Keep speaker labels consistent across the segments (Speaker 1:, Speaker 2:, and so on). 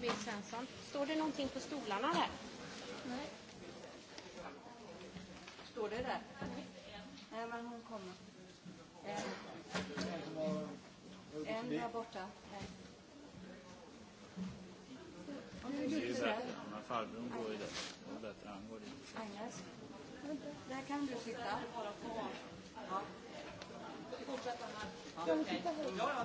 Speaker 1: Svensson. Står det någonting på stolarna där? Nej. Står det där? Nej, Nej men hon kommer. En, där borta. Det är ju
Speaker 2: går Det är bättre han går Agnes, där kan du sitta. Ja. Fortsätta här. Ja,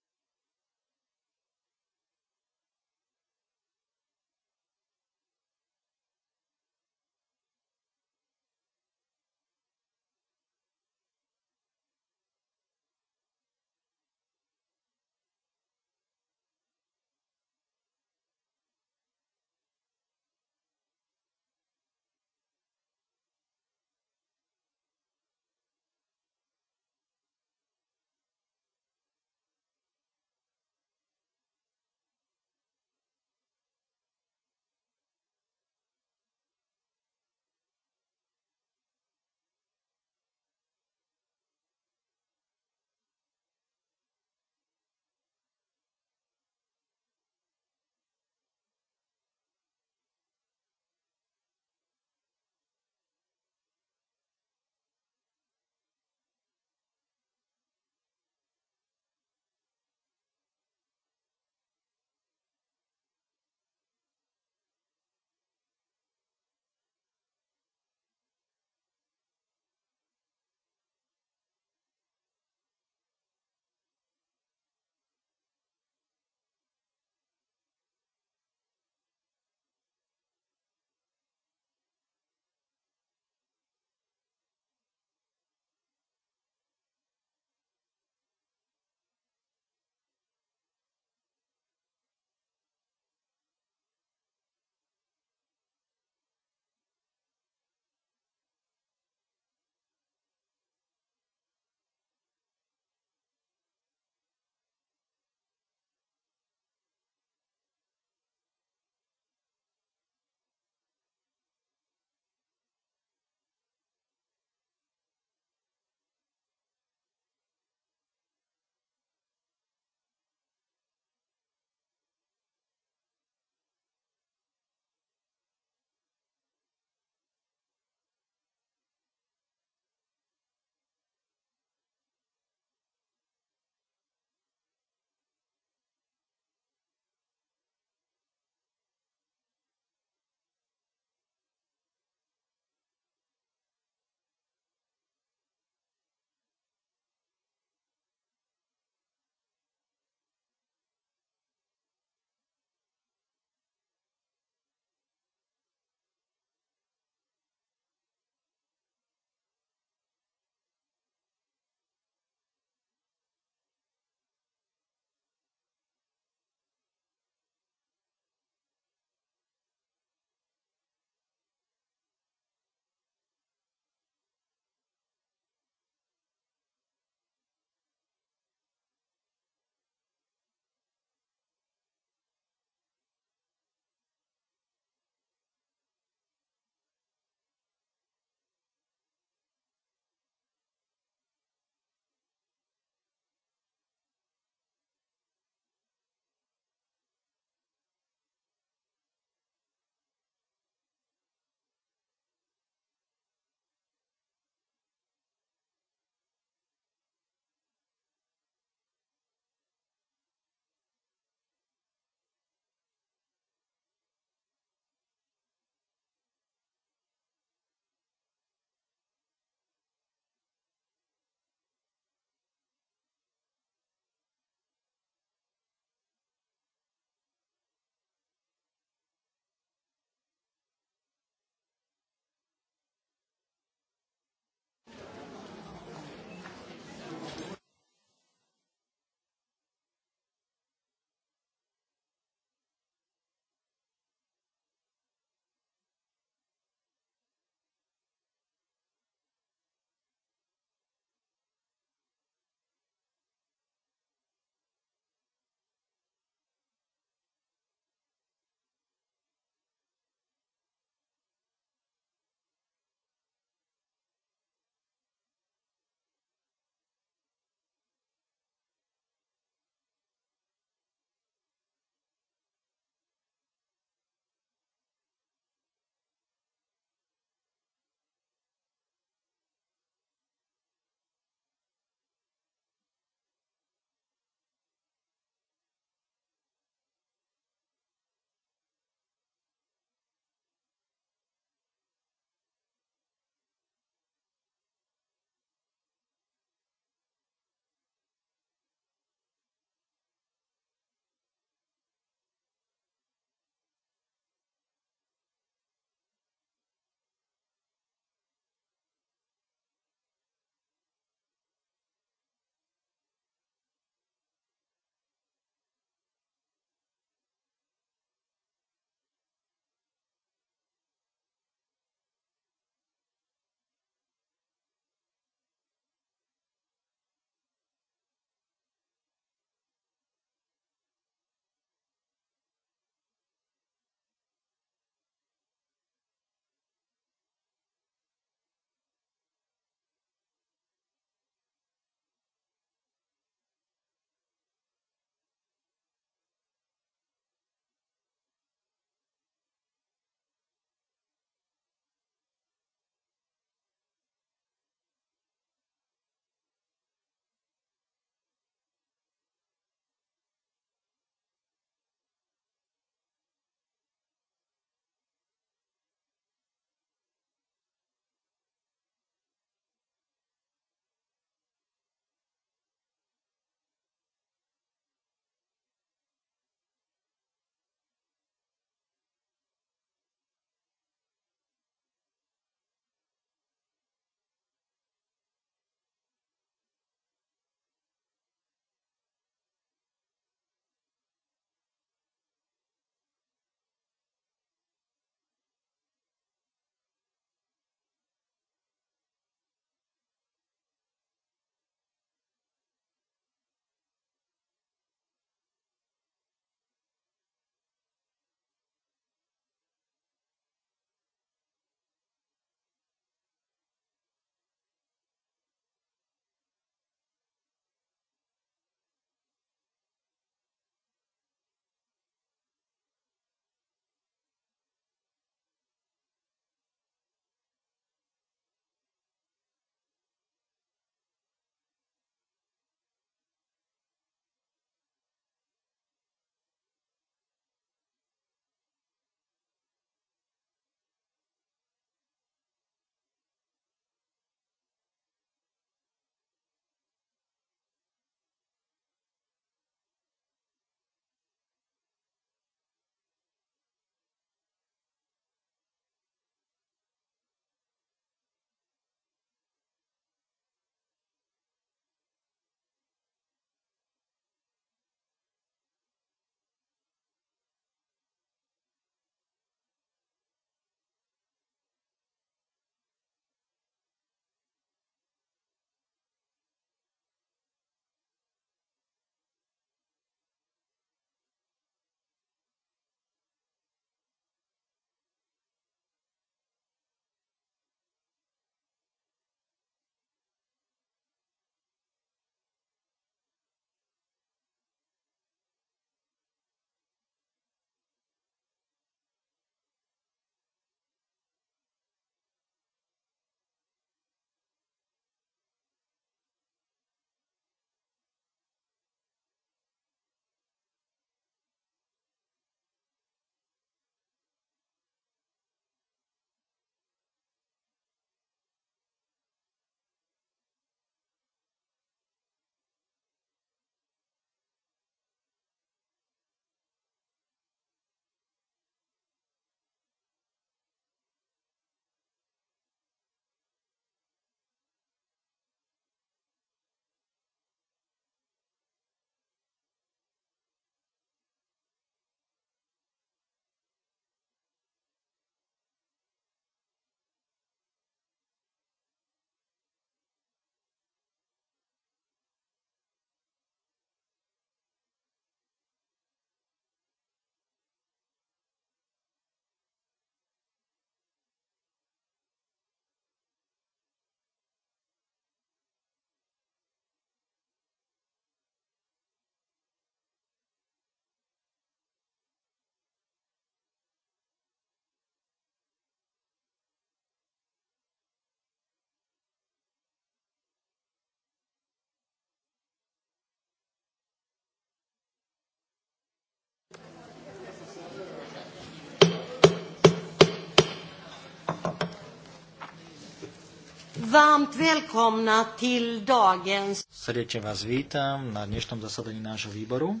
Speaker 2: Varmt välkomna till dagens...
Speaker 3: Srdečne vás vítam na dnešnom zasadení nášho výboru.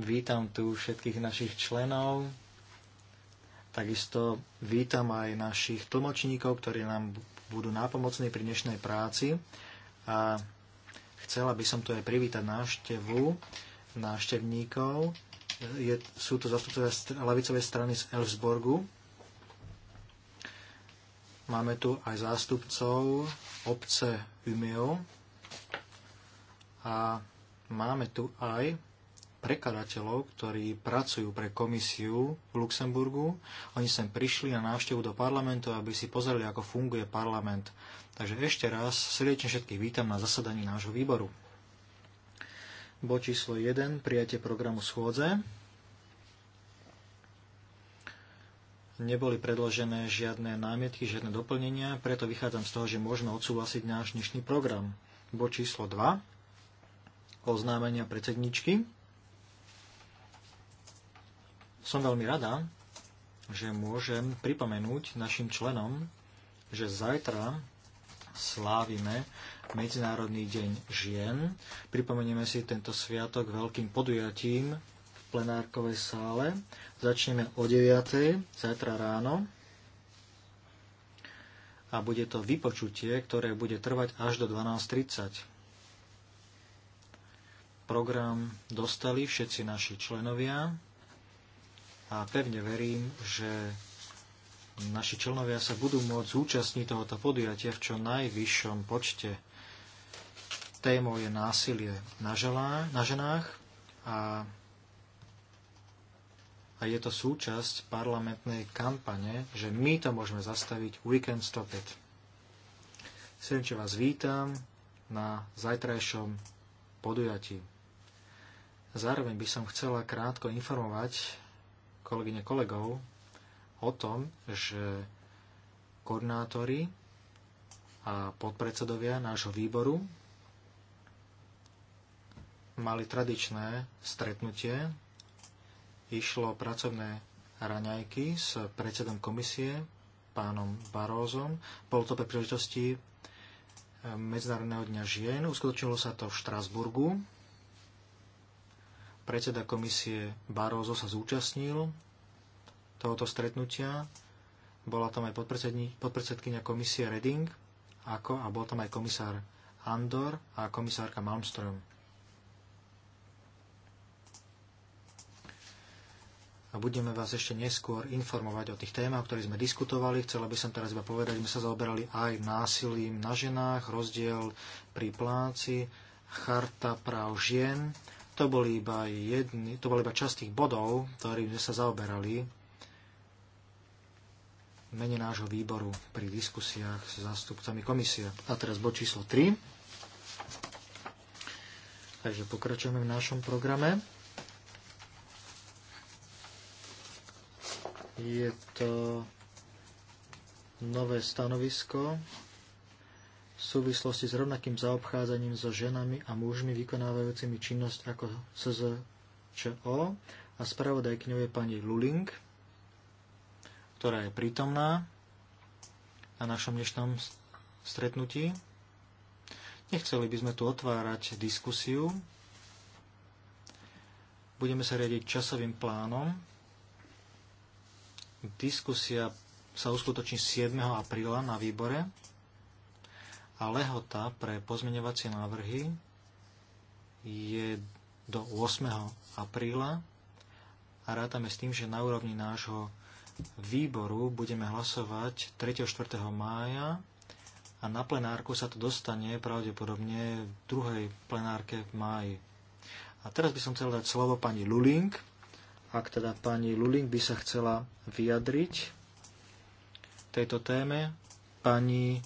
Speaker 3: Vítam tu všetkých našich členov. Takisto vítam aj našich tlmočníkov, ktorí nám budú nápomocní pri dnešnej práci. A chcela by som tu aj privítať návštevu návštevníkov. Je, sú to zastupcovia lavicovej strany z Elfsborgu, Máme tu aj zástupcov obce Umeov a máme tu aj prekladateľov, ktorí pracujú pre komisiu v Luxemburgu. Oni sem prišli na návštevu do parlamentu, aby si pozreli, ako funguje parlament. Takže ešte raz srdečne všetkých vítam na zasadaní nášho výboru. Bo číslo 1. Prijatie programu schôdze. neboli predložené žiadne námietky, žiadne doplnenia, preto vychádzam z toho, že môžeme odsúhlasiť náš dnešný program. Bo číslo 2, oznámenia predsedničky. Som veľmi rada, že môžem pripomenúť našim členom, že zajtra slávime Medzinárodný deň žien. Pripomenieme si tento sviatok veľkým podujatím plenárkovej sále. Začneme o 9. zajtra ráno a bude to vypočutie, ktoré bude trvať až do 12.30. Program dostali všetci naši členovia a pevne verím, že naši členovia sa budú môcť zúčastniť tohoto podujatia v čo najvyššom počte. Témou je násilie na, želá, na ženách a a je to súčasť parlamentnej kampane, že my to môžeme zastaviť, we can stop it. Srdečne vás vítam na zajtrajšom podujatí. Zároveň by som chcela krátko informovať kolegyne kolegov o tom, že koordinátori a podpredsedovia nášho výboru mali tradičné stretnutie išlo pracovné raňajky s predsedom komisie, pánom Barózom. Bolo to pre príležitosti eh, Medzinárodného dňa žien. Uskutočnilo sa to v Štrasburgu. Predseda komisie Barózo sa zúčastnil tohoto stretnutia. Bola tam aj podpredsedkynia komisie Reding ako, a bol tam aj komisár Andor a komisárka Malmström. a budeme vás ešte neskôr informovať o tých témach, o ktorých sme diskutovali. Chcela by som teraz iba povedať, že sme sa zaoberali aj násilím na ženách, rozdiel pri pláci, charta práv žien. To boli iba, jedny, to boli iba časť tých bodov, ktorým sme sa zaoberali v mene nášho výboru pri diskusiách s zástupcami komisie. A teraz bod číslo 3. Takže pokračujeme v našom programe. Je to nové stanovisko v súvislosti s rovnakým zaobchádzaním so ženami a mužmi vykonávajúcimi činnosť ako SZČO a spravodajkňou je pani Luling, ktorá je prítomná na našom dnešnom stretnutí. Nechceli by sme tu otvárať diskusiu. Budeme sa riadiť časovým plánom, Diskusia sa uskutoční 7. apríla na výbore a lehota pre pozmeňovacie návrhy je do 8. apríla a rátame s tým, že na úrovni nášho výboru budeme hlasovať 3. 4. mája a na plenárku sa to dostane pravdepodobne v druhej plenárke v máji. A teraz by som chcel dať slovo pani Luling, ak teda pani Luling by sa chcela vyjadriť tejto téme, pani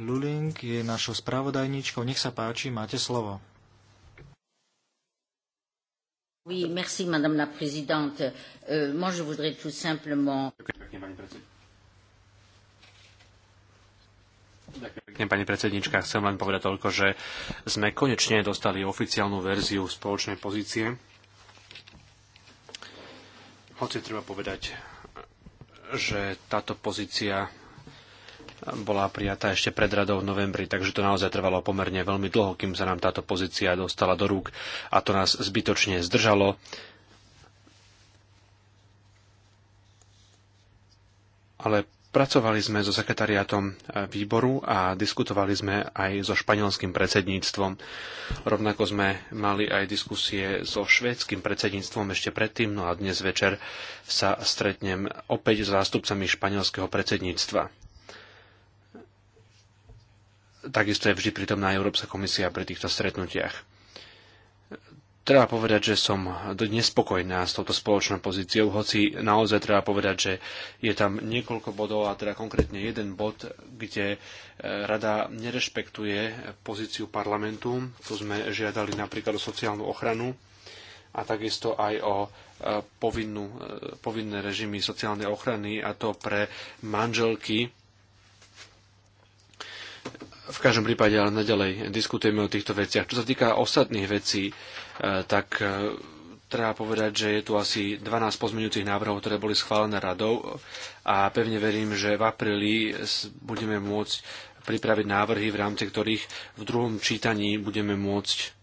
Speaker 3: Luling je našou spravodajníčkou. Nech sa páči, máte slovo. Oui, merci, madame la présidente. Euh, moi, je voudrais tout simplement...
Speaker 1: Ďakujem, pani predsednička. Chcem len povedať toľko, že sme konečne dostali oficiálnu verziu spoločnej pozície hoci treba povedať, že táto pozícia bola prijatá ešte pred radou v novembri, takže to naozaj trvalo pomerne veľmi dlho, kým sa nám táto pozícia dostala do rúk a to nás zbytočne zdržalo. Ale Pracovali sme so sekretariátom e, výboru a diskutovali sme aj so španielským predsedníctvom. Rovnako sme mali aj diskusie so švédským predsedníctvom ešte predtým, no a dnes večer sa stretnem opäť s zástupcami španielského predsedníctva. Takisto je vždy prítomná Európska komisia pri týchto stretnutiach treba povedať, že som nespokojná s touto spoločnou pozíciou, hoci naozaj treba povedať, že je tam niekoľko bodov, a teda konkrétne jeden bod, kde e, rada nerešpektuje pozíciu parlamentu. Tu sme žiadali napríklad o sociálnu ochranu a takisto aj o e, povinnú, e, povinné režimy sociálnej ochrany a to pre manželky v každom prípade ale nadalej diskutujeme o týchto veciach. Čo sa týka ostatných vecí, E, tak e, treba povedať, že je tu asi 12 pozmeňujúcich návrhov, ktoré boli schválené radou a pevne verím, že v apríli budeme môcť pripraviť návrhy, v rámci ktorých v druhom čítaní budeme môcť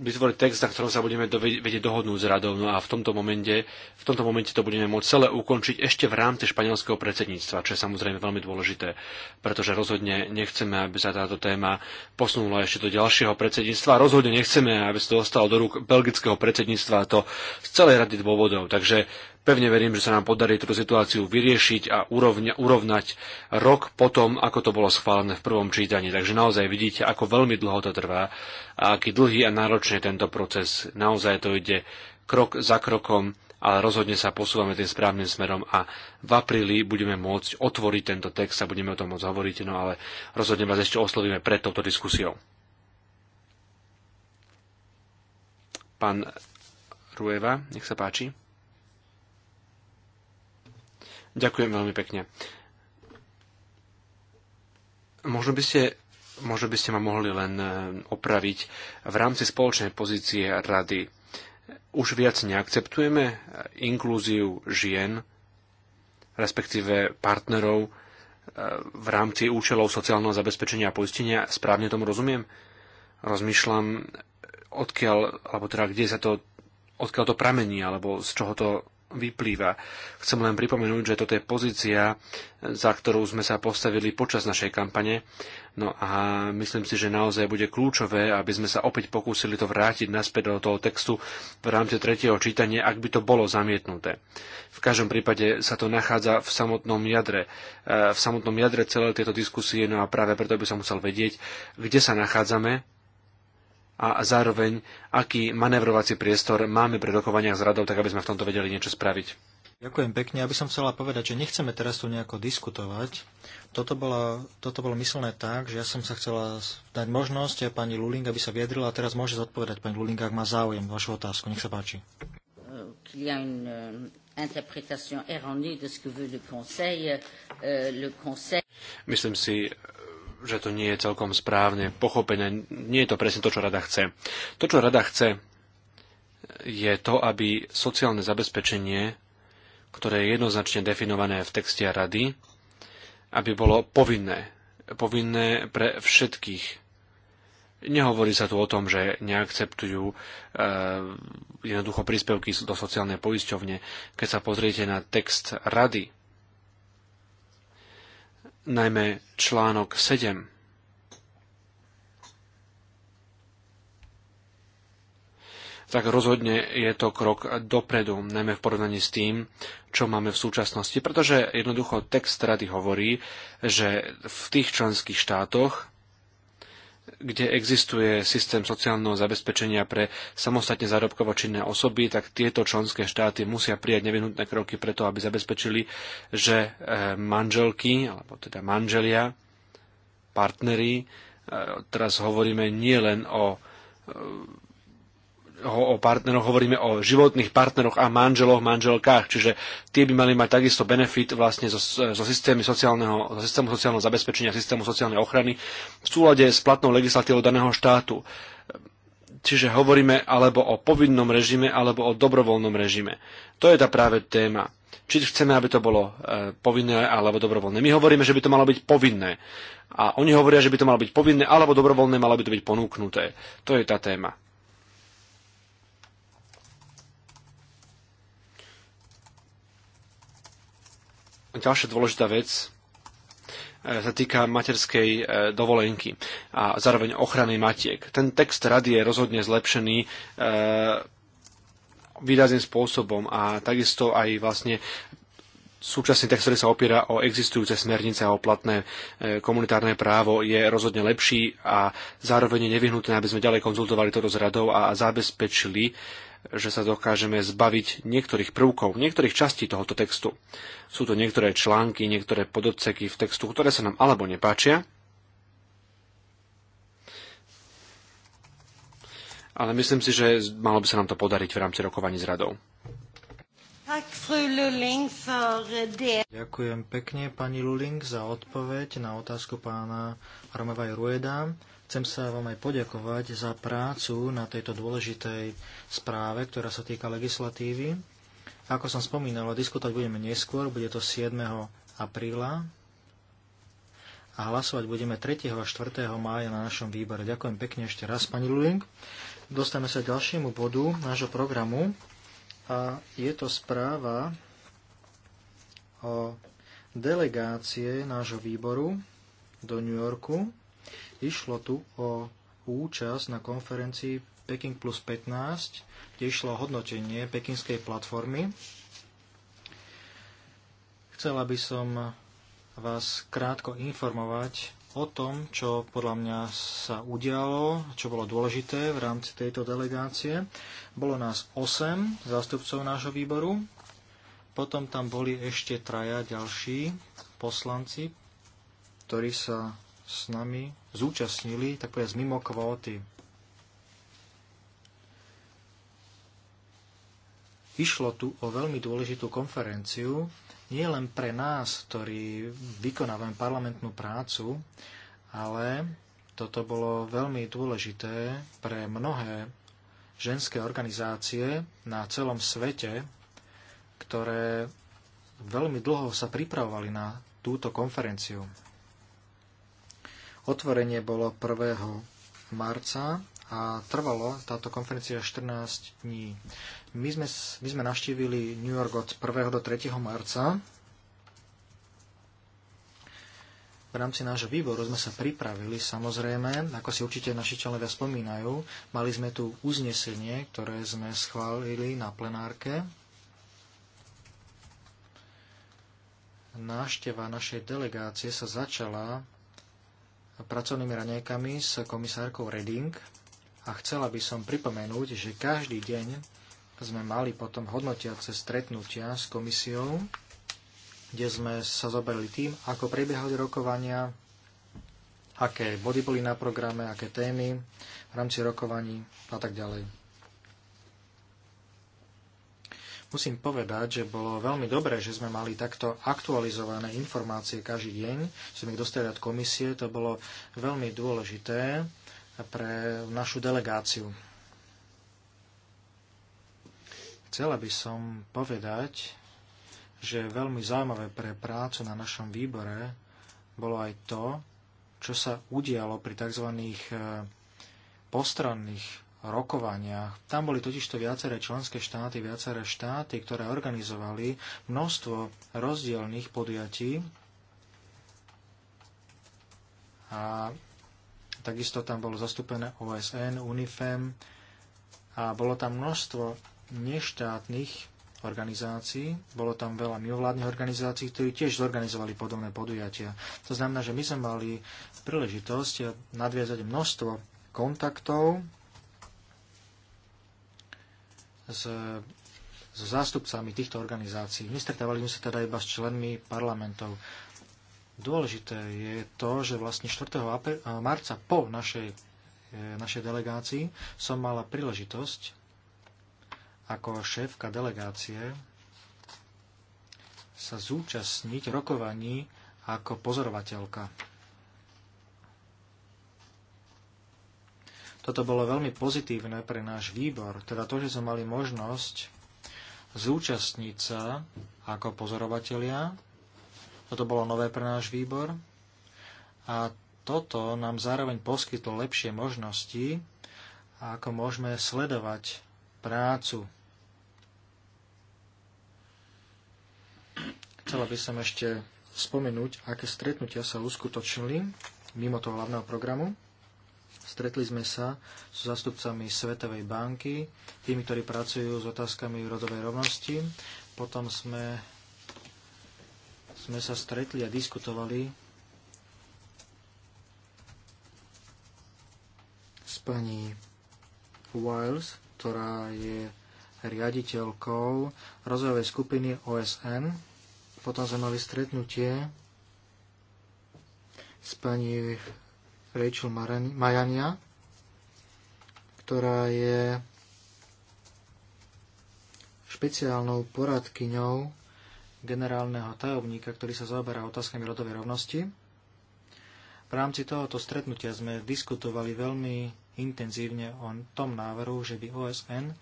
Speaker 1: vytvoriť text, na ktorom sa budeme vedieť dohodnúť s radou. No a v tomto, momente, v tomto momente to budeme môcť celé ukončiť ešte v rámci španielského predsedníctva, čo je samozrejme veľmi dôležité, pretože rozhodne nechceme, aby sa táto téma posunula ešte do ďalšieho predsedníctva. Rozhodne nechceme, aby sa to dostalo do rúk belgického predsedníctva a to z celej rady dôvodov. Takže Pevne verím, že sa nám podarí túto situáciu vyriešiť a urovňa, urovnať rok potom, ako to bolo schválené v prvom čítaní. Takže naozaj vidíte, ako veľmi dlho to trvá a aký dlhý a náročný tento proces. Naozaj to ide krok za krokom, ale rozhodne sa posúvame tým správnym smerom a v apríli budeme môcť otvoriť tento text a budeme o tom môcť hovoriť, no ale rozhodne vás ešte oslovíme pred touto diskusiou. Pán Rueva, nech sa páči. Ďakujem veľmi pekne. Možno by ste možno by ste ma mohli len e, opraviť v rámci spoločnej pozície rady. Už viac neakceptujeme inklúziu žien, respektíve partnerov e, v rámci účelov sociálneho zabezpečenia a poistenia. Správne tomu rozumiem? Rozmýšľam, odkiaľ, alebo teda kde sa to, odkiaľ to pramení, alebo z čoho to vyplýva. Chcem len pripomenúť, že toto je pozícia, za ktorú sme sa postavili počas našej kampane. No a myslím si, že naozaj bude kľúčové, aby sme sa opäť pokúsili to vrátiť naspäť do toho textu v rámci tretieho čítania, ak by to bolo zamietnuté. V každom prípade sa to nachádza v samotnom jadre. Eh, v samotnom jadre celé tieto diskusie, no a práve preto by som musel vedieť, kde sa nachádzame a zároveň, aký manevrovací priestor máme pri rokovaniach s radou, tak aby sme v tomto vedeli niečo spraviť.
Speaker 3: Ďakujem pekne. Aby som chcela povedať, že nechceme teraz tu nejako diskutovať. Toto bolo, toto bolo myslené tak, že ja som sa chcela dať možnosť a pani Luling, aby sa viedrila a teraz môže zodpovedať pani Luling, ak má záujem vašu otázku. Nech sa páči.
Speaker 1: Myslím si, že to nie je celkom správne pochopené. Nie je to presne to, čo rada chce. To, čo rada chce, je to, aby sociálne zabezpečenie, ktoré je jednoznačne definované v texte rady, aby bolo povinné. Povinné pre všetkých Nehovorí sa tu o tom, že neakceptujú e, jednoducho príspevky do sociálnej poisťovne. Keď sa pozriete na text rady, najmä článok 7. tak rozhodne je to krok dopredu, najmä v porovnaní s tým, čo máme v súčasnosti, pretože jednoducho text rady hovorí, že v tých členských štátoch, kde existuje systém sociálneho zabezpečenia pre samostatne zárobkovo činné osoby, tak tieto členské štáty musia prijať nevyhnutné kroky preto, aby zabezpečili, že e, manželky, alebo teda manželia, partneri, e, teraz hovoríme nie len o e, o partneroch, hovoríme o životných partneroch a manželoch, manželkách, čiže tie by mali mať takisto benefit vlastne zo, zo, systému sociálneho, zo systému sociálneho zabezpečenia, systému sociálnej ochrany v súlade s platnou legislatívou daného štátu. Čiže hovoríme alebo o povinnom režime, alebo o dobrovoľnom režime. To je tá práve téma. Či chceme, aby to bolo e, povinné alebo dobrovoľné. My hovoríme, že by to malo byť povinné. A oni hovoria, že by to malo byť povinné alebo dobrovoľné, malo by to byť ponúknuté. To je tá téma. Ďalšia dôležitá vec e, sa týka materskej e, dovolenky a zároveň ochrany matiek. Ten text rady je rozhodne zlepšený e, výrazným spôsobom a takisto aj vlastne súčasný text, ktorý sa opiera o existujúce smernice a o platné komunitárne právo, je rozhodne lepší a zároveň je nevyhnutné, aby sme ďalej konzultovali toto s radou a zabezpečili že sa dokážeme zbaviť niektorých prvkov, niektorých častí tohoto textu. Sú to niektoré články, niektoré pododseky v textu, ktoré sa nám alebo nepáčia, ale myslím si, že malo by sa nám to podariť v rámci rokovaní s radou.
Speaker 2: Eh,
Speaker 3: Ďakujem pekne pani Luling za odpoveď na otázku pána Romeva Rueda. Chcem sa vám aj poďakovať za prácu na tejto dôležitej správe, ktorá sa týka legislatívy. Ako som spomínal, diskutovať budeme neskôr, bude to 7. apríla a hlasovať budeme 3. a 4. mája na našom výbore. Ďakujem pekne ešte raz, pani Luling. Dostaneme sa k ďalšiemu bodu nášho programu a je to správa o delegácie nášho výboru do New Yorku Išlo tu o účasť na konferencii Peking plus 15, kde išlo o hodnotenie pekinskej platformy. Chcela by som vás krátko informovať o tom, čo podľa mňa sa udialo, čo bolo dôležité v rámci tejto delegácie. Bolo nás 8 zástupcov nášho výboru, potom tam boli ešte traja ďalší poslanci, ktorí sa s nami zúčastnili, tak povedať, mimo kvóty. Išlo tu o veľmi dôležitú konferenciu, nie len pre nás, ktorí vykonávame parlamentnú prácu, ale toto bolo veľmi dôležité pre mnohé ženské organizácie na celom svete, ktoré veľmi dlho sa pripravovali na túto konferenciu. Otvorenie bolo 1. marca a trvalo táto konferencia 14 dní. My sme, my sme navštívili New York od 1. do 3. marca. V rámci nášho výboru sme sa pripravili, samozrejme, ako si určite naši členovia spomínajú, mali sme tu uznesenie, ktoré sme schválili na plenárke. Nášteva našej delegácie sa začala pracovnými raňajkami s komisárkou Reding a chcela by som pripomenúť, že každý deň sme mali potom hodnotiace stretnutia s komisiou, kde sme sa zoberli tým, ako prebiehali rokovania, aké body boli na programe, aké témy v rámci rokovaní a tak ďalej. Musím povedať, že bolo veľmi dobré, že sme mali takto aktualizované informácie každý deň. Sme ich dostali od komisie, to bolo veľmi dôležité pre našu delegáciu. Chcela by som povedať, že veľmi zaujímavé pre prácu na našom výbore bolo aj to, čo sa udialo pri tzv. postranných rokovaniach. Tam boli totižto viaceré členské štáty, viaceré štáty, ktoré organizovali množstvo rozdielných podujatí. A takisto tam bolo zastúpené OSN, UNIFEM a bolo tam množstvo neštátnych organizácií. Bolo tam veľa mimovládnych organizácií, ktorí tiež zorganizovali podobné podujatia. To znamená, že my sme mali príležitosť nadviazať množstvo kontaktov s, s zástupcami týchto organizácií. Nestretávali sme sa teda iba s členmi parlamentov. Dôležité je to, že vlastne 4. marca po našej, e, našej delegácii som mala príležitosť ako šéfka delegácie sa zúčastniť rokovaní ako pozorovateľka. Toto bolo veľmi pozitívne pre náš výbor, teda to, že sme mali možnosť zúčastniť sa ako pozorovatelia. Toto bolo nové pre náš výbor. A toto nám zároveň poskytlo lepšie možnosti, ako môžeme sledovať prácu. Chcela by som ešte spomenúť, aké stretnutia sa uskutočnili mimo toho hlavného programu. Stretli sme sa s zastupcami Svetovej banky, tými, ktorí pracujú s otázkami rodovej rovnosti. Potom sme, sme sa stretli a diskutovali s pani Wiles, ktorá je riaditeľkou rozvojovej skupiny OSN. Potom sme mali stretnutie s pani Rachel Majania, ktorá je špeciálnou poradkyňou generálneho tajomníka, ktorý sa zaoberá otázkami rodovej rovnosti. V rámci tohoto stretnutia sme diskutovali veľmi intenzívne o tom návrhu, že by OSN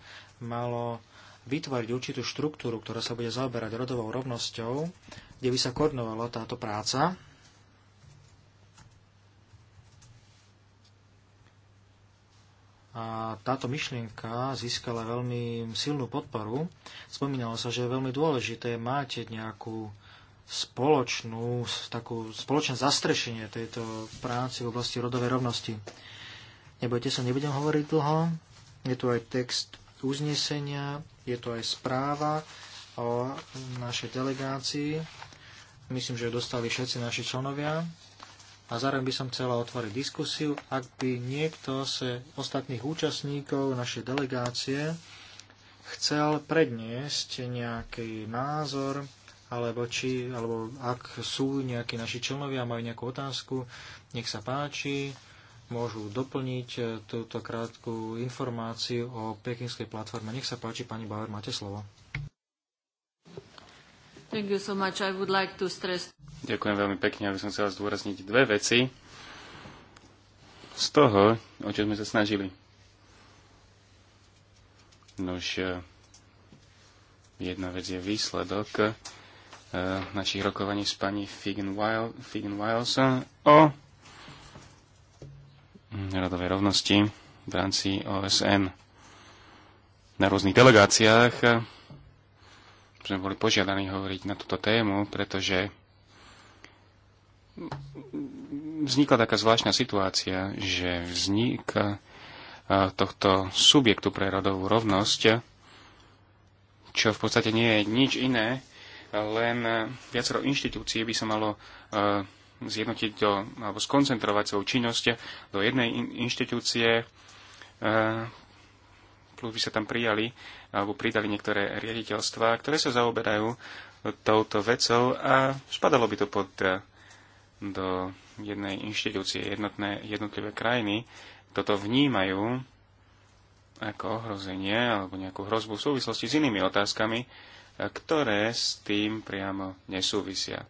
Speaker 3: malo vytvoriť určitú štruktúru, ktorá sa bude zaoberať rodovou rovnosťou, kde by sa koordinovala táto práca a táto myšlienka získala veľmi silnú podporu. Spomínalo sa, že je veľmi dôležité mať nejakú spoločnú, takú spoločné zastrešenie tejto práci v oblasti rodovej rovnosti. Nebojte sa, nebudem hovoriť dlho. Je tu aj text uznesenia, je tu aj správa o našej delegácii. Myslím, že dostali všetci naši členovia a zároveň by som chcela otvoriť diskusiu, ak by niekto z ostatných účastníkov našej delegácie chcel predniesť nejaký názor, alebo, či, alebo ak sú nejakí naši členovia, majú nejakú otázku, nech sa páči, môžu doplniť e, túto krátku informáciu o pekinskej platforme. Nech sa páči, pani Bauer, máte slovo.
Speaker 2: Thank you so much. I would like to stress... Ďakujem veľmi pekne, aby som chcel zdôrazniť dve veci z toho, o čo sme sa snažili. Nož, e, jedna vec je výsledok e, našich rokovaní s pani Figan Wiles o rodovej rovnosti v rámci OSN na rôznych delegáciách e, sme boli požiadaní hovoriť na túto tému, pretože vznikla taká zvláštna situácia, že vznik e, tohto subjektu pre rodovú rovnosť, čo v podstate nie je nič iné, len viacero inštitúcií by sa malo e, zjednotiť do, alebo skoncentrovať svoju činnosť do jednej inštitúcie, e, plus by sa tam prijali alebo pridali niektoré riaditeľstvá, ktoré sa zaoberajú touto vecou a spadalo by to pod do jednej inštitúcie, jednotné, jednotlivé krajiny toto vnímajú ako ohrozenie alebo nejakú hrozbu v súvislosti s inými otázkami, ktoré s tým priamo nesúvisia.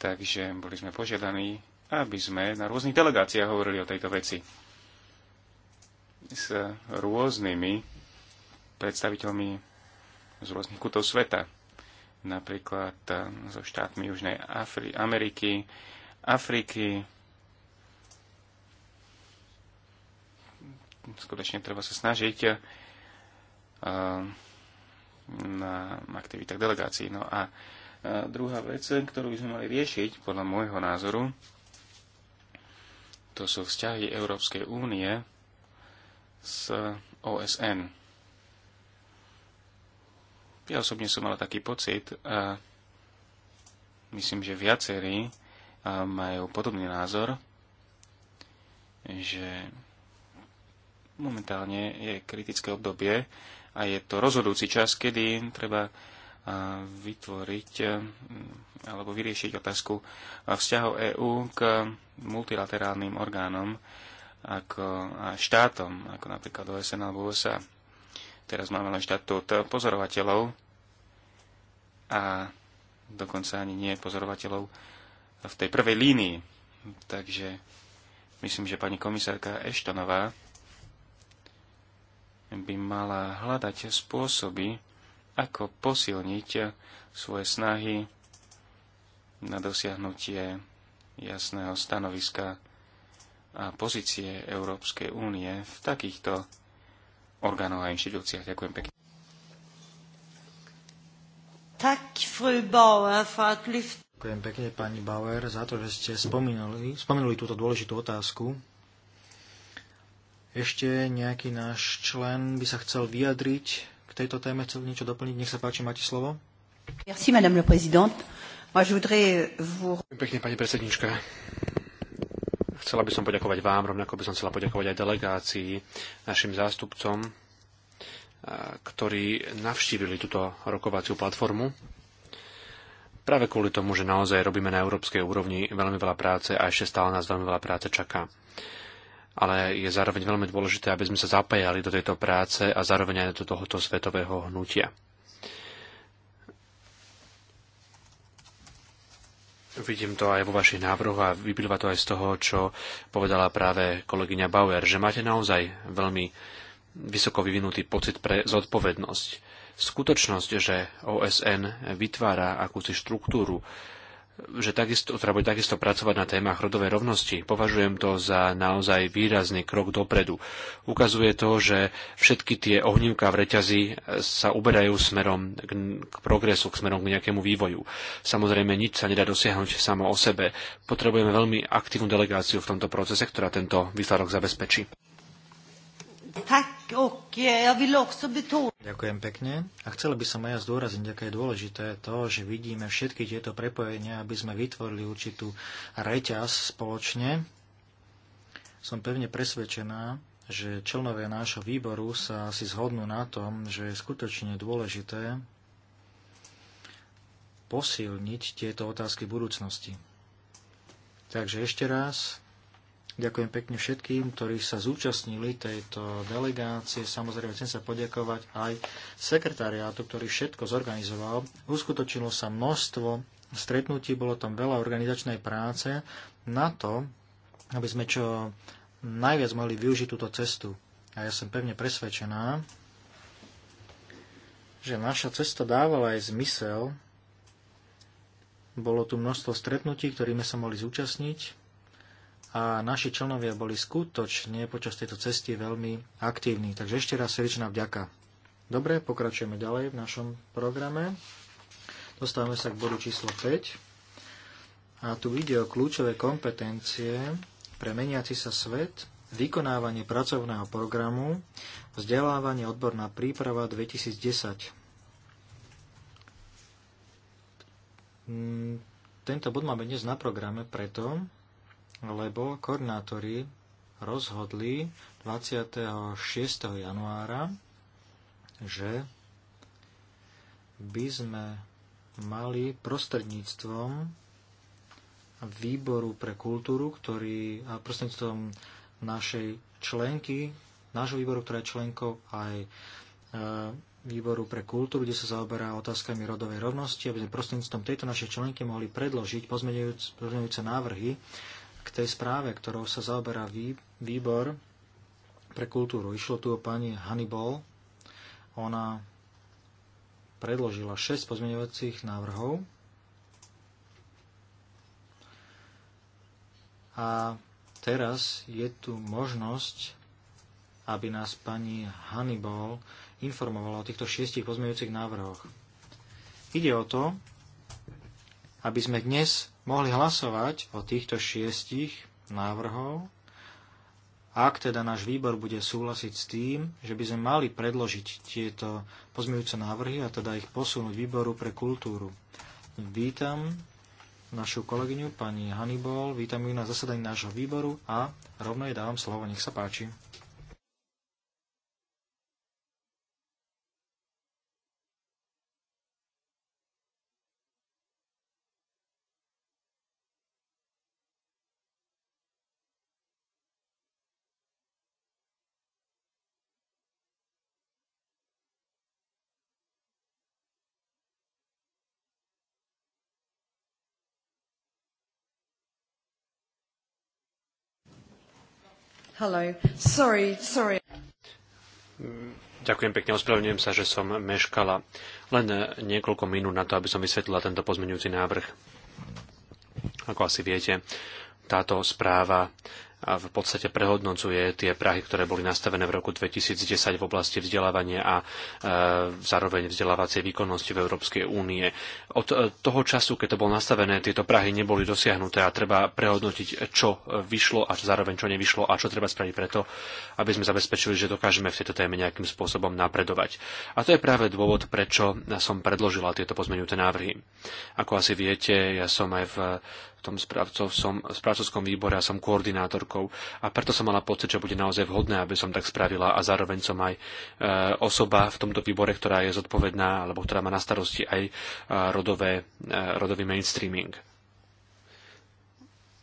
Speaker 2: Takže boli sme požiadaní, aby sme na rôznych delegáciách hovorili o tejto veci s rôznymi predstaviteľmi z rôznych kutov sveta napríklad e, so štátmi Južnej Afri- Ameriky, Afriky. Skutočne treba sa snažiť e, na aktivitách delegácií. No a e, druhá vec, ktorú by sme mali riešiť, podľa môjho názoru, to sú vzťahy Európskej únie s OSN ja osobne som mal taký pocit a myslím, že viacerí majú podobný názor, že momentálne je kritické obdobie a je to rozhodujúci čas, kedy treba vytvoriť alebo vyriešiť otázku vzťahov EÚ k multilaterálnym orgánom ako, a štátom, ako napríklad OSN alebo USA. Teraz máme len štatút pozorovateľov a dokonca ani nie pozorovateľov v tej prvej línii. Takže myslím, že pani komisárka Eštonová by mala hľadať spôsoby, ako posilniť svoje snahy na dosiahnutie jasného stanoviska a pozície Európskej únie v takýchto orgánoch a inštitúciách. Ďakujem pekne.
Speaker 3: Tak, fru Bauer, Ďakujem
Speaker 2: pekne, pani Bauer,
Speaker 3: za to, že ste spomínali, spomínali túto dôležitú otázku. Ešte nejaký náš člen by sa chcel vyjadriť k tejto téme, chcel niečo doplniť. Nech sa páči, máte slovo.
Speaker 1: Merci, madame le présidente. Moi, je voudrais vous... Pekne, pani predsednička. Chcela by som poďakovať vám, rovnako by som chcela poďakovať aj delegácii, našim zástupcom, ktorí navštívili túto rokovaciu platformu. Práve kvôli tomu, že naozaj robíme na európskej úrovni veľmi veľa práce a ešte stále nás veľmi veľa práce čaká. Ale je zároveň veľmi dôležité, aby sme sa zapájali do tejto práce a zároveň aj do tohoto svetového hnutia. Vidím to aj vo vašich návrhoch a vyplýva to aj z toho, čo povedala práve kolegyňa Bauer, že máte naozaj veľmi vysoko vyvinutý pocit pre zodpovednosť. Skutočnosť, že OSN vytvára akúsi štruktúru, že takisto, ktorá teda bude takisto pracovať na témach rodovej rovnosti. Považujem to za naozaj výrazný krok dopredu. Ukazuje to, že všetky tie ohnívka v reťazi sa uberajú smerom k, k progresu, k smerom k nejakému vývoju. Samozrejme, nič sa nedá dosiahnuť samo o sebe. Potrebujeme veľmi aktívnu delegáciu v tomto procese, ktorá tento výsledok zabezpečí.
Speaker 2: Tak, ok, ja vil också betona...
Speaker 3: Ďakujem pekne. A chcel by som aj ja zdôrazniť, aké je dôležité to, že vidíme všetky tieto prepojenia, aby sme vytvorili určitú reťaz spoločne. Som pevne presvedčená, že členovia nášho výboru sa asi zhodnú na tom, že je skutočne dôležité posilniť tieto otázky budúcnosti. Takže ešte raz Ďakujem pekne všetkým, ktorí sa zúčastnili tejto delegácie. Samozrejme, chcem sa poďakovať aj sekretariátu, ktorý všetko zorganizoval. Uskutočilo sa množstvo stretnutí, bolo tam veľa organizačnej práce na to, aby sme čo najviac mohli využiť túto cestu. A ja som pevne presvedčená, že naša cesta dávala aj zmysel. Bolo tu množstvo stretnutí, ktorými sa mohli zúčastniť a naši členovia boli skutočne počas tejto cesty veľmi aktívni. Takže ešte raz srdečná vďaka. Dobre, pokračujeme ďalej v našom programe. Dostávame sa k bodu číslo 5. A tu ide o kľúčové kompetencie pre meniaci sa svet, vykonávanie pracovného programu, vzdelávanie odborná príprava 2010. Mm, tento bod máme dnes na programe preto, lebo koordinátori rozhodli 26. januára, že by sme mali prostredníctvom výboru pre kultúru, ktorý a prostredníctvom našej členky, nášho výboru, ktorá je členkou aj e, výboru pre kultúru, kde sa zaoberá otázkami rodovej rovnosti, aby sme prostredníctvom tejto našej členky mohli predložiť pozmeňujúce návrhy k tej správe, ktorou sa zaoberá výbor pre kultúru. Išlo tu o pani Hannibal. Ona predložila 6 pozmeňovacích návrhov a teraz je tu možnosť, aby nás pani Hannibal informovala o týchto šiestich pozmeňujúcich návrhoch. Ide o to, aby sme dnes mohli hlasovať o týchto šiestich návrhov, ak teda náš výbor bude súhlasiť s tým, že by sme mali predložiť tieto pozmeňujúce návrhy a teda ich posunúť výboru pre kultúru. Vítam našu kolegyňu, pani Hannibal, vítam ju na zasadaní nášho výboru a rovno jej dávam slovo, nech sa páči. Hello. Sorry,
Speaker 2: sorry.
Speaker 1: Ďakujem pekne, ospravedlňujem sa, že som meškala. Len niekoľko minút na to, aby som vysvetlila tento pozmeňujúci návrh. Ako asi viete, táto správa a v podstate prehodnocuje tie Prahy, ktoré boli nastavené v roku 2010 v oblasti vzdelávania a e, zároveň vzdelávacej výkonnosti v Európskej únie. Od e, toho času, keď to bolo nastavené, tieto Prahy neboli dosiahnuté a treba prehodnotiť, čo vyšlo a zároveň čo nevyšlo a čo treba spraviť preto, aby sme zabezpečili, že dokážeme v tejto téme nejakým spôsobom napredovať. A to je práve dôvod, prečo som predložila tieto pozmeňujúce návrhy. Ako asi viete, ja som aj v tom správcovskom, správcovskom výbore a som koordinátorkou. A preto som mala pocit, že bude naozaj vhodné, aby som tak spravila a zároveň som aj e, osoba v tomto výbore, ktorá je zodpovedná alebo ktorá má na starosti aj e, rodové, e, rodový mainstreaming.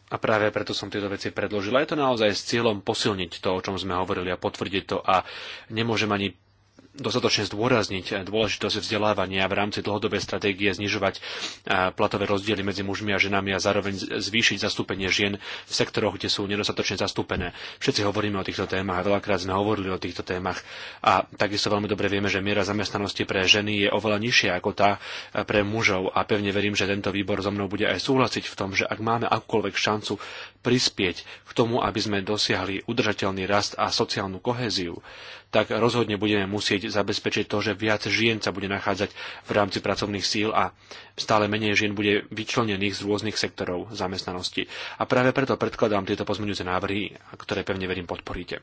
Speaker 1: A práve preto som tieto veci predložila. Je to naozaj s cieľom posilniť to, o čom sme hovorili a potvrdiť to a nemôžem ani dostatočne zdôrazniť dôležitosť vzdelávania v rámci dlhodobej stratégie znižovať e, platové rozdiely medzi mužmi a ženami a zároveň zvýšiť zastúpenie žien v sektoroch, kde sú nedostatočne zastúpené. Všetci hovoríme o týchto témach a veľakrát sme hovorili o týchto témach a takisto veľmi dobre vieme, že miera zamestnanosti pre ženy je oveľa nižšia ako tá e, pre mužov a pevne verím, že tento výbor so mnou bude aj súhlasiť v tom, že ak máme akúkoľvek šancu prispieť k tomu, aby sme dosiahli udržateľný rast a sociálnu kohéziu, tak rozhodne budeme musieť zabezpečiť to, že viac žien sa bude nachádzať v rámci pracovných síl a stále menej žien bude vyčlenených z rôznych sektorov zamestnanosti. A práve preto predkladám tieto pozmeňujúce návrhy, ktoré pevne verím podporíte.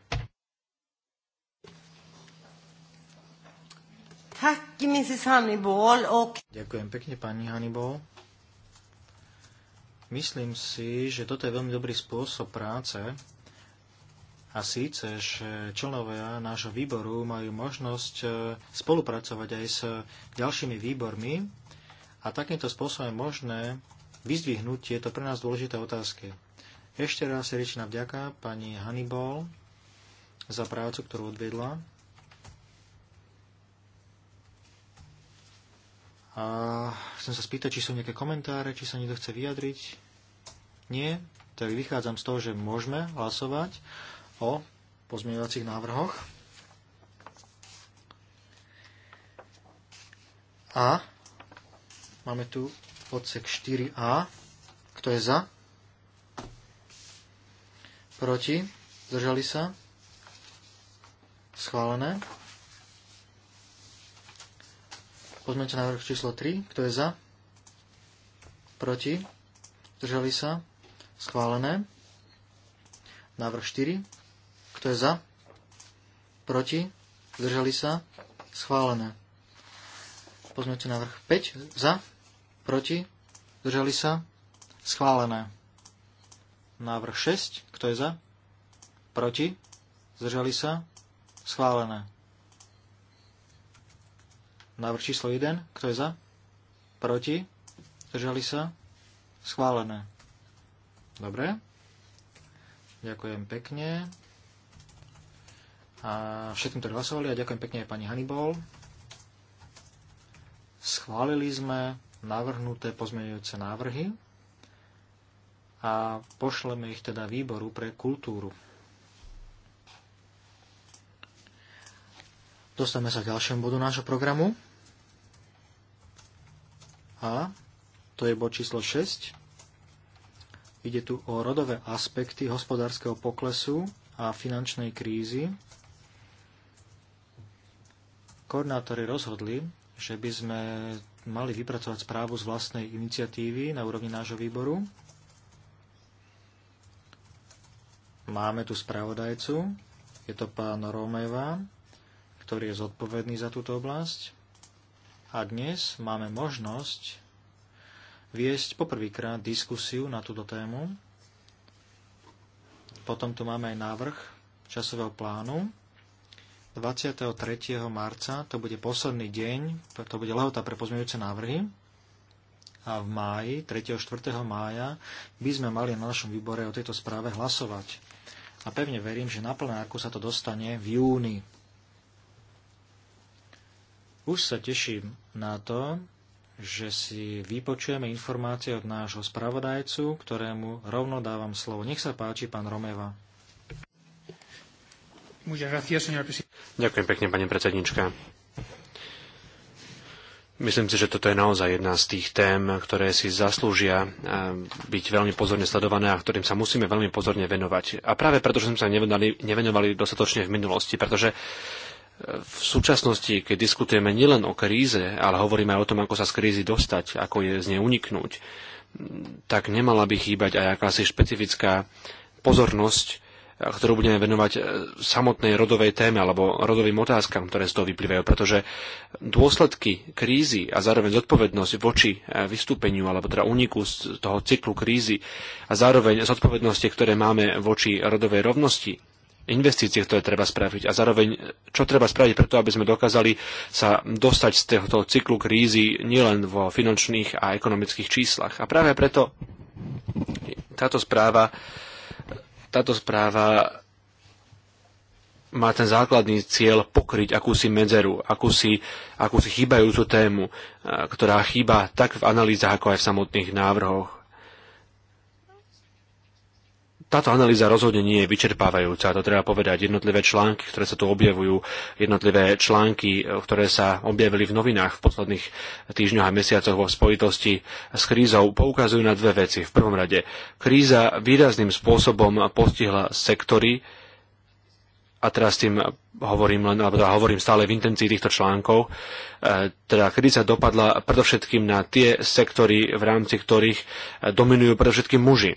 Speaker 3: Ďakujem pekne, pani Hannibal. Myslím si, že toto je veľmi dobrý spôsob práce, a síce, že členovia nášho výboru majú možnosť e, spolupracovať aj s ďalšími výbormi a takýmto spôsobom je možné vyzdvihnúť tieto pre nás dôležité otázky. Ešte raz srdečná vďaka pani Hannibal za prácu, ktorú odvedla. A chcem sa spýtať, či sú nejaké komentáre, či sa niekto chce vyjadriť. Nie? Tak vychádzam z toho, že môžeme hlasovať o pozmeňovacích návrhoch. A máme tu odsek 4a. Kto je za? Proti? Zdržali sa? Schválené. Pozmeňte návrh číslo 3. Kto je za? Proti? Zdržali sa? Schválené. Návrh 4. Kto je za? Proti? Zdržali sa? Schválené. Pozmeňujúci návrh 5. Za? Proti? Zdržali sa? Schválené. Návrh 6. Kto je za? Proti? Zdržali sa? Schválené. Návrh číslo 1. Kto je za? Proti? Zdržali sa? Schválené. Dobre. Ďakujem pekne a všetkým, ktorí hlasovali a ďakujem pekne aj pani Hannibal. Schválili sme navrhnuté pozmeňujúce návrhy a pošleme ich teda výboru pre kultúru. Dostaneme sa k ďalšiemu bodu nášho programu. A to je bod číslo 6. Ide tu o rodové aspekty hospodárskeho poklesu a finančnej krízy Koordinátori rozhodli, že by sme mali vypracovať správu z vlastnej iniciatívy na úrovni nášho výboru. Máme tu spravodajcu, je to pán Romeva, ktorý je zodpovedný za túto oblasť. A dnes máme možnosť viesť poprvýkrát diskusiu na túto tému. Potom tu máme aj návrh časového plánu 23. marca, to bude posledný deň, to bude lehota pre pozmeňujúce návrhy. A v máji, 3. 4. mája, by sme mali na našom výbore o tejto správe hlasovať. A pevne verím, že na plenáku sa to dostane v júni. Už sa teším na to, že si vypočujeme informácie od nášho spravodajcu, ktorému rovno dávam slovo. Nech sa páči, pán Romeva.
Speaker 2: Ďakujem
Speaker 1: pekne, pani predsednička. Myslím si, že toto je naozaj jedna z tých tém, ktoré si zaslúžia eh, byť veľmi pozorne sledované a ktorým sa musíme veľmi pozorne venovať. A práve preto, že sme sa nevenovali, nevenovali dostatočne v minulosti, pretože eh, v súčasnosti, keď diskutujeme nielen o kríze, ale hovoríme aj o tom, ako sa z krízy dostať, ako je z nej uniknúť, tak nemala by chýbať aj akási špecifická pozornosť ktorú budeme venovať e, samotnej rodovej téme alebo rodovým otázkam, ktoré z toho vyplývajú, pretože dôsledky krízy a zároveň zodpovednosť voči e, vystúpeniu alebo teda úniku z toho cyklu krízy a zároveň zodpovednosti, ktoré máme voči rodovej rovnosti, investície, ktoré treba spraviť a zároveň e, čo treba spraviť preto, aby sme dokázali sa dostať z tohto cyklu krízy nielen vo finančných a ekonomických číslach. A práve preto táto správa táto správa má ten základný cieľ pokryť akúsi medzeru, akúsi, akúsi chýbajúcu tému, ktorá chýba tak v analýzach, ako aj v samotných návrhoch. Táto analýza rozhodne nie je vyčerpávajúca, to treba povedať. Jednotlivé články, ktoré sa tu objavujú, jednotlivé články, eh, ktoré sa objavili v novinách v posledných týždňoch a mesiacoch vo spojitosti s krízou, poukazujú na dve veci. V prvom rade, kríza výrazným spôsobom postihla sektory, a teraz tým hovorím len, alebo teda hovorím stále v intencii týchto článkov, eh, teda kedy sa dopadla predovšetkým na tie sektory, v rámci ktorých eh, dominujú predovšetkým muži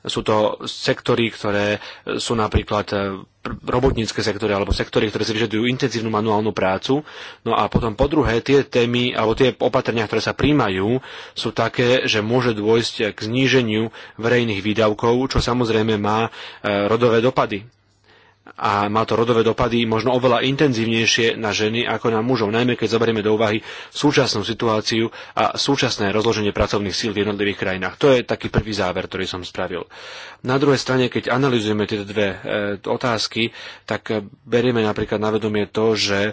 Speaker 1: sú to sektory, ktoré sú napríklad e, robotnícke sektory alebo sektory, ktoré si vyžadujú intenzívnu manuálnu prácu. No a potom po druhé, tie témy alebo tie opatrenia, ktoré sa príjmajú, sú také, že môže dôjsť k zníženiu verejných výdavkov, čo samozrejme má e, rodové dopady a má to rodové dopady možno oveľa intenzívnejšie na ženy ako na mužov, najmä keď zoberieme do úvahy súčasnú situáciu a súčasné rozloženie pracovných síl v jednotlivých krajinách. To je taký prvý záver, ktorý som spravil. Na druhej strane, keď analizujeme tieto dve e, otázky, tak e, berieme napríklad na vedomie to, že e,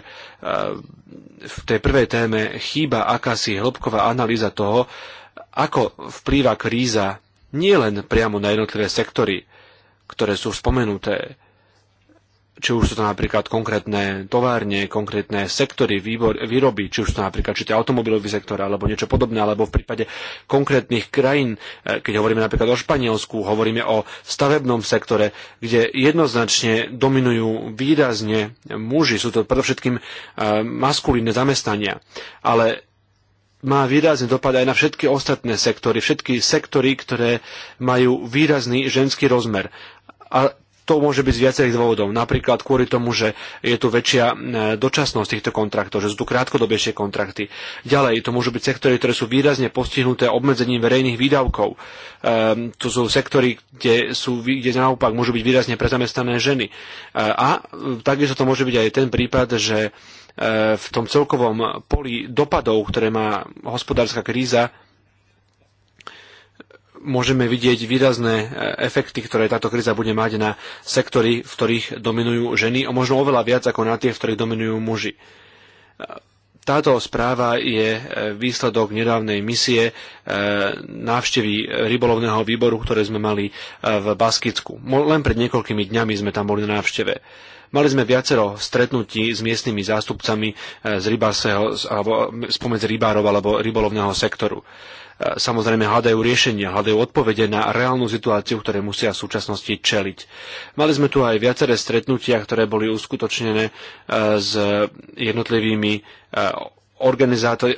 Speaker 1: v tej prvej téme chýba akási hĺbková analýza toho, ako vplýva kríza nielen priamo na jednotlivé sektory, ktoré sú spomenuté či už sú to napríklad konkrétne továrne, konkrétne sektory výbor, výroby, či už sú to napríklad či to automobilový sektor alebo niečo podobné, alebo v prípade konkrétnych krajín, e, keď hovoríme napríklad o Španielsku, hovoríme o stavebnom sektore, kde jednoznačne dominujú výrazne muži, sú to predovšetkým e, maskulínne zamestnania. Ale má výrazný dopad aj na všetky ostatné sektory, všetky sektory, ktoré majú výrazný ženský rozmer. A to môže byť z viacerých dôvodov. Napríklad kvôli tomu, že je tu väčšia e, dočasnosť týchto kontraktov, že sú tu krátkodobejšie kontrakty. Ďalej, to môžu byť sektory, ktoré sú výrazne postihnuté obmedzením verejných výdavkov. Ehm, to sú sektory, kde, sú, kde naopak môžu byť výrazne prezamestnané ženy. E, a e, takisto to môže byť aj ten prípad, že e, v tom celkovom poli dopadov, ktoré má hospodárska kríza, môžeme vidieť výrazné e, efekty, ktoré táto kríza bude mať na sektory, v ktorých dominujú ženy, a možno oveľa viac ako na tie, v ktorých dominujú muži. E, táto správa je e, výsledok nedávnej misie návštevy rybolovného výboru, ktoré sme mali v Baskicku. Len pred niekoľkými dňami sme tam boli na návšteve. Mali sme viacero stretnutí s miestnymi zástupcami z rybáseho, alebo spomedzi rybárov alebo rybolovného sektoru. E, samozrejme hľadajú riešenia, hľadajú odpovede na reálnu situáciu, ktoré musia v súčasnosti čeliť. Mali sme tu aj viaceré stretnutia, ktoré boli uskutočnené e, s jednotlivými e,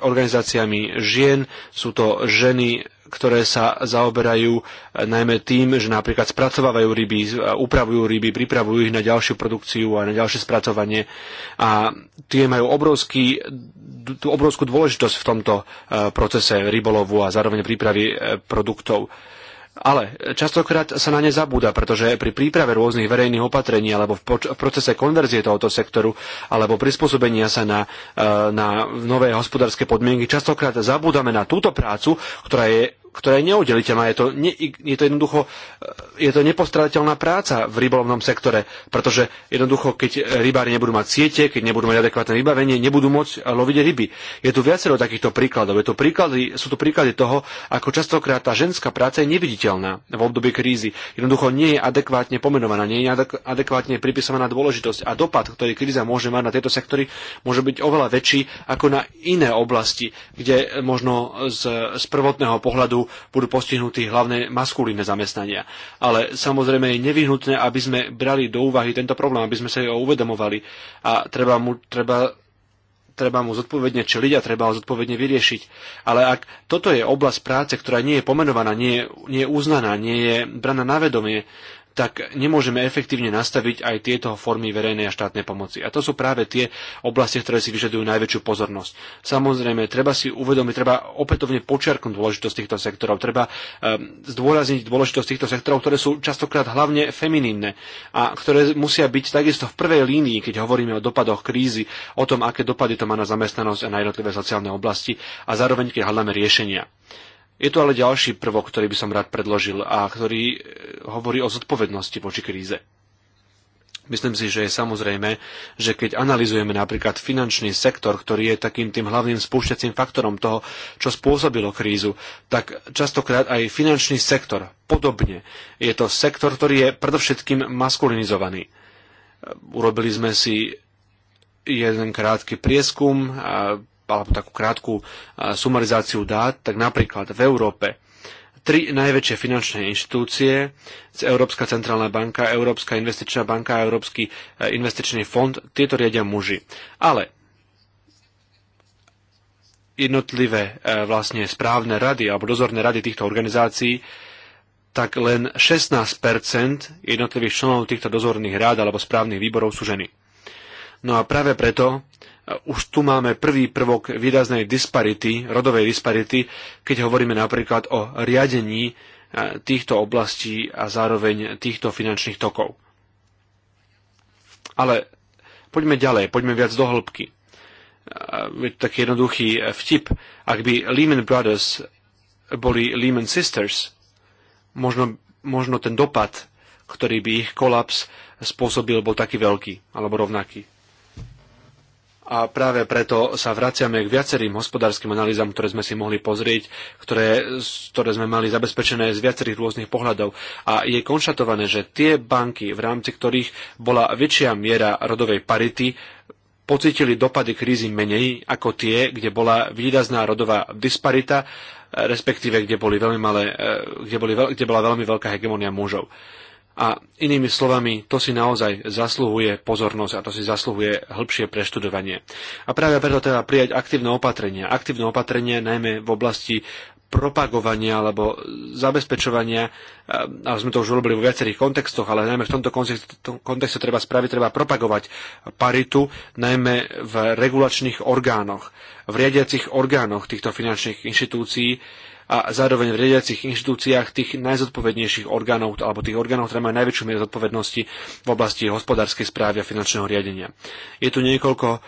Speaker 1: organizáciami žien. Sú to ženy ktoré sa zaoberajú e, najmä tým, že napríklad spracovávajú ryby, upravujú ryby, pripravujú ich na ďalšiu produkciu a na ďalšie spracovanie. A tie majú obrovský, tú obrovskú dôležitosť v tomto e, procese rybolovu a zároveň prípravy e, produktov. Ale častokrát sa na ne zabúda, pretože pri príprave rôznych verejných opatrení alebo v, procese konverzie tohoto sektoru alebo prispôsobenia sa na, na nové hospodárske podmienky častokrát zabúdame na túto prácu, ktorá je ktorá je neoddeliteľná. Je to, ne, je to jednoducho e, je to nepostradateľná práca v rybolovnom sektore, pretože jednoducho, keď rybári nebudú mať siete, keď nebudú mať adekvátne vybavenie, nebudú môcť e, loviť ryby. Je tu viacero takýchto príkladov. Je to príklady, sú to príklady toho, ako častokrát tá ženská práca je neviditeľná v období krízy. Jednoducho nie je adekvátne pomenovaná, nie je adekvátne pripisovaná dôležitosť a dopad, ktorý kríza môže mať na tieto sektory, môže byť oveľa väčší ako na iné oblasti, kde možno z, z prvotného pohľadu budú, postihnutí hlavne maskulíne zamestnania. Ale samozrejme je nevyhnutné, aby sme brali do úvahy tento problém, aby sme sa ho uvedomovali a treba mu, treba treba mu zodpovedne čeliť a treba ho zodpovedne vyriešiť. Ale ak toto je oblasť práce, ktorá nie je pomenovaná, nie je, nie je uznaná, nie je braná na vedomie, tak nemôžeme efektívne nastaviť aj tieto formy verejnej a štátnej pomoci. A to sú práve tie oblasti, ktoré si vyžadujú najväčšiu pozornosť. Samozrejme, treba si uvedomiť, treba opätovne počiarknúť dôležitosť týchto sektorov, treba ehm, zdôrazniť dôležitosť týchto sektorov, ktoré sú častokrát hlavne feminínne a ktoré musia byť takisto v prvej línii, keď hovoríme o dopadoch krízy, o tom, aké dopady to má na zamestnanosť a na jednotlivé sociálne oblasti a zároveň, keď hľadáme riešenia. Je tu ale ďalší prvok, ktorý by som rád predložil a ktorý e, hovorí o zodpovednosti voči kríze. Myslím si, že je samozrejme, že keď analizujeme napríklad finančný sektor, ktorý je takým tým hlavným spúšťacím faktorom toho, čo spôsobilo krízu, tak častokrát aj finančný sektor podobne. Je to sektor, ktorý je predovšetkým maskulinizovaný. E, urobili sme si jeden krátky prieskum a alebo takú krátku sumarizáciu dát, tak napríklad v Európe tri najväčšie finančné inštitúcie, Európska centrálna banka, Európska investičná banka a Európsky e, investičný fond, tieto riadia muži. Ale jednotlivé e, vlastne správne rady alebo dozorné rady týchto organizácií, tak len 16% jednotlivých členov týchto dozorných rád alebo správnych výborov sú ženy. No a práve preto už tu máme prvý prvok výraznej disparity, rodovej disparity, keď hovoríme napríklad o riadení e, týchto oblastí a zároveň týchto finančných tokov. Ale poďme ďalej, poďme viac do hĺbky. E, je to taký jednoduchý e, vtip. Ak by Lehman Brothers boli Lehman Sisters, možno, možno ten dopad, ktorý by ich kolaps spôsobil, bol taký veľký alebo rovnaký a práve preto sa vraciame k viacerým hospodárskym analýzam, ktoré sme si mohli pozrieť, ktoré, ktoré sme mali zabezpečené z viacerých rôznych pohľadov. A je konštatované, že tie banky, v rámci ktorých bola väčšia miera rodovej parity, pocitili dopady krízy menej ako tie, kde bola výrazná rodová disparita, respektíve kde, boli veľmi malé, eh, kde, boli, kde bola veľmi veľká hegemonia mužov. A inými slovami, to si naozaj zasluhuje pozornosť a to si zasluhuje hĺbšie preštudovanie. A práve preto treba prijať aktívne opatrenia. Aktívne opatrenia najmä v oblasti propagovania alebo zabezpečovania, a sme to už robili vo viacerých kontextoch, ale najmä v tomto kontexte treba spraviť, treba propagovať paritu, najmä v regulačných orgánoch, v riadiacich orgánoch týchto finančných inštitúcií, a zároveň v riadiacich inštitúciách tých najzodpovednejších orgánov alebo tých orgánov, ktoré majú najväčšiu mieru zodpovednosti v oblasti hospodárskej správy a finančného riadenia. Je tu niekoľko e,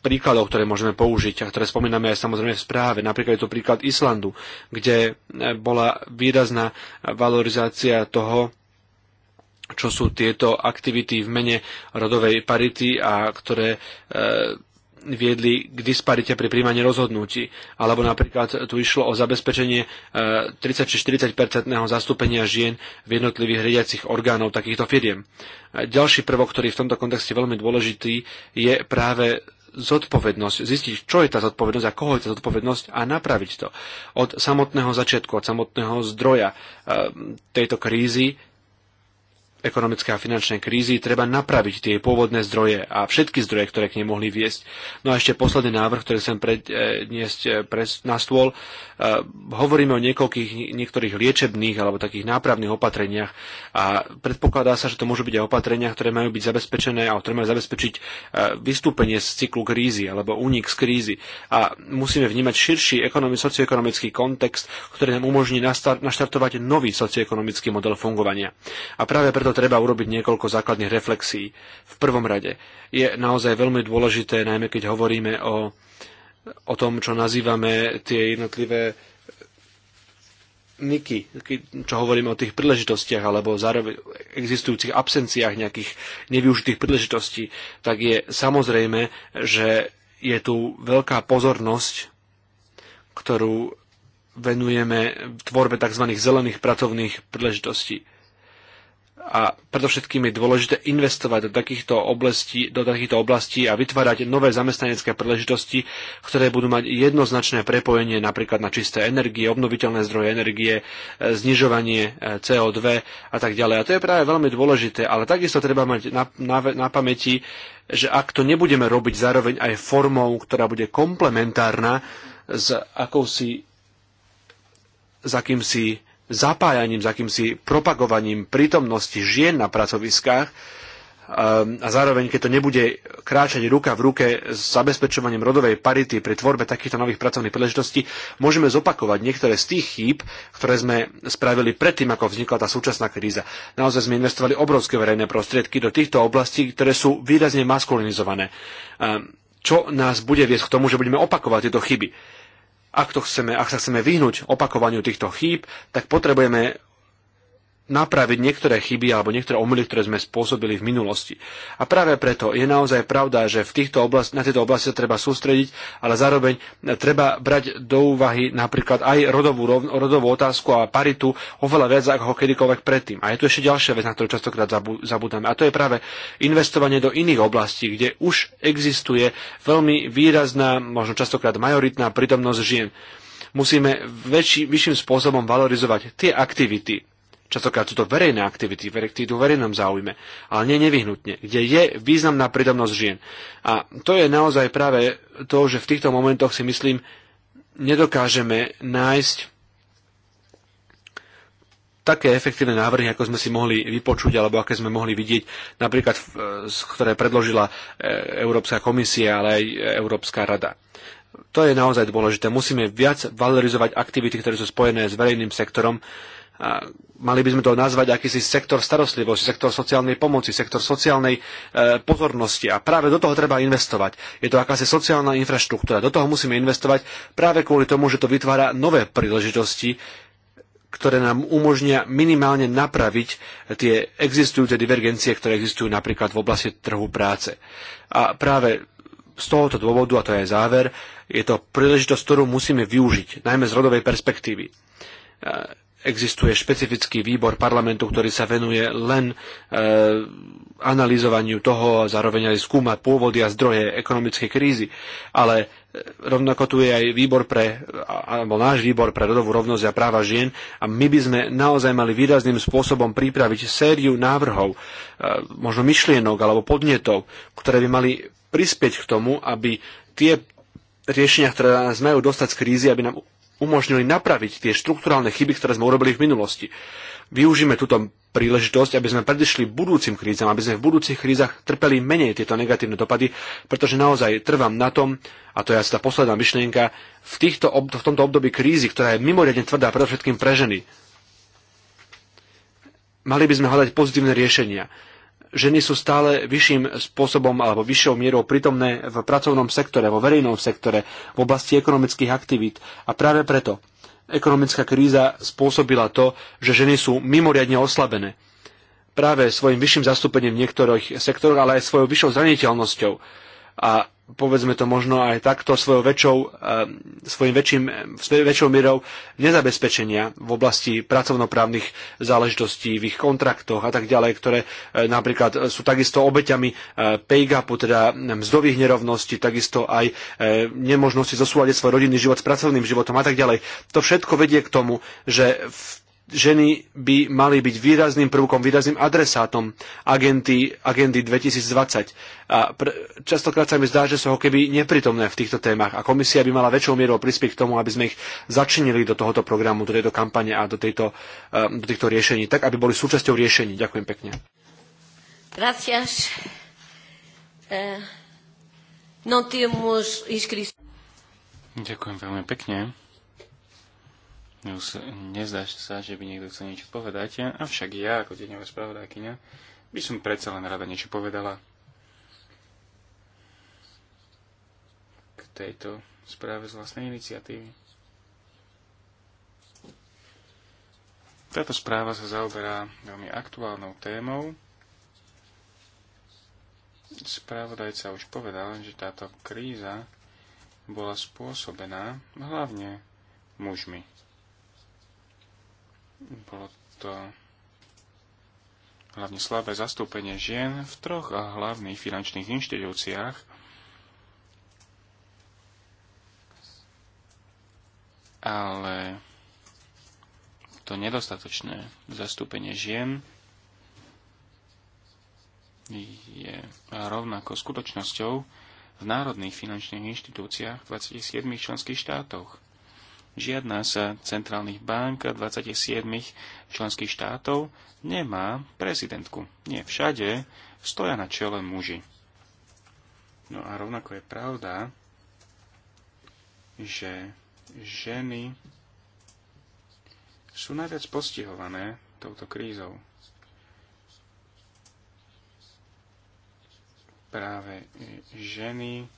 Speaker 1: príkladov, ktoré môžeme použiť a ktoré spomíname aj samozrejme v správe. Napríklad je to príklad Islandu, kde e, bola výrazná valorizácia toho, čo sú tieto aktivity v mene rodovej parity a ktoré e, viedli k disparite pri príjmaní rozhodnutí. Alebo napríklad tu išlo o zabezpečenie 30 e, 40 zastúpenia žien v jednotlivých riadiacich orgánov takýchto firiem. Ďalší prvok, ktorý je v tomto kontexte veľmi dôležitý, je práve zodpovednosť, zistiť, čo je tá zodpovednosť a koho je tá zodpovednosť a napraviť to. Od samotného začiatku, od samotného zdroja e, tejto krízy ekonomické a finančnej krízy, treba napraviť tie pôvodné zdroje a všetky zdroje, ktoré k nej mohli viesť. No a ešte posledný návrh, ktorý chcem predniesť eh, na stôl. Eh, hovoríme o niekoľkých, niektorých liečebných alebo takých nápravných opatreniach a predpokladá sa, že to môžu byť aj opatrenia, ktoré majú byť zabezpečené a ktoré majú zabezpečiť eh, vystúpenie z cyklu krízy alebo únik z krízy. A musíme vnímať širší socioekonomický kontext, ktorý nám umožní naštartovať nový socioekonomický model fungovania. A práve preto treba urobiť niekoľko základných reflexí. V prvom rade je naozaj veľmi dôležité, najmä keď hovoríme o, o tom, čo nazývame tie jednotlivé niky, čo hovoríme o tých príležitostiach alebo zároveň existujúcich absenciách nejakých nevyužitých príležitostí, tak je samozrejme, že je tu veľká pozornosť, ktorú venujeme tvorbe tzv. zelených pracovných príležitostí a predovšetkým je dôležité investovať do takýchto, oblastí, do takýchto oblastí a vytvárať nové zamestnanecké príležitosti, ktoré budú mať jednoznačné prepojenie napríklad na čisté energie, obnoviteľné zdroje energie, e, znižovanie e, CO2 a tak ďalej. A to je práve veľmi dôležité, ale takisto treba mať na, na, na pamäti, že ak to nebudeme robiť zároveň aj formou, ktorá bude komplementárna s akousi s akýmsi zapájaním, s akýmsi propagovaním prítomnosti žien na pracoviskách ehm, a zároveň, keď to nebude kráčať ruka v ruke s zabezpečovaním rodovej parity pri tvorbe takýchto nových pracovných príležitostí, môžeme zopakovať niektoré z tých chýb, ktoré sme spravili predtým, ako vznikla tá súčasná kríza. Naozaj sme investovali obrovské verejné prostriedky do týchto oblastí, ktoré sú výrazne maskulinizované. Ehm, čo nás bude viesť k tomu, že budeme opakovať tieto chyby? Ak, to chceme, ak sa chceme vyhnúť opakovaniu týchto chýb, tak potrebujeme napraviť niektoré chyby alebo niektoré omily, ktoré sme spôsobili v minulosti. A práve preto je naozaj pravda, že v týchto oblast, na tieto oblasti sa treba sústrediť, ale zároveň treba brať do úvahy napríklad aj rodovú, rodovú otázku a paritu oveľa viac ako kedykoľvek predtým. A je tu ešte ďalšia vec, na ktorú častokrát zabudáme. A to je práve investovanie do iných oblastí, kde už existuje veľmi výrazná, možno častokrát majoritná prítomnosť žien. Musíme väčší, vyšším spôsobom valorizovať tie aktivity, Častokrát sú to verejné aktivity, ktoré v verejnom záujme, ale nie nevyhnutne, kde je významná prídomnosť žien. A to je naozaj práve to, že v týchto momentoch si myslím, nedokážeme nájsť také efektívne návrhy, ako sme si mohli vypočuť alebo aké sme mohli vidieť, napríklad ktoré predložila e, Európska komisia, ale aj Európska rada. To je naozaj dôležité. Musíme viac valorizovať aktivity, ktoré sú spojené s verejným sektorom a mali by sme to nazvať akýsi sektor starostlivosti, sektor sociálnej pomoci, sektor sociálnej e, pozornosti a práve do toho treba investovať. Je to akási sociálna infraštruktúra, do toho musíme investovať práve kvôli tomu, že to vytvára nové príležitosti, ktoré nám umožnia minimálne napraviť tie existujúce divergencie, ktoré existujú napríklad v oblasti trhu práce. A práve z tohoto dôvodu, a to je záver, je to príležitosť, ktorú musíme využiť, najmä z rodovej perspektívy existuje špecifický výbor parlamentu, ktorý sa venuje len e, analyzovaniu toho a zároveň aj skúma pôvody a zdroje ekonomickej krízy. Ale e, rovnako tu je aj výbor pre, alebo náš výbor pre rodovú rovnosť a práva žien a my by sme naozaj mali výrazným spôsobom pripraviť sériu návrhov, e, možno myšlienok alebo podnetov, ktoré by mali prispieť k tomu, aby tie riešenia, ktoré nás majú dostať z krízy, aby nám umožnili napraviť tie štrukturálne chyby, ktoré sme urobili v minulosti. Využíme túto príležitosť, aby sme predišli budúcim krízam, aby sme v budúcich krízach trpeli menej tieto negatívne dopady, pretože naozaj trvám na tom, a to je asi tá posledná myšlienka, v, týchto, v tomto období krízy, ktorá je mimoriadne tvrdá predovšetkým pre ženy, mali by sme hľadať pozitívne riešenia ženy sú stále vyšším spôsobom alebo vyššou mierou prítomné v pracovnom sektore, vo verejnom sektore, v oblasti ekonomických aktivít. A práve preto ekonomická kríza spôsobila to, že ženy sú mimoriadne oslabené. Práve svojim vyšším zastúpením v niektorých sektoroch, ale aj svojou vyššou zraniteľnosťou. A povedzme to možno aj takto, svojou väčšou, eh, svojim väčším, väčšou mierou nezabezpečenia v oblasti pracovnoprávnych záležitostí v ich kontraktoch a tak ďalej, ktoré eh, napríklad sú takisto obeťami eh, pay gapu, teda hm, mzdových nerovností, takisto aj nemožnosti zosúľadiť svoj rodinný život s pracovným životom a tak ďalej. To všetko vedie k tomu, že v ženy by mali byť výrazným prvkom, výrazným adresátom agenty, agendy 2020. A pr- častokrát sa mi zdá, že sú ho keby nepritomné v týchto témach a komisia by mala väčšou mierou prispieť k tomu, aby sme ich začinili do tohoto programu, do tejto kampane a do, tejto, ehm, do týchto riešení, tak aby boli súčasťou riešení. Ďakujem pekne.
Speaker 2: Gracias. Eh, no môž...
Speaker 1: Ďakujem veľmi
Speaker 2: pekne. Nezdá sa, že by niekto chcel niečo povedať, avšak ja ako deňová spravodajkyňa by som predsa len rada niečo povedala k tejto správe z vlastnej iniciatívy. Táto správa sa zaoberá veľmi aktuálnou témou. Spravodajca už povedal, že táto kríza bola spôsobená hlavne mužmi. Bolo to hlavne slabé zastúpenie žien v troch hlavných finančných inštitúciách ale to nedostatočné zastúpenie žien je rovnako skutočnosťou v národných finančných inštitúciách v 27 členských štátoch. Žiadna z centrálnych bank 27 členských štátov nemá prezidentku. Nie všade stoja na čele muži. No a rovnako je pravda, že ženy sú najviac postihované touto krízou. Práve ženy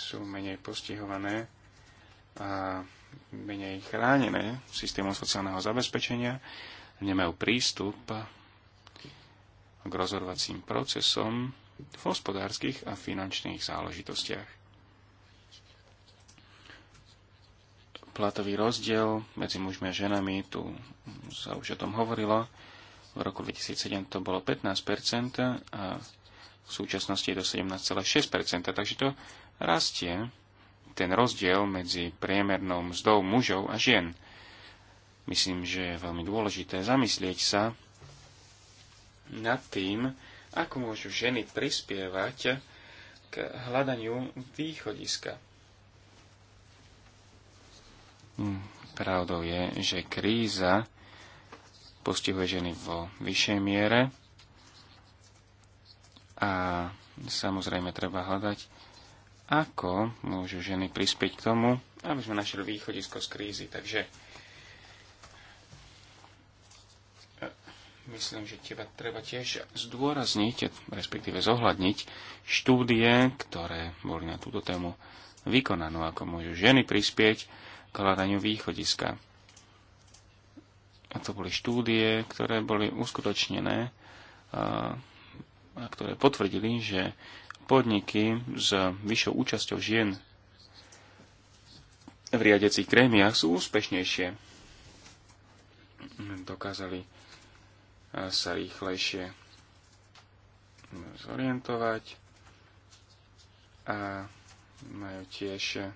Speaker 2: sú menej postihované a menej chránené systémom sociálneho zabezpečenia, nemajú prístup k rozhodovacím procesom v hospodárskych a finančných záležitostiach. Platový rozdiel medzi mužmi a ženami, tu sa už o tom hovorilo, v roku 2007 to bolo 15% a v súčasnosti je to 17,6%, takže to rastie ten rozdiel medzi priemernou mzdou mužov a žien. Myslím, že je veľmi dôležité zamyslieť sa nad tým, ako môžu ženy prispievať k hľadaniu východiska. Hm, pravdou je, že kríza postihuje ženy vo vyššej miere a samozrejme treba hľadať ako môžu ženy prispieť k tomu, aby sme našli východisko z krízy. Takže e, myslím, že teba treba tiež zdôrazniť, respektíve zohľadniť štúdie, ktoré boli na túto tému vykonané, ako môžu ženy prispieť k hľadaniu východiska. A to boli štúdie, ktoré boli uskutočnené a ktoré potvrdili, že podniky s vyššou účasťou žien v riadecích krémiach sú úspešnejšie. Dokázali eh, sa rýchlejšie zorientovať a majú tiež eh,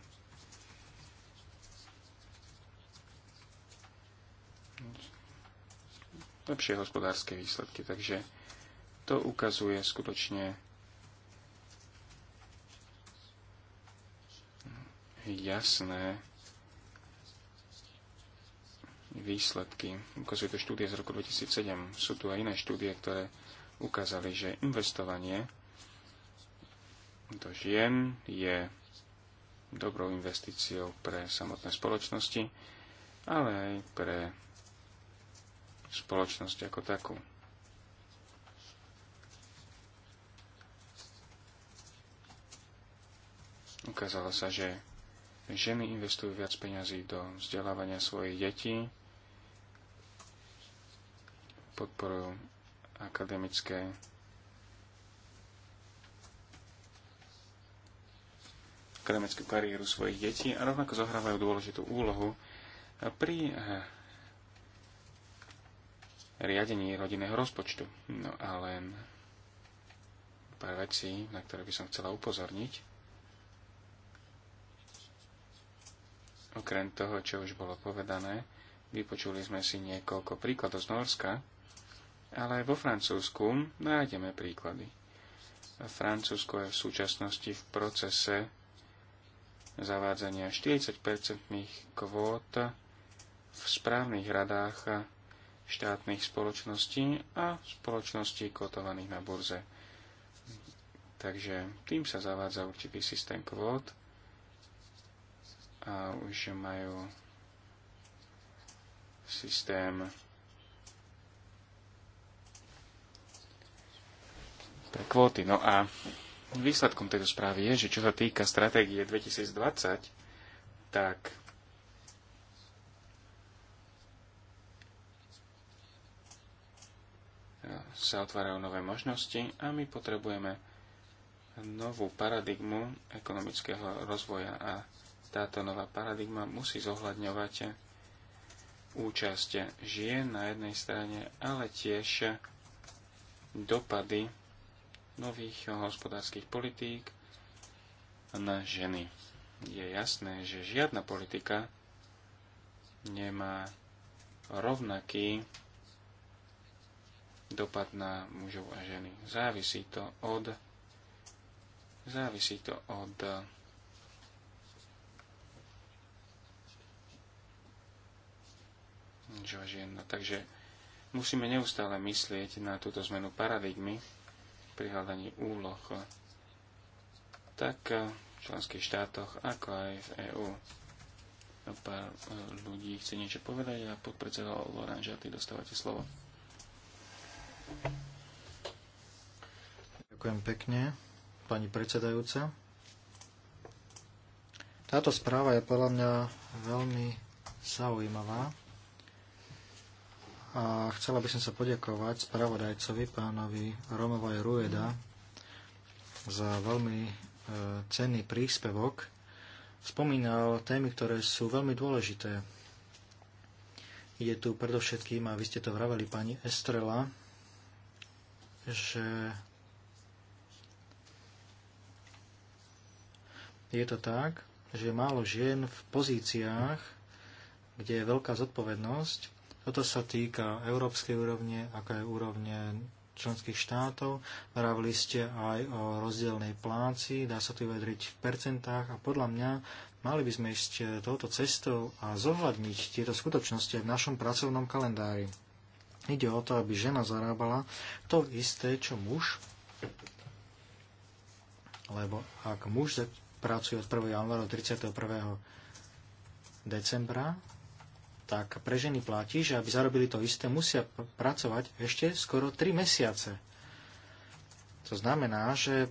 Speaker 2: lepšie hospodárske výsledky. Takže to ukazuje skutočne jasné výsledky. Ukazuje to štúdie z roku 2007. Sú tu aj iné štúdie, ktoré ukázali, že investovanie do žien je dobrou investíciou pre samotné spoločnosti, ale aj pre spoločnosť ako takú. Ukázalo sa, že ženy investujú viac peňazí do vzdelávania svojich detí, podporujú akademické akademickú kariéru svojich detí a rovnako zohrávajú dôležitú úlohu pri eh, riadení rodinného rozpočtu. No a len pár vecí, na ktoré by som chcela upozorniť Okrem toho, čo už bolo povedané, vypočuli sme si niekoľko príkladov z Norska, ale aj vo Francúzsku nájdeme príklady. Francúzsko je v súčasnosti v procese zavádzania 40-percentných kvót v správnych radách štátnych spoločností a spoločností kotovaných na burze. Takže tým sa zavádza určitý systém kvót, a už majú systém pre kvóty. No a výsledkom tejto správy je, že čo sa týka stratégie 2020, tak sa otvárajú nové možnosti a my potrebujeme novú paradigmu ekonomického rozvoja a táto nová paradigma musí zohľadňovať účasť žien na jednej strane, ale tiež dopady nových hospodárskych politík na ženy. Je jasné, že žiadna politika nemá rovnaký dopad na mužov a ženy. Závisí to od závisí to od žien. No, takže musíme neustále myslieť na túto zmenu paradigmy pri hľadaní úloh tak v členských štátoch, ako aj v EÚ. No, pár e, ľudí chce niečo povedať a podpredseda Loran Žaty, dostávate slovo.
Speaker 3: Ďakujem pekne, pani predsedajúca. Táto správa je podľa mňa veľmi zaujímavá a chcela by som sa poďakovať spravodajcovi pánovi Romovaj Rueda za veľmi e, cenný príspevok. Spomínal témy, ktoré sú veľmi dôležité. Ide tu predovšetkým, a vy ste to vraveli pani Estrela, že je to tak, že málo žien v pozíciách, kde je veľká zodpovednosť toto sa týka európskej úrovne, ako aj úrovne členských štátov. Hovorili ste aj o rozdielnej pláci, dá sa to vedriť v percentách a podľa mňa mali by sme ísť touto cestou a zohľadniť tieto skutočnosti aj v našom pracovnom kalendári. Ide o to, aby žena zarábala to isté, čo muž, lebo ak muž pracuje od 1. januára do 31. decembra, tak pre ženy platí, že aby zarobili to isté, musia pracovať ešte skoro 3 mesiace. To znamená, že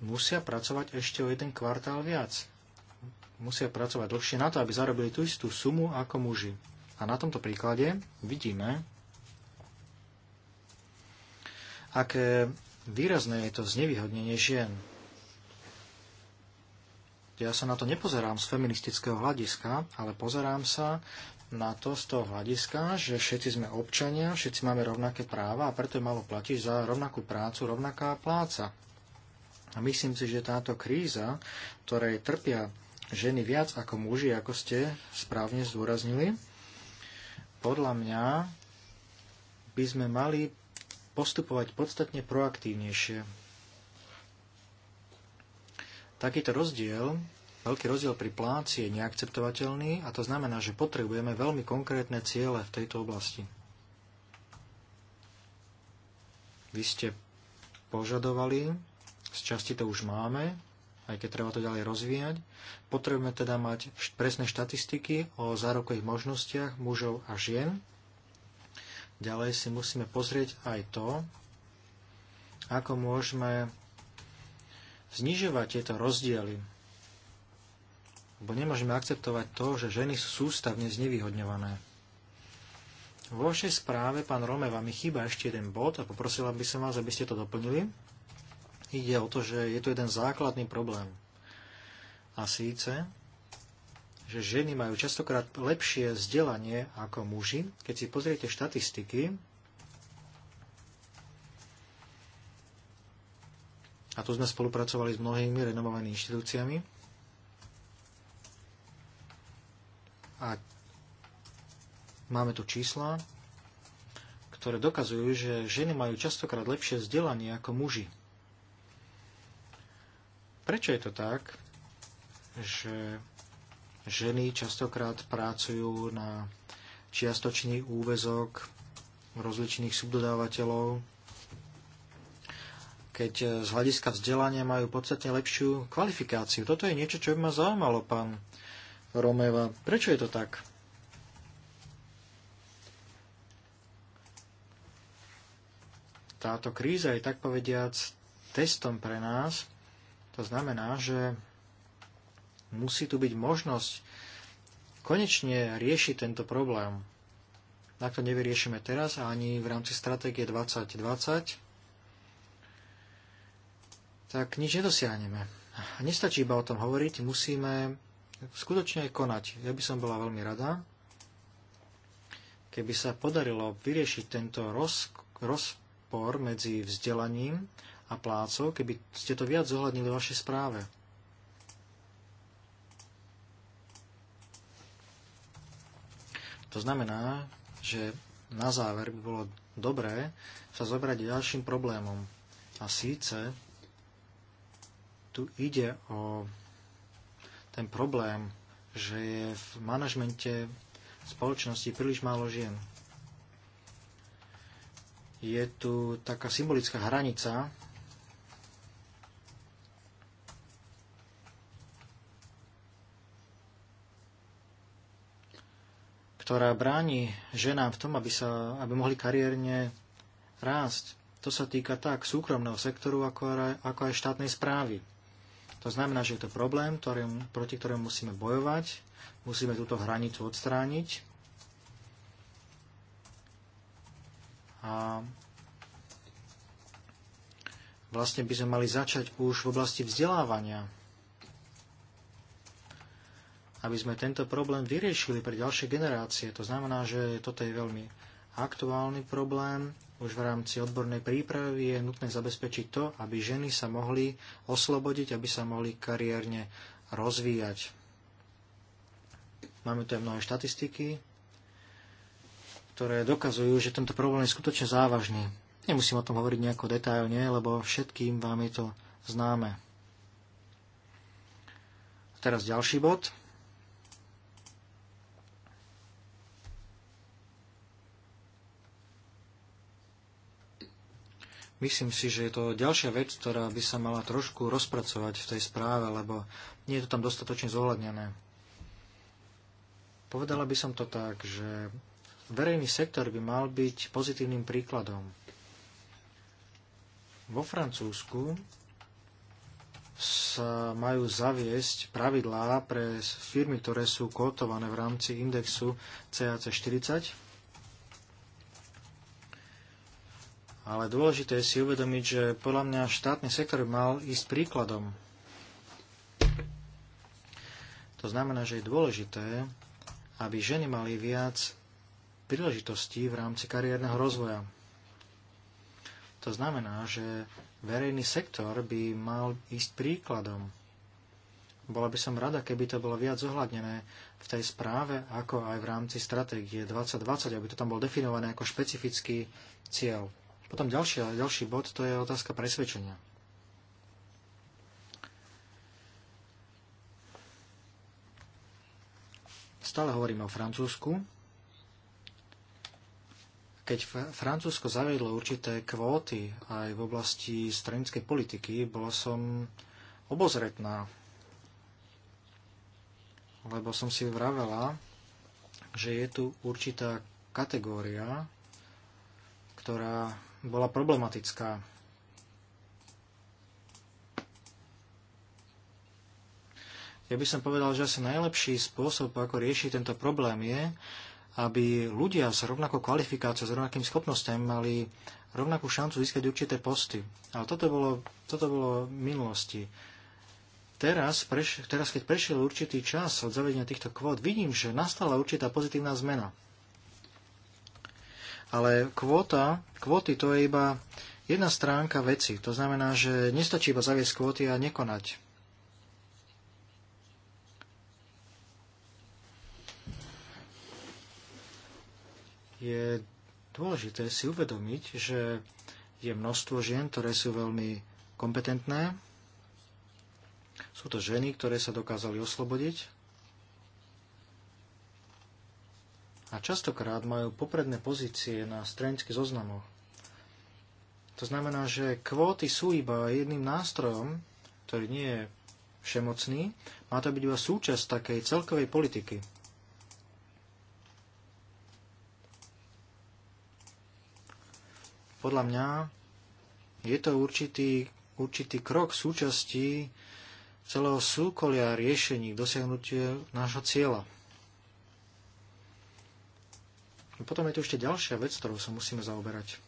Speaker 3: musia pracovať ešte o jeden kvartál viac. Musia pracovať dlhšie na to, aby zarobili tú istú sumu ako muži. A na tomto príklade vidíme, aké výrazné je to znevýhodnenie žien. Ja sa na to nepozerám z feministického hľadiska, ale pozerám sa na to z toho hľadiska, že všetci sme občania, všetci máme rovnaké práva a preto je malo platiť za rovnakú prácu, rovnaká pláca. A myslím si, že táto kríza, ktorej trpia ženy viac ako muži, ako ste správne zdôraznili, podľa mňa by sme mali postupovať podstatne proaktívnejšie. Takýto rozdiel, veľký rozdiel pri pláci je neakceptovateľný a to znamená, že potrebujeme veľmi konkrétne ciele v tejto oblasti. Vy ste požadovali, z časti to už máme, aj keď treba to ďalej rozvíjať. Potrebujeme teda mať presné štatistiky o zárokových možnostiach mužov a žien. Ďalej si musíme pozrieť aj to, ako môžeme znižovať tieto rozdiely. Lebo nemôžeme akceptovať to, že ženy sú sústavne znevýhodňované. Vo vašej správe, pán Rome, vám mi chýba ešte jeden bod a poprosila by som vás, aby ste to doplnili. Ide o to, že je tu jeden základný problém. A síce, že ženy majú častokrát lepšie vzdelanie ako muži. Keď si pozriete štatistiky, A tu sme spolupracovali s mnohými renomovanými inštitúciami. A máme tu čísla, ktoré dokazujú, že ženy majú častokrát lepšie vzdelanie ako muži. Prečo je to tak, že ženy častokrát pracujú na čiastočný úvezok rozličných subdodávateľov, keď e, z hľadiska vzdelania majú podstatne lepšiu kvalifikáciu. Toto je niečo, čo by ma zaujímalo, pán Romeva. Prečo je to tak? Táto kríza je tak povediac testom pre nás. To znamená, že musí tu byť možnosť konečne riešiť tento problém. Ak to nevyriešime teraz, ani v rámci stratégie 2020, tak nič nedosiahneme. Nestačí iba o tom hovoriť, musíme skutočne aj konať. Ja by som bola veľmi rada, keby sa podarilo vyriešiť tento roz, rozpor medzi vzdelaním a plácou, keby ste to viac zohľadnili v vašej správe. To znamená, že na záver by bolo dobré sa zobrať ďalším problémom. A síce tu ide o ten problém, že je v manažmente spoločnosti príliš málo žien. Je tu taká symbolická hranica, ktorá bráni ženám v tom, aby, sa, aby mohli kariérne rásť. To sa týka tak súkromného sektoru, ako aj, ako aj štátnej správy. To znamená, že je to problém, ktorým, proti ktorému musíme bojovať, musíme túto hranicu odstrániť. A vlastne by sme mali začať už v oblasti vzdelávania, aby sme tento problém vyriešili pre ďalšie generácie. To znamená, že toto je veľmi aktuálny problém, už v rámci odbornej prípravy je nutné zabezpečiť to, aby ženy sa mohli oslobodiť, aby sa mohli kariérne rozvíjať. Máme tu aj mnohé štatistiky, ktoré dokazujú, že tento problém je skutočne závažný. Nemusím o tom hovoriť nejako detailne, lebo všetkým vám je to známe. A teraz ďalší bod. Myslím si, že je to ďalšia vec, ktorá by sa mala trošku rozpracovať v tej správe, lebo nie je to tam dostatočne zohľadnené. Povedala by som to tak, že verejný sektor by mal byť pozitívnym príkladom. Vo Francúzsku sa majú zaviesť pravidlá pre firmy, ktoré sú kotované v rámci indexu CAC40 Ale dôležité je si uvedomiť, že podľa mňa štátny sektor mal ísť príkladom. To znamená, že je dôležité, aby ženy mali viac príležitostí v rámci kariérneho rozvoja. To znamená, že verejný sektor by mal ísť príkladom. Bola by som rada, keby to bolo viac zohľadnené v tej správe, ako aj v rámci stratégie 2020, aby to tam bol definované ako špecifický cieľ. Potom ďalšia, ďalší bod, to je otázka presvedčenia. Stále hovoríme o Francúzsku. Keď Francúzsko zaviedlo určité kvóty aj v oblasti stranickej politiky, bola som obozretná, lebo som si vravela, že je tu určitá kategória, ktorá bola problematická. Ja by som povedal, že asi najlepší spôsob, ako riešiť tento problém, je, aby ľudia s rovnakou kvalifikáciou, s rovnakým schopnosťami mali rovnakú šancu získať určité posty. Ale toto bolo, toto bolo v minulosti. Teraz, preš, teraz, keď prešiel určitý čas od zavedenia týchto kvót, vidím, že nastala určitá pozitívna zmena. Ale kvóta, kvóty to je iba jedna stránka veci. To znamená, že nestačí iba zaviesť kvóty a nekonať. Je dôležité si uvedomiť, že je množstvo žien, ktoré sú veľmi kompetentné. Sú to ženy, ktoré sa dokázali oslobodiť a častokrát majú popredné pozície na stranických zoznamoch. To znamená, že kvóty sú iba jedným nástrojom, ktorý nie je všemocný, má to byť iba súčasť takej celkovej politiky. Podľa mňa je to určitý, určitý krok súčasti celého súkolia riešení k dosiahnutiu nášho cieľa. Potom je tu ešte ďalšia vec, ktorou sa musíme zaoberať.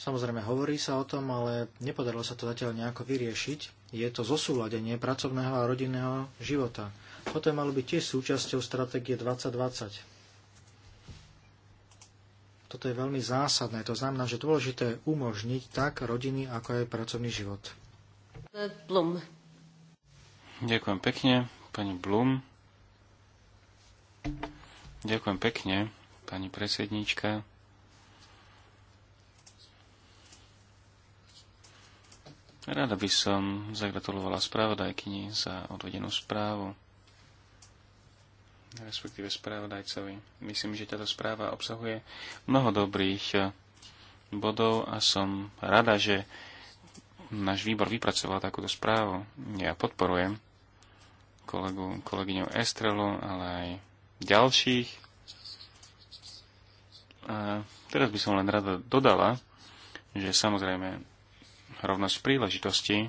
Speaker 3: Samozrejme, hovorí sa o tom, ale nepodarilo sa to zatiaľ nejako vyriešiť. Je to zosúladenie pracovného a rodinného života. Toto je malo byť tiež súčasťou stratégie 2020. Toto je veľmi zásadné. To znamená, že dôležité je umožniť tak rodiny, ako aj pracovný život. Blum.
Speaker 2: Ďakujem pekne. Pani Blum. Ďakujem pekne, pani predsednička. Rada by som zagratulovala spravodajkyni za odvedenú správu, respektíve spravodajcovi. Myslím, že táto správa obsahuje mnoho dobrých bodov a som rada, že náš výbor vypracoval takúto správu. Ja podporujem kolegu, kolegyňu Estrelu, ale aj ďalších. A teraz by som len rada dodala, že samozrejme rovnosť príležitosti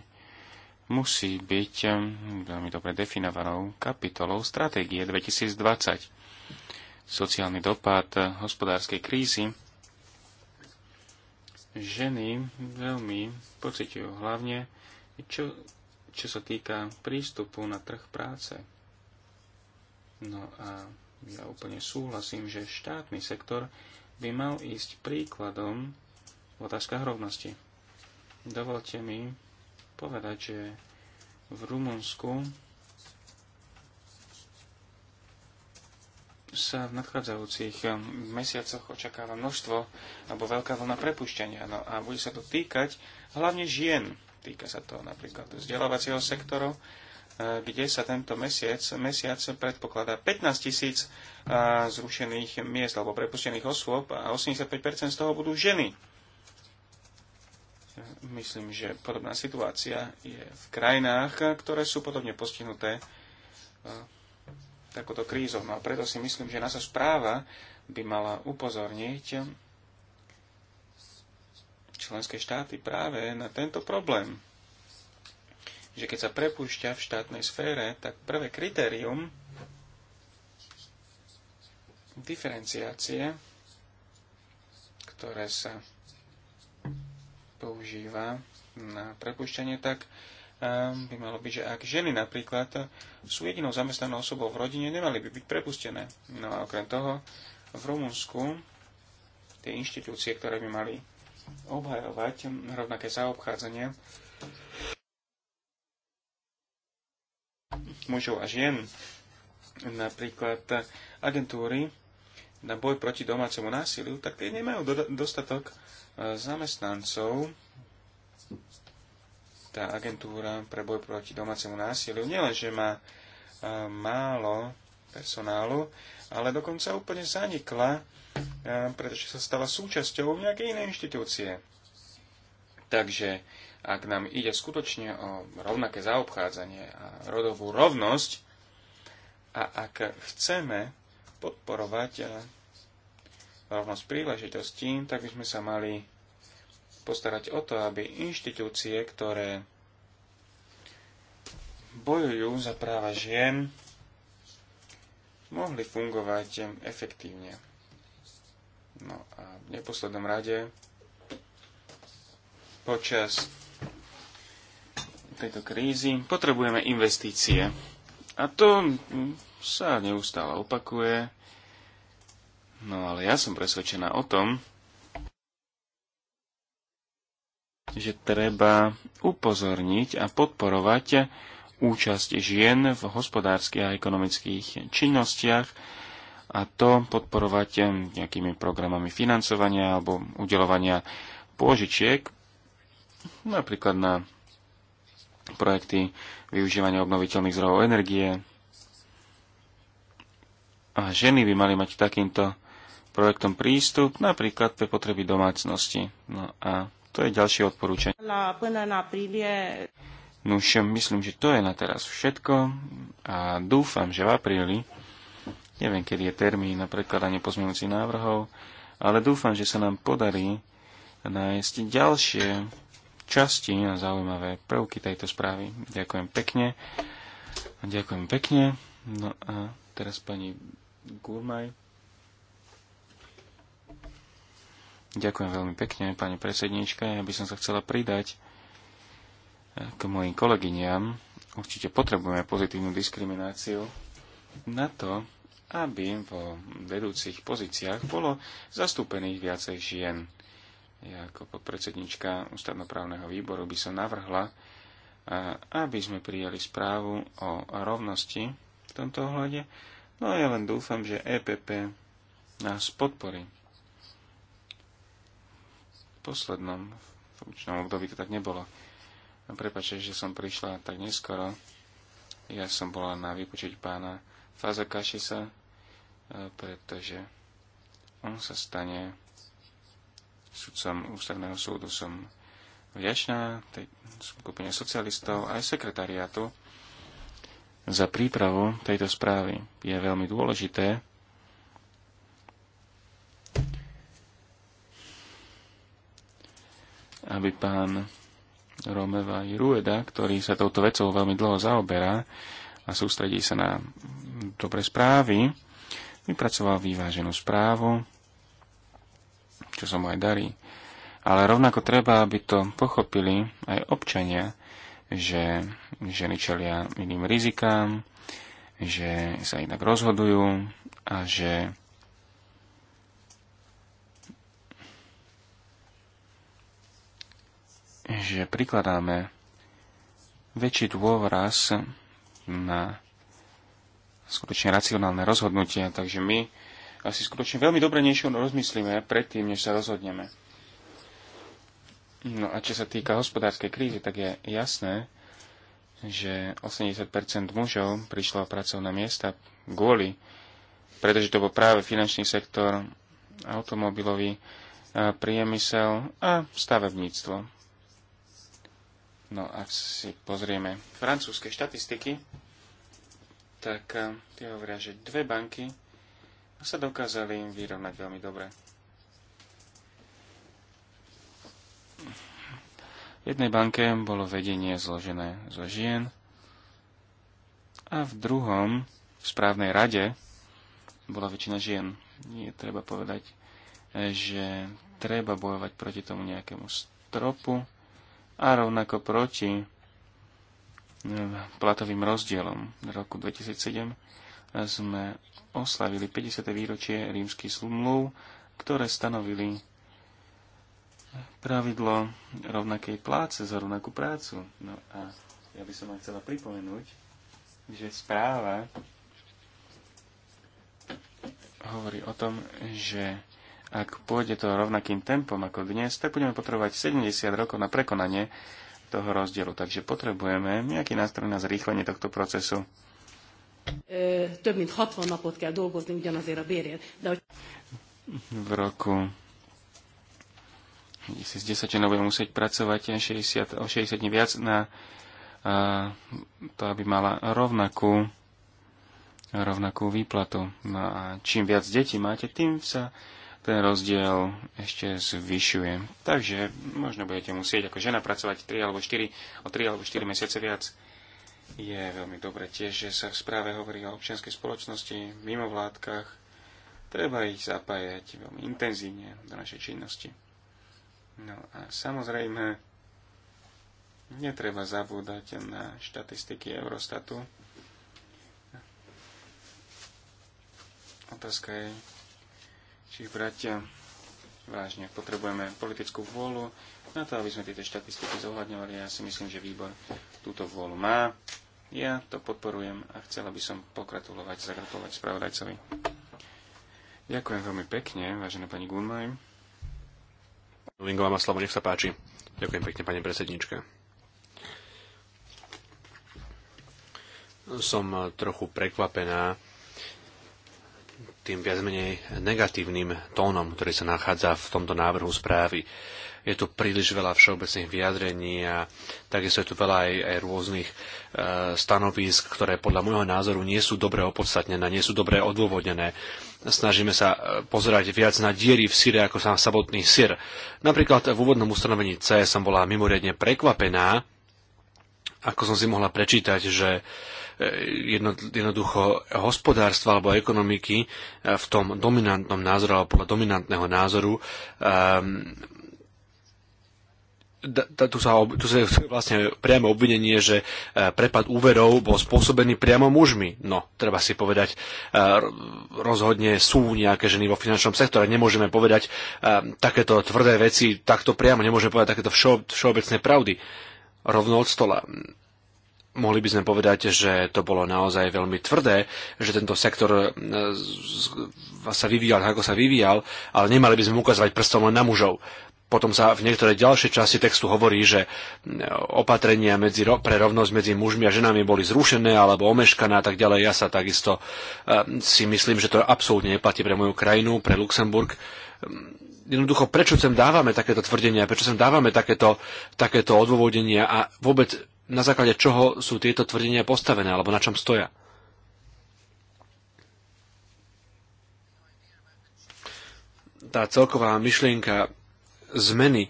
Speaker 2: musí byť um, veľmi dobre definovanou kapitolou stratégie 2020. Sociálny dopad hospodárskej krízy ženy veľmi pociťujú hlavne, čo čo sa týka prístupu na trh práce. No a ja úplne súhlasím, že štátny sektor by mal ísť príkladom v otázkach rovnosti. Dovolte mi povedať, že v Rumunsku sa v nadchádzajúcich um, mesiacoch očakáva množstvo alebo veľká vlna prepušťania. No a bude sa to týkať hlavne žien. Týka sa to napríklad vzdelávacieho sektoru, e, kde sa tento mesiac, mesiac predpokladá 15 tisíc e, zrušených miest alebo prepustených osôb a 85% z toho budú ženy. Myslím, že podobná situácia je v krajinách, ktoré sú podobne postihnuté e, takouto krízou. No a preto si myslím, že naša správa by mala upozorniť členské štáty práve na tento problém. Že keď sa prepúšťa v štátnej sfére, tak prvé kritérium diferenciácie, ktoré sa používa na prepúšťanie, tak eh, by malo byť, že ak ženy napríklad sú jedinou zamestnanou osobou v rodine, nemali by byť prepustené. No a okrem toho, v Rumunsku tie inštitúcie, ktoré by mali obhajovať rovnaké zaobchádzanie mužov a žien. Napríklad agentúry na boj proti domácemu násiliu, tak tie nemajú do- dostatok e, zamestnancov. Tá agentúra pre boj proti domácemu násiliu nielenže má e, málo personálu, ale dokonca úplne zanikla, eh, pretože sa stala súčasťou nejakej inej inštitúcie. Takže ak nám ide skutočne o rovnaké zaobchádzanie a rodovú rovnosť, a ak chceme podporovať eh, rovnosť príležitostí, tak by sme sa mali postarať o to, aby inštitúcie, ktoré bojujú za práva žien, mohli fungovať efektívne. No a v neposlednom rade počas tejto krízy potrebujeme investície. A to sa neustále opakuje. No ale ja som presvedčená o tom, že treba upozorniť a podporovať účasť žien v hospodárskych a ekonomických činnostiach a to podporovať nejakými programami financovania alebo udelovania pôžičiek, napríklad na projekty využívania obnoviteľných zdrojov energie. A ženy by mali mať takýmto projektom prístup, napríklad pre potreby domácnosti. No a to je ďalšie odporúčanie. No už myslím, že to je na teraz všetko a dúfam, že v apríli, neviem, kedy je termín na prekladanie pozmeňujúcich návrhov, ale dúfam, že sa nám podarí nájsť ďalšie časti a zaujímavé prvky tejto správy. Ďakujem pekne. Ďakujem pekne. No a teraz pani Gurmaj. Ďakujem veľmi pekne, pani predsednička. Ja by som sa chcela pridať k mojim kolegyňam, Určite potrebujeme pozitívnu diskrimináciu na to, aby vo vedúcich pozíciách bolo zastúpených viacej žien. Ja ako podpredsednička ústavnoprávneho výboru by som navrhla, aby sme prijali správu o rovnosti v tomto ohľade. No a ja len dúfam, že EPP nás podporí. V poslednom funkčnom období to tak nebolo. Prepačte, že som prišla tak neskoro. Ja som bola na vypočuť pána Fazakašisa, e, pretože on sa stane sudcom ústavného súdu. Som vďačná tej skupine socialistov aj sekretariátu za prípravu tejto správy. Je veľmi dôležité, aby pán Romeva i Rueda, ktorý sa touto vecou veľmi dlho zaoberá a sústredí sa na dobre správy, vypracoval vyváženú správu, čo sa mu aj darí. Ale rovnako treba, aby to pochopili aj občania, že ženy čelia iným rizikám, že sa inak rozhodujú a že že prikladáme väčší dôraz na skutočne racionálne rozhodnutia, takže my asi skutočne veľmi dobre niečo rozmyslíme predtým, než sa rozhodneme. No a čo sa týka hospodárskej krízy, tak je jasné, že 80% mužov prišlo o pracovné miesta kvôli, pretože to bol práve finančný sektor, automobilový priemysel a stavebníctvo. No ak si pozrieme francúzske štatistiky, tak eh, tie hovoria, že dve banky sa dokázali im vyrovnať veľmi dobre. V jednej banke bolo vedenie zložené zo žien a v druhom, v správnej rade, bola väčšina žien. Nie treba povedať, eh, že treba bojovať proti tomu nejakému stropu, a rovnako proti platovým rozdielom. V roku 2007 sme oslavili 50. výročie rímskych slumlov, ktoré stanovili pravidlo rovnakej pláce za rovnakú prácu. No a ja by som vám chcela pripomenúť, že správa hovorí o tom, že ak pôjde to rovnakým tempom ako dnes, tak budeme potrebovať 70 rokov na prekonanie toho rozdielu. Takže potrebujeme nejaký nástroj na zrýchlenie tohto procesu. V roku 2010 členov budeme musieť pracovať 60, o 60 dní viac na a, to, aby mala rovnakú, rovnakú výplatu. No a čím viac detí máte, tým sa ten rozdiel ešte zvyšuje. Takže možno budete musieť ako žena pracovať 3 alebo 4, o 3 alebo 4 mesiace viac. Je veľmi dobre tiež, že sa v správe hovorí o občianskej spoločnosti, mimo vládkach, Treba ich zapájať veľmi intenzívne do našej činnosti. No a samozrejme, netreba zabúdať na štatistiky Eurostatu. Otázka je, Čiže, bratia, vážne. Potrebujeme politickú vôľu na to, aby sme tieto štatistiky zohľadňovali. Ja si myslím, že výbor túto vôľu má. Ja to podporujem a chcela by som pokratulovať, zagratulovať spravodajcovi. Ďakujem veľmi pekne, vážená pani Gunmaj.
Speaker 1: Lingová má slovo, nech sa páči. Ďakujem pekne, pani predsednička. Som trochu prekvapená tým viac menej negatívnym tónom, ktorý sa nachádza v tomto návrhu správy. Je tu príliš veľa všeobecných vyjadrení a takisto je tu veľa aj, aj rôznych e, stanovísk, ktoré podľa môjho názoru nie sú dobre opodstatnené, nie sú dobre odôvodnené. Snažíme sa e, pozerať viac na diery v síre ako sa na samotný sír. Napríklad v úvodnom ustanovení C som bola mimoriadne prekvapená, ako som si mohla prečítať, že Eh, jednoducho hospodárstva alebo ekonomiky eh, v tom dominantnom názoru alebo podľa dominantného názoru ehm, da, tu, sa, tu sa vlastne priamo obvinenie, že eh, prepad úverov bol spôsobený priamo mužmi. No, treba si povedať, rozhodne sú nejaké ženy vo finančnom sektore. Nemôžeme povedať takéto tvrdé veci takto priamo, nemôžeme povedať takéto všeobecné pravdy rovno od stola mohli by sme povedať, že to bolo naozaj veľmi tvrdé, že tento sektor e, sa vyvíjal tak, ako sa vyvíjal, ale nemali by sme ukazovať prstom len na mužov. Potom sa v niektoré ďalšie časti textu hovorí, že e, opatrenia medzi, pre rovnosť medzi mužmi a ženami boli zrušené alebo omeškané a tak ďalej. Ja sa takisto e, si myslím, že to absolútne neplatí pre moju krajinu, pre Luxemburg jednoducho prečo sem dávame takéto tvrdenia, prečo sem dávame takéto, takéto odôvodenia a vôbec na základe čoho sú tieto tvrdenia postavené alebo na čom stoja. Tá celková myšlienka zmeny e,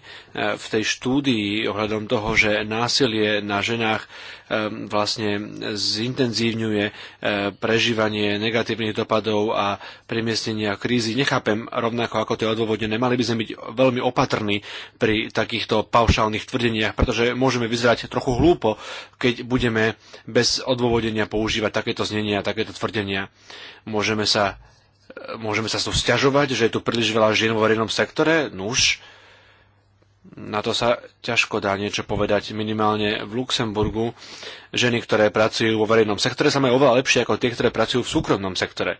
Speaker 1: v tej štúdii ohľadom toho, že násilie na ženách e, vlastne zintenzívňuje e, prežívanie negatívnych dopadov a premiestnenia krízy. Nechápem rovnako ako to je odôvodnené. Mali by sme byť veľmi opatrní pri takýchto paušálnych tvrdeniach, pretože môžeme vyzerať trochu hlúpo, keď budeme bez odôvodenia používať takéto znenia, takéto tvrdenia. Môžeme sa môžeme sa tu sťažovať, že je tu príliš veľa žien vo verejnom sektore, nuž, no na to sa ťažko dá niečo povedať. Minimálne v Luxemburgu ženy, ktoré pracujú vo verejnom sektore, sa majú oveľa lepšie ako tie, ktoré pracujú v súkromnom sektore.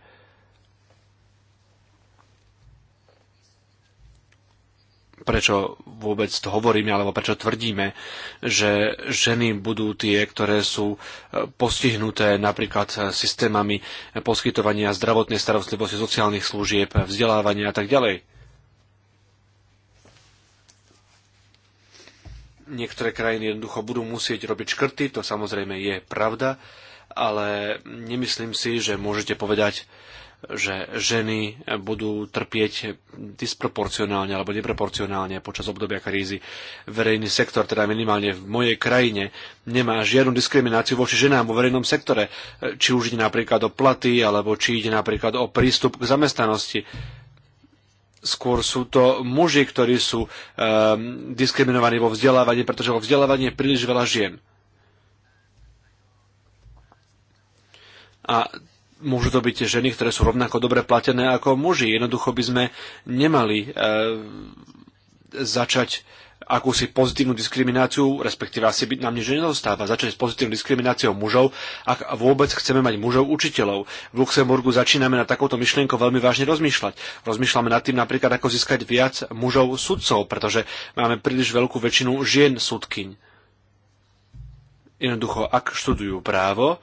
Speaker 1: prečo vôbec to hovoríme, alebo prečo tvrdíme, že ženy budú tie, ktoré sú e, postihnuté napríklad e, systémami poskytovania zdravotnej starostlivosti, sociálnych služieb, vzdelávania a tak ďalej. niektoré krajiny jednoducho budú musieť robiť škrty, to samozrejme je pravda, ale nemyslím si, že môžete povedať, že ženy budú trpieť disproporcionálne alebo neproporcionálne počas obdobia krízy. Verejný sektor, teda minimálne v mojej krajine, nemá žiadnu diskrimináciu voči ženám vo verejnom sektore. Či už ide napríklad o platy, alebo či ide napríklad o prístup k zamestnanosti skôr sú to muži, ktorí sú um, diskriminovaní vo vzdelávaní, pretože vo vzdelávaní je príliš veľa žien. A môžu to byť ženy, ktoré sú rovnako dobre platené ako muži. Jednoducho by sme nemali e, začať akúsi pozitívnu diskrimináciu, respektíve asi by nám nič nedostáva, začať s pozitívnou diskrimináciou mužov, ak vôbec chceme mať mužov učiteľov. V Luxemburgu začíname na takouto myšlienku veľmi vážne rozmýšľať. Rozmýšľame nad tým napríklad, ako získať viac mužov sudcov, pretože máme príliš veľkú väčšinu žien sudkyň. Jednoducho, ak študujú právo,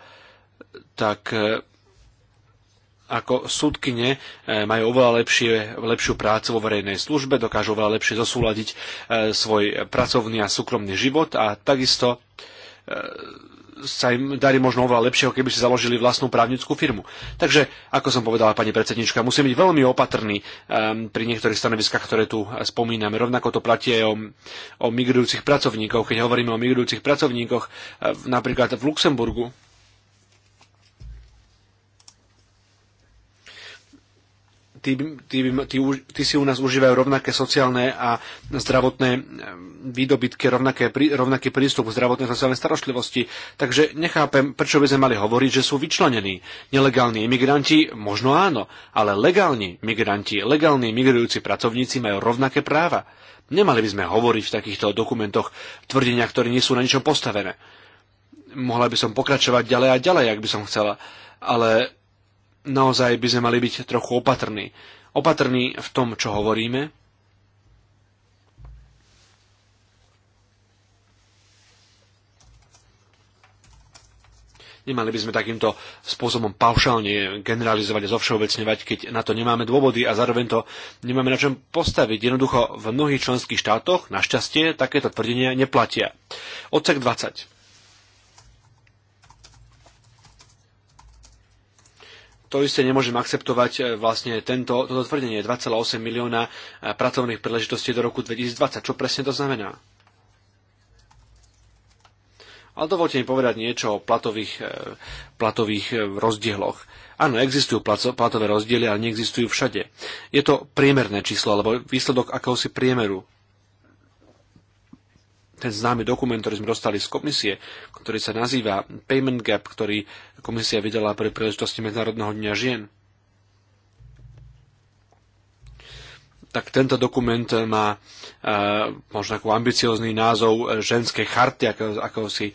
Speaker 1: tak ako súdkyne e, majú oveľa lepšie, lepšiu prácu vo verejnej službe, dokážu oveľa lepšie zosúľadiť e, svoj pracovný a súkromný život a takisto e, sa im darí možno oveľa lepšieho, keby si založili vlastnú právnickú firmu. Takže, ako som povedala pani predsednička, musím byť veľmi opatrný um, pri niektorých stanoviskách, ktoré tu spomíname. Rovnako to platí aj o, o migrujúcich pracovníkov. Keď hovoríme o migrujúcich pracovníkoch, napríklad v Luxemburgu, tí, tí, tí, tí si u nás užívajú rovnaké sociálne a zdravotné e, výdobytky, rovnaké, rovnaký prístup k zdravotnej a sociálnej starostlivosti. Takže nechápem, prečo by sme mali hovoriť, že sú vyčlenení. Nelegálni imigranti, možno áno, ale legálni migranti, legálni migrujúci pracovníci majú rovnaké práva. Nemali by sme hovoriť v takýchto dokumentoch tvrdenia, ktoré nie sú na ničom postavené. Mohla by som pokračovať ďalej a ďalej, ak by som chcela, ale naozaj by sme mali byť trochu opatrní. Opatrní v tom, čo hovoríme. Nemali by sme takýmto spôsobom paušálne generalizovať a zovšeobecňovať, keď na to nemáme dôvody a zároveň to nemáme na čom postaviť. Jednoducho v mnohých členských štátoch, našťastie, takéto tvrdenia neplatia. Odsek 20. to isté nemôžem akceptovať e, vlastne tento, toto tvrdenie 2,8 milióna e, pracovných príležitostí do roku 2020. Čo presne to znamená? Ale dovolte mi povedať niečo o platových, e, platových rozdieloch. Áno, existujú platové rozdiely, ale neexistujú všade. Je to priemerné číslo, alebo výsledok akéhosi priemeru ten známy dokument, ktorý sme dostali z komisie, ktorý sa nazýva Payment Gap, ktorý komisia vydala pri príležitosti Medzinárodného dňa žien. tak tento dokument má e, možno takú ambiciózny názov e, Ženské charty, ako, ako si e,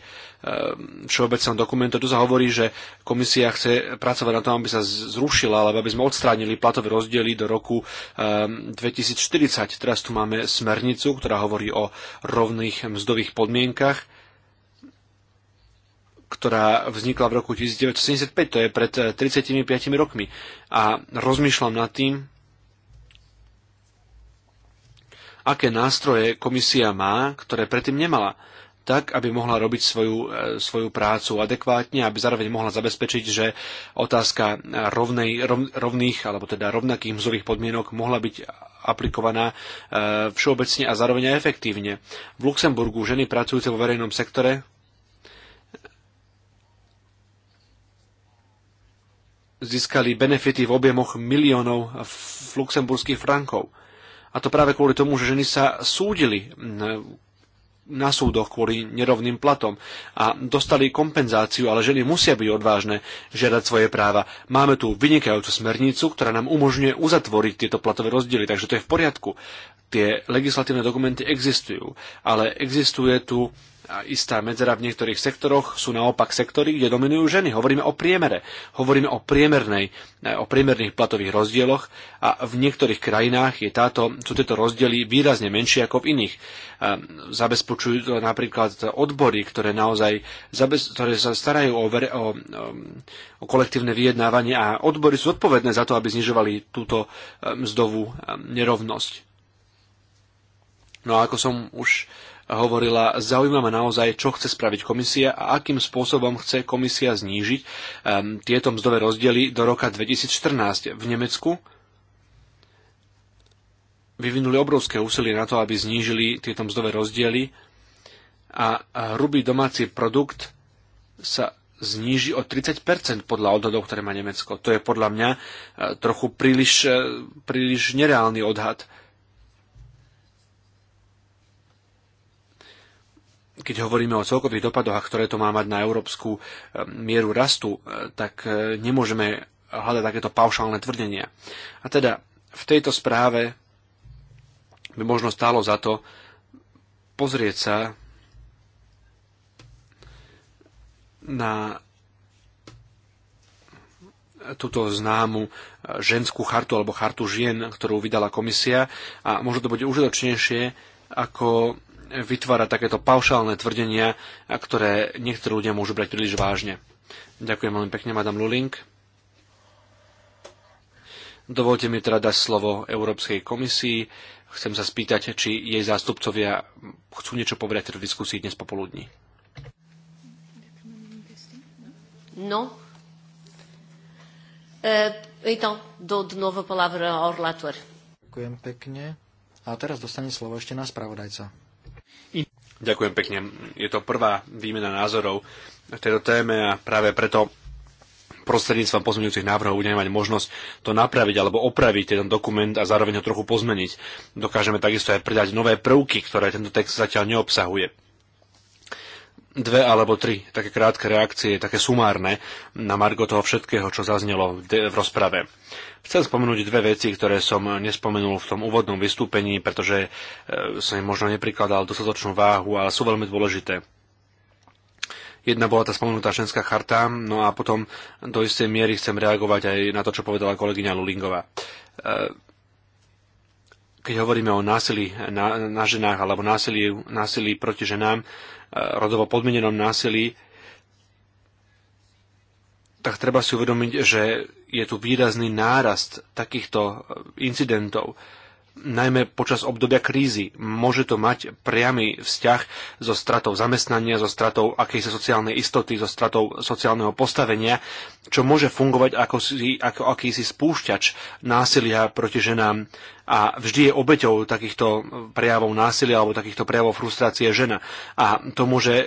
Speaker 1: všeobecného dokumentu. Tu sa hovorí, že komisia chce pracovať na tom, aby sa zrušila, alebo aby sme odstránili platové rozdiely do roku 2040. Teraz tu máme smernicu, ktorá hovorí o rovných mzdových podmienkach ktorá vznikla v roku 1975, to je pred 35 rokmi. A rozmýšľam nad tým, aké nástroje komisia má, ktoré predtým nemala tak, aby mohla robiť svoju, e, svoju prácu adekvátne, aby zároveň mohla zabezpečiť, že otázka rovnej, rov, rovných alebo teda rovnakých mzdových podmienok mohla byť aplikovaná e, všeobecne a zároveň aj efektívne. V Luxemburgu ženy pracujúce vo verejnom sektore získali benefity v objemoch miliónov luxemburských frankov. A to práve kvôli tomu, že ženy sa súdili na súdoch kvôli nerovným platom a dostali kompenzáciu, ale ženy musia byť odvážne žiadať svoje práva. Máme tu vynikajúcu smernicu, ktorá nám umožňuje uzatvoriť tieto platové rozdiely, takže to je v poriadku. Tie legislatívne dokumenty existujú, ale existuje tu istá medzera v niektorých sektoroch, sú naopak sektory, kde dominujú ženy. Hovoríme o priemere, hovoríme o, priemernej, eh, o priemerných platových rozdieloch a v niektorých krajinách je táto, sú tieto rozdiely výrazne menšie ako v iných. Eh, zabezpečujú to napríklad odbory, ktoré naozaj zabez, ktoré sa starajú o, ver, o, eh, o kolektívne vyjednávanie a odbory sú zodpovedné za to, aby znižovali túto mzdovú nerovnosť. No a ako som už hovorila, zaujímavé naozaj, čo chce spraviť komisia a akým spôsobom chce komisia znížiť um, tieto mzdové rozdiely do roka 2014 v Nemecku vyvinuli obrovské úsilie na to, aby znížili tieto mzdové rozdiely a hrubý domáci produkt sa zníži o 30% podľa odhadov, ktoré má Nemecko. To je podľa mňa e, trochu príliš, e, príliš nereálny odhad. keď hovoríme o celkových dopadoch, a ktoré to má mať na európsku e, mieru rastu, e, tak e, nemôžeme hľadať takéto paušálne tvrdenia. A teda v tejto správe by možno stálo za to pozrieť sa na túto známu ženskú chartu alebo chartu žien, ktorú vydala komisia a možno to bude užitočnejšie ako vytvárať takéto paušálne tvrdenia, ktoré niektorí ľudia môžu brať príliš vážne. Ďakujem veľmi pekne, Madame Luling. Dovolte mi teda dať slovo Európskej komisii. Chcem sa spýtať, či jej zástupcovia chcú niečo povedať v diskusii dnes popoludní.
Speaker 2: No.
Speaker 3: E, to do, de palavra Ďakujem pekne. A teraz dostane slovo ešte na spravodajca.
Speaker 1: Ďakujem pekne. Je to prvá výmena názorov v tejto téme a práve preto prostredníctvom pozmeňujúcich návrhov budeme mať možnosť to napraviť alebo opraviť ten dokument a zároveň ho trochu pozmeniť. Dokážeme takisto aj pridať nové prvky, ktoré tento text zatiaľ neobsahuje dve alebo tri také krátke reakcie, také sumárne na margo toho všetkého, čo zaznelo v rozprave. Chcem spomenúť dve veci, ktoré som nespomenul v tom úvodnom vystúpení, pretože e, som im možno neprikladal dostatočnú váhu, ale sú veľmi dôležité. Jedna bola tá spomenutá ženská charta, no a potom do istej miery chcem reagovať aj na to, čo povedala kolegyňa Lulingová. E, keď hovoríme o násilí na, na ženách alebo násilí, násilí proti ženám, e, rodovo podmienenom násilí, tak treba si uvedomiť, že je tu výrazný nárast takýchto e, incidentov, najmä počas obdobia krízy. Môže to mať priamy vzťah so stratou zamestnania, so stratou akejsi sociálnej istoty, so stratou sociálneho postavenia, čo môže fungovať ako, si, ako akýsi spúšťač násilia proti ženám a vždy je obeťou takýchto prejavov násilia alebo takýchto prejavov frustrácie žena. A to môže e,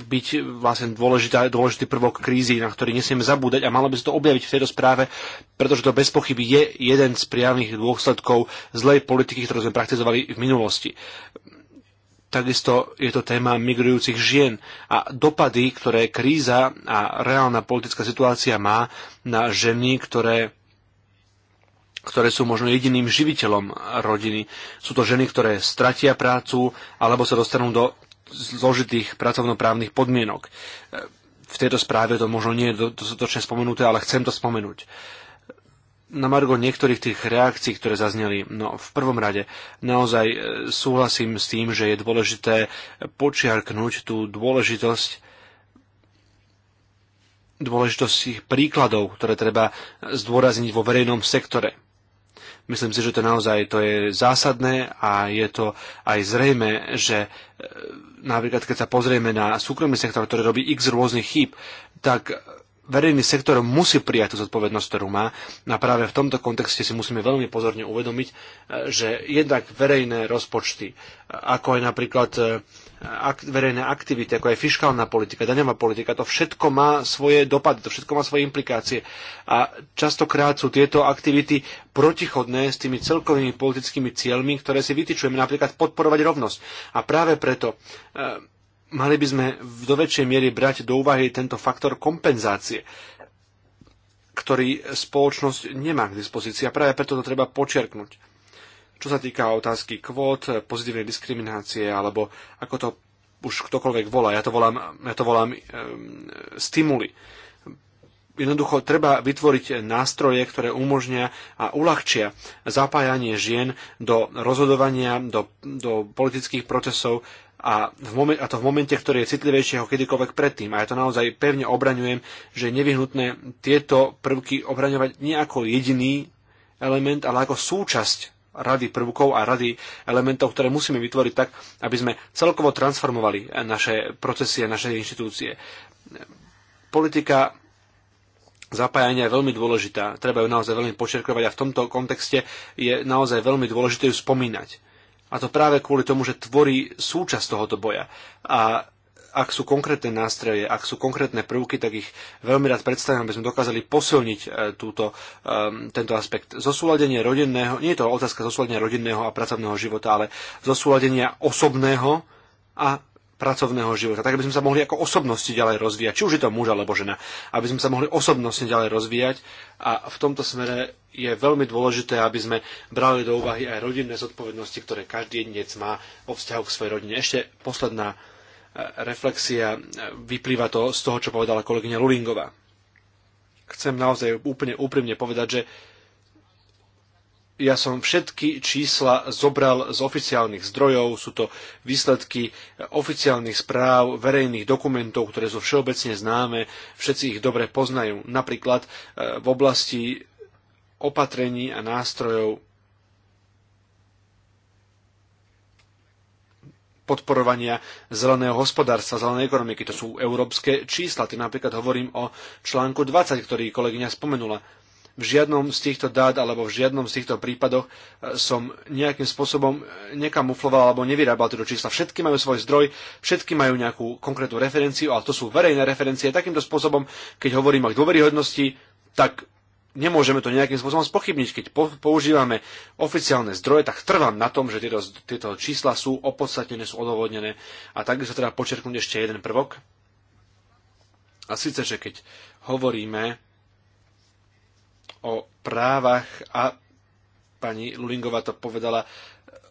Speaker 1: byť vlastne dôležitá, dôležitý prvok krízy, na ktorý nesieme zabúdať a malo by sa to objaviť v tejto správe, pretože to bez pochyby je jeden z priamých dôsledkov zlej politiky, ktorú sme praktizovali v minulosti. Takisto je to téma migrujúcich žien a dopady, ktoré kríza a reálna politická situácia má na ženy, ktoré ktoré sú možno jediným živiteľom rodiny. Sú to ženy, ktoré stratia prácu alebo sa dostanú do zložitých pracovnoprávnych podmienok. V tejto správe to možno nie je dostatočne spomenuté, ale chcem to spomenúť. Na Margo niektorých tých reakcií, ktoré zazneli, no v prvom rade naozaj e, súhlasím s tým, že je dôležité počiarknúť tú dôležitosť dôležitosť príkladov, ktoré treba zdôrazniť vo verejnom sektore. Myslím si, že to naozaj to je zásadné a je to aj zrejme, že e, napríklad keď sa pozrieme na súkromný sektor, ktorý robí x rôznych chýb, tak verejný sektor musí prijať tú zodpovednosť, ktorú má. A práve v tomto kontexte si musíme veľmi pozorne uvedomiť, e, že jednak verejné rozpočty, e, ako aj napríklad ak, verejné aktivity, ako aj fiskálna politika, daňová politika, to všetko má svoje dopady, to všetko má svoje implikácie. A častokrát sú tieto aktivity protichodné s tými celkovými politickými cieľmi, ktoré si vytýčujeme, napríklad podporovať rovnosť. A práve preto e, mali by sme do väčšej miery brať do úvahy tento faktor kompenzácie ktorý spoločnosť nemá k dispozícii a práve preto to treba počerknúť čo sa týka otázky kvót, pozitívnej diskriminácie alebo ako to už ktokoľvek volá, ja to volám, ja to volám um, stimuli. Jednoducho treba vytvoriť nástroje, ktoré umožnia a uľahčia zapájanie žien do rozhodovania, do, do politických procesov a, v momen- a to v momente, ktorý je citlivejšie ako kedykoľvek predtým. A ja to naozaj pevne obraňujem, že je nevyhnutné tieto prvky obraňovať nie ako jediný element, ale ako súčasť rady prvkov a rady elementov, ktoré musíme vytvoriť tak, aby sme celkovo transformovali naše procesy a naše inštitúcie. Politika zapájania je veľmi dôležitá, treba ju naozaj veľmi počerkovať a v tomto kontexte je naozaj veľmi dôležité ju spomínať. A to práve kvôli tomu, že tvorí súčasť tohoto boja. A ak sú konkrétne nástroje, ak sú konkrétne prvky, tak ich veľmi rád predstavím, aby sme dokázali posilniť e, túto, e, tento aspekt. Zosúladenie rodinného, nie je to otázka zosúladenia rodinného a pracovného života, ale zosúladenia osobného a pracovného života, tak aby sme sa mohli ako osobnosti ďalej rozvíjať, či už je to muž alebo žena, aby sme sa mohli osobnostne ďalej rozvíjať a v tomto smere je veľmi dôležité, aby sme brali do úvahy aj rodinné zodpovednosti, ktoré každý jedinec má vo vzťahu k svojej rodine. Ešte posledná reflexia vyplýva to z toho, čo povedala kolegyňa Lulingová. Chcem naozaj úplne úprimne povedať, že ja som všetky čísla zobral z oficiálnych zdrojov, sú to výsledky oficiálnych správ, verejných dokumentov, ktoré sú všeobecne známe, všetci ich dobre poznajú. Napríklad eh, v oblasti opatrení a nástrojov podporovania zeleného hospodárstva, zelenej ekonomiky. To sú európske čísla. Tým napríklad hovorím o článku 20, ktorý kolegyňa spomenula. V žiadnom z týchto dát alebo v žiadnom z týchto prípadoch e, som nejakým spôsobom e, nekamufloval alebo nevyrábal tieto čísla. Všetky majú svoj zdroj, všetky majú nejakú konkrétnu referenciu, ale to sú verejné referencie. Takýmto spôsobom, keď hovorím o dôveryhodnosti, tak nemôžeme to nejakým spôsobom spochybniť. Keď používame oficiálne zdroje, tak trvám na tom, že tieto, tieto čísla sú opodstatnené, sú odôvodnené. A takisto treba počerknúť ešte jeden prvok. A síce, že keď hovoríme o právach a pani Lulingová to povedala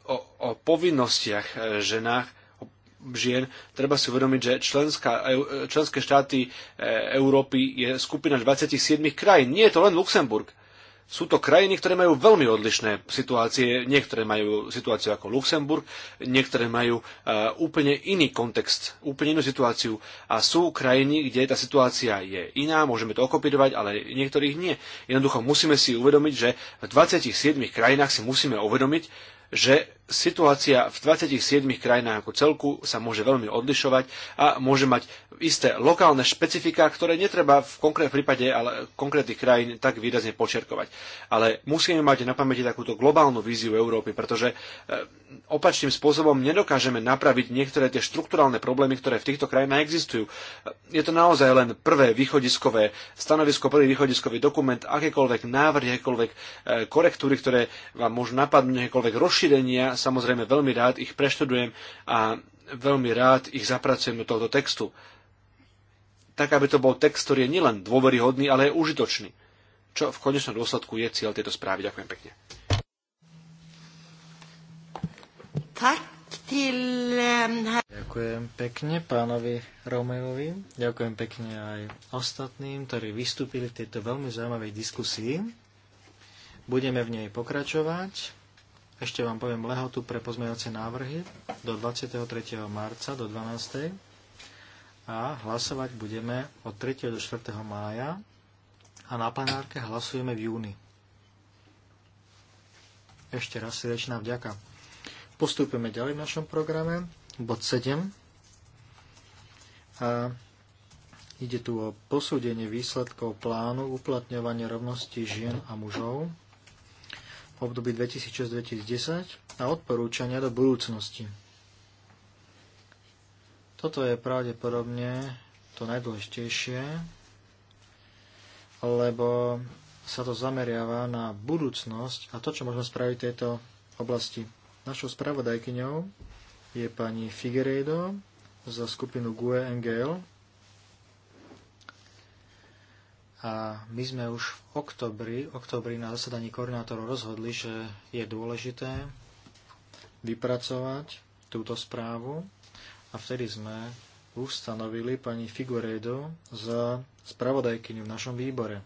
Speaker 1: o, o povinnostiach e, ženách, žien, treba si uvedomiť, že členská, e, členské štáty e, Európy je skupina 27 krajín. Nie je to len Luxemburg. Sú to krajiny, ktoré majú veľmi odlišné situácie. Niektoré majú situáciu ako Luxemburg, niektoré majú e, úplne iný kontext, úplne inú situáciu. A sú krajiny, kde tá situácia je iná, môžeme to okopírovať, ale niektorých nie. Jednoducho musíme si uvedomiť, že v 27 krajinách si musíme uvedomiť, že situácia v 27 krajinách ako celku sa môže veľmi odlišovať a môže mať isté lokálne špecifiká, ktoré netreba v konkrétnom prípade ale konkrétnych krajín tak výrazne počerkovať. Ale musíme mať na pamäti takúto globálnu víziu Európy, pretože e, opačným spôsobom nedokážeme napraviť niektoré tie štrukturálne problémy, ktoré v týchto krajinách existujú. E, je to naozaj len prvé východiskové stanovisko, prvý východiskový dokument, akékoľvek návrhy, akékoľvek e, korektúry, ktoré vám môžu napadnúť, akékoľvek rozšírenia samozrejme veľmi rád ich preštudujem a veľmi rád ich zapracujem do tohto textu. Tak, aby to bol text, ktorý je nielen dôveryhodný, ale je užitočný. Čo v konečnom dôsledku je cieľ tejto správy. Ďakujem pekne.
Speaker 2: Ehm,
Speaker 3: ďakujem pekne pánovi Romeovi, ďakujem pekne aj ostatným, ktorí vystúpili v tejto veľmi zaujímavej diskusii. Budeme v nej pokračovať. Ešte vám poviem lehotu pre pozmeňovacie návrhy do 23. marca do 12. A hlasovať budeme od 3. do 4. mája a na plenárke hlasujeme v júni. Ešte raz srdečná vďaka. Postúpime ďalej v našom programe. Bod 7. A ide tu o posúdenie výsledkov plánu uplatňovania rovnosti žien a mužov v období 2006-2010 a odporúčania do budúcnosti. Toto je pravdepodobne to najdôležitejšie, lebo sa to zameriava na budúcnosť a to, čo môžeme spraviť v tejto oblasti. Našou spravodajkyňou je pani Figueiredo za skupinu GUE NGL a my sme už v oktobri, oktobri na zasadaní koordinátorov rozhodli, že je dôležité vypracovať túto správu a vtedy sme ustanovili pani Figueredo za spravodajkyňu v našom výbore.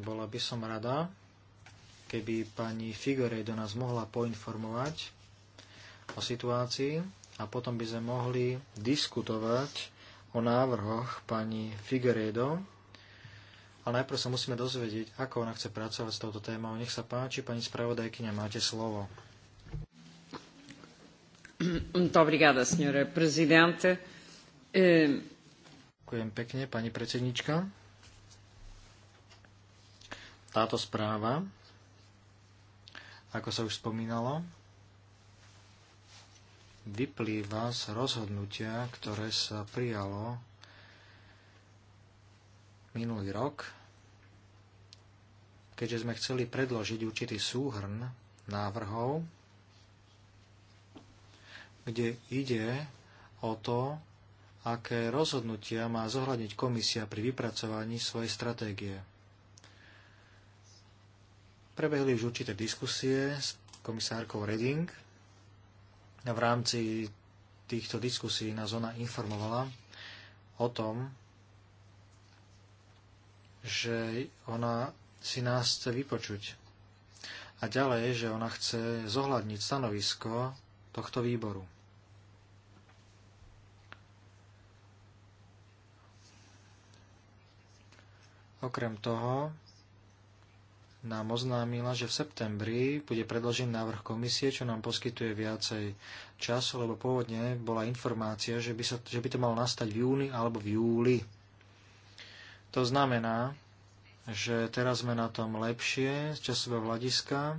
Speaker 3: Bola by som rada, keby pani Figueredo nás mohla poinformovať o situácii a potom by sme mohli diskutovať o návrhoch pani Figueredo. Ale najprv sa musíme dozvedieť, ako ona chce pracovať s touto témou. Nech sa páči, pani spravodajkyňa, máte slovo. Obrigada, senhora
Speaker 2: presidente. Eh,
Speaker 3: Ďakujem pekne, pani predsednička. Táto správa, ako sa už spomínalo, vyplýva z rozhodnutia, ktoré sa prijalo minulý rok, keďže sme chceli predložiť určitý súhrn návrhov, kde ide o to, aké rozhodnutia má zohľadniť komisia pri vypracovaní svojej stratégie. Prebehli už určité diskusie s komisárkou Reding, v rámci týchto diskusí na zóna informovala o tom, že ona si nás chce vypočuť. A ďalej, že ona chce zohľadniť stanovisko tohto výboru. Okrem toho, nám oznámila, že v septembri bude predložený návrh komisie, čo nám poskytuje viacej času, lebo pôvodne bola informácia, že by, sa, že by to malo nastať v júni alebo v júli. To znamená, že teraz sme na tom lepšie z časového hľadiska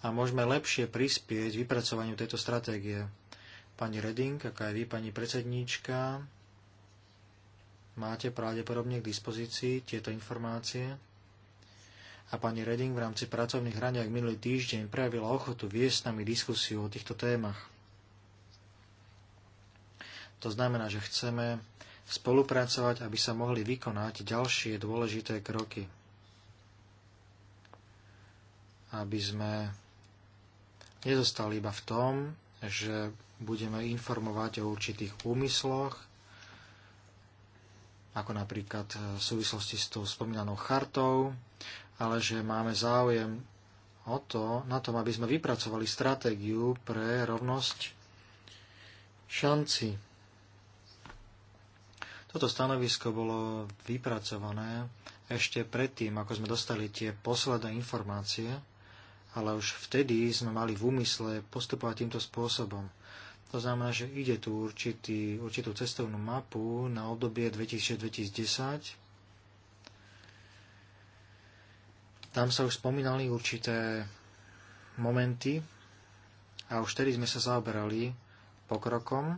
Speaker 3: a môžeme lepšie prispieť vypracovaniu tejto stratégie. Pani Reding, aká aj vy, pani predsedníčka, máte pravdepodobne k dispozícii tieto informácie a pani Reding v rámci pracovných hraniach minulý týždeň prejavila ochotu viesť s nami diskusiu o týchto témach. To znamená, že chceme spolupracovať, aby sa mohli vykonať ďalšie dôležité kroky. Aby sme nezostali iba v tom, že budeme informovať o určitých úmysloch, ako napríklad v súvislosti s tou spomínanou chartou, ale že máme záujem o to, na tom, aby sme vypracovali stratégiu pre rovnosť šanci. Toto stanovisko bolo vypracované ešte predtým, ako sme dostali tie posledné informácie, ale už vtedy sme mali v úmysle postupovať týmto spôsobom. To znamená, že ide tu určitý, určitú cestovnú mapu na obdobie 2010 Tam sa už spomínali určité momenty a už tedy sme sa zaoberali pokrokom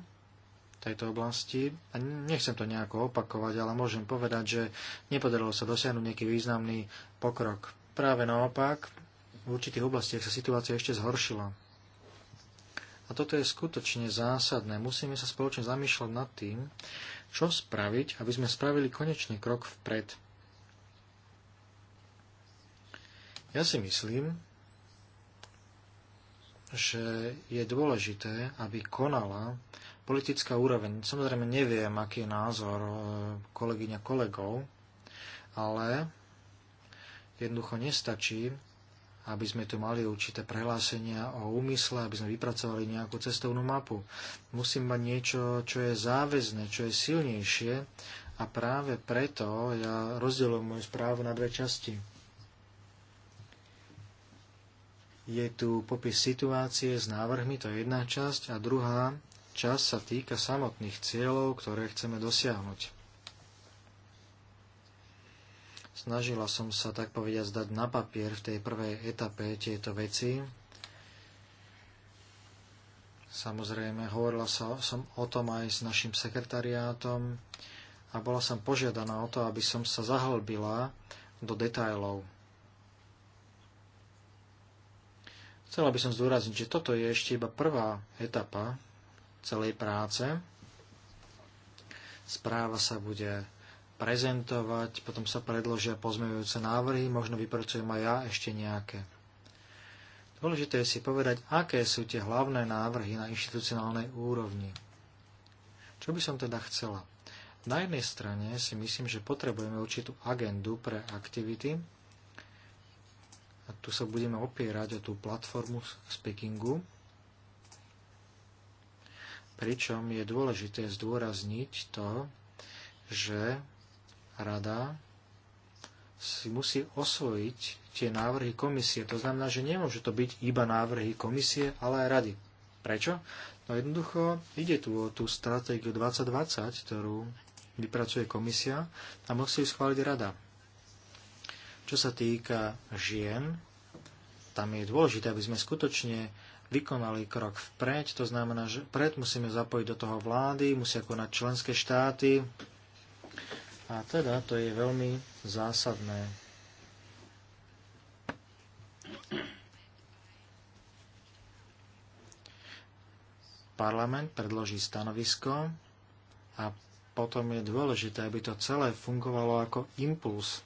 Speaker 3: tejto oblasti. A nechcem to nejako opakovať, ale môžem povedať, že nepodarilo sa dosiahnuť nejaký významný pokrok. Práve naopak, v určitých oblastiach sa situácia ešte zhoršila. A toto je skutočne zásadné. Musíme sa spoločne zamýšľať nad tým, čo spraviť, aby sme spravili konečný krok vpred. Ja si myslím, že je dôležité, aby konala politická úroveň. Samozrejme neviem, aký je názor e, kolegyňa kolegov, ale jednoducho nestačí, aby sme tu mali určité prehlásenia o úmysle, aby sme vypracovali nejakú cestovnú mapu. Musím mať niečo, čo je záväzne, čo je silnejšie a práve preto ja rozdielujem moju správu na dve časti. je tu popis situácie s návrhmi, to je jedna časť, a druhá časť sa týka samotných cieľov, ktoré chceme dosiahnuť. Snažila som sa, tak povediať, zdať na papier v tej prvej etape tieto veci. Samozrejme, hovorila sa, som o tom aj s našim sekretariátom a bola som požiadaná o to, aby som sa zahlbila do detajlov Chcela by som zdôrazniť, že toto je ešte iba prvá etapa celej práce. Správa sa bude prezentovať, potom sa predložia pozmeňujúce návrhy, možno vypracujem aj ja ešte nejaké. Dôležité je si povedať, aké sú tie hlavné návrhy na inštitucionálnej úrovni. Čo by som teda chcela? Na jednej strane si myslím, že potrebujeme určitú agendu pre aktivity, tu sa budeme opierať o tú platformu z Pekingu, pričom je dôležité zdôrazniť to, že rada si musí osvojiť tie návrhy komisie. To znamená, že nemôže to byť iba návrhy komisie, ale aj rady. Prečo? No jednoducho ide tu o tú stratégiu 2020, ktorú vypracuje komisia a musí ju schváliť rada. Čo sa týka žien, tam je dôležité, aby sme skutočne vykonali krok vpred. To znamená, že pred musíme zapojiť do toho vlády, musia konať členské štáty. A teda to je veľmi zásadné. Parlament predloží stanovisko a potom je dôležité, aby to celé fungovalo ako impuls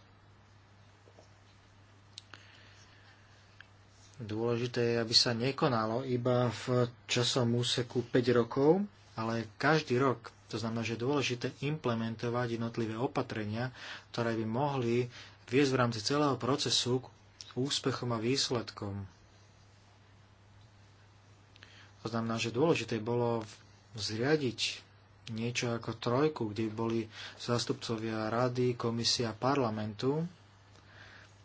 Speaker 3: Dôležité je, aby sa nekonalo iba v časom úseku 5 rokov, ale každý rok. To znamená, že je dôležité implementovať jednotlivé opatrenia, ktoré by mohli viesť v rámci celého procesu k úspechom a výsledkom. To znamená, že dôležité bolo zriadiť niečo ako trojku, kde boli zástupcovia rady, komisia, parlamentu,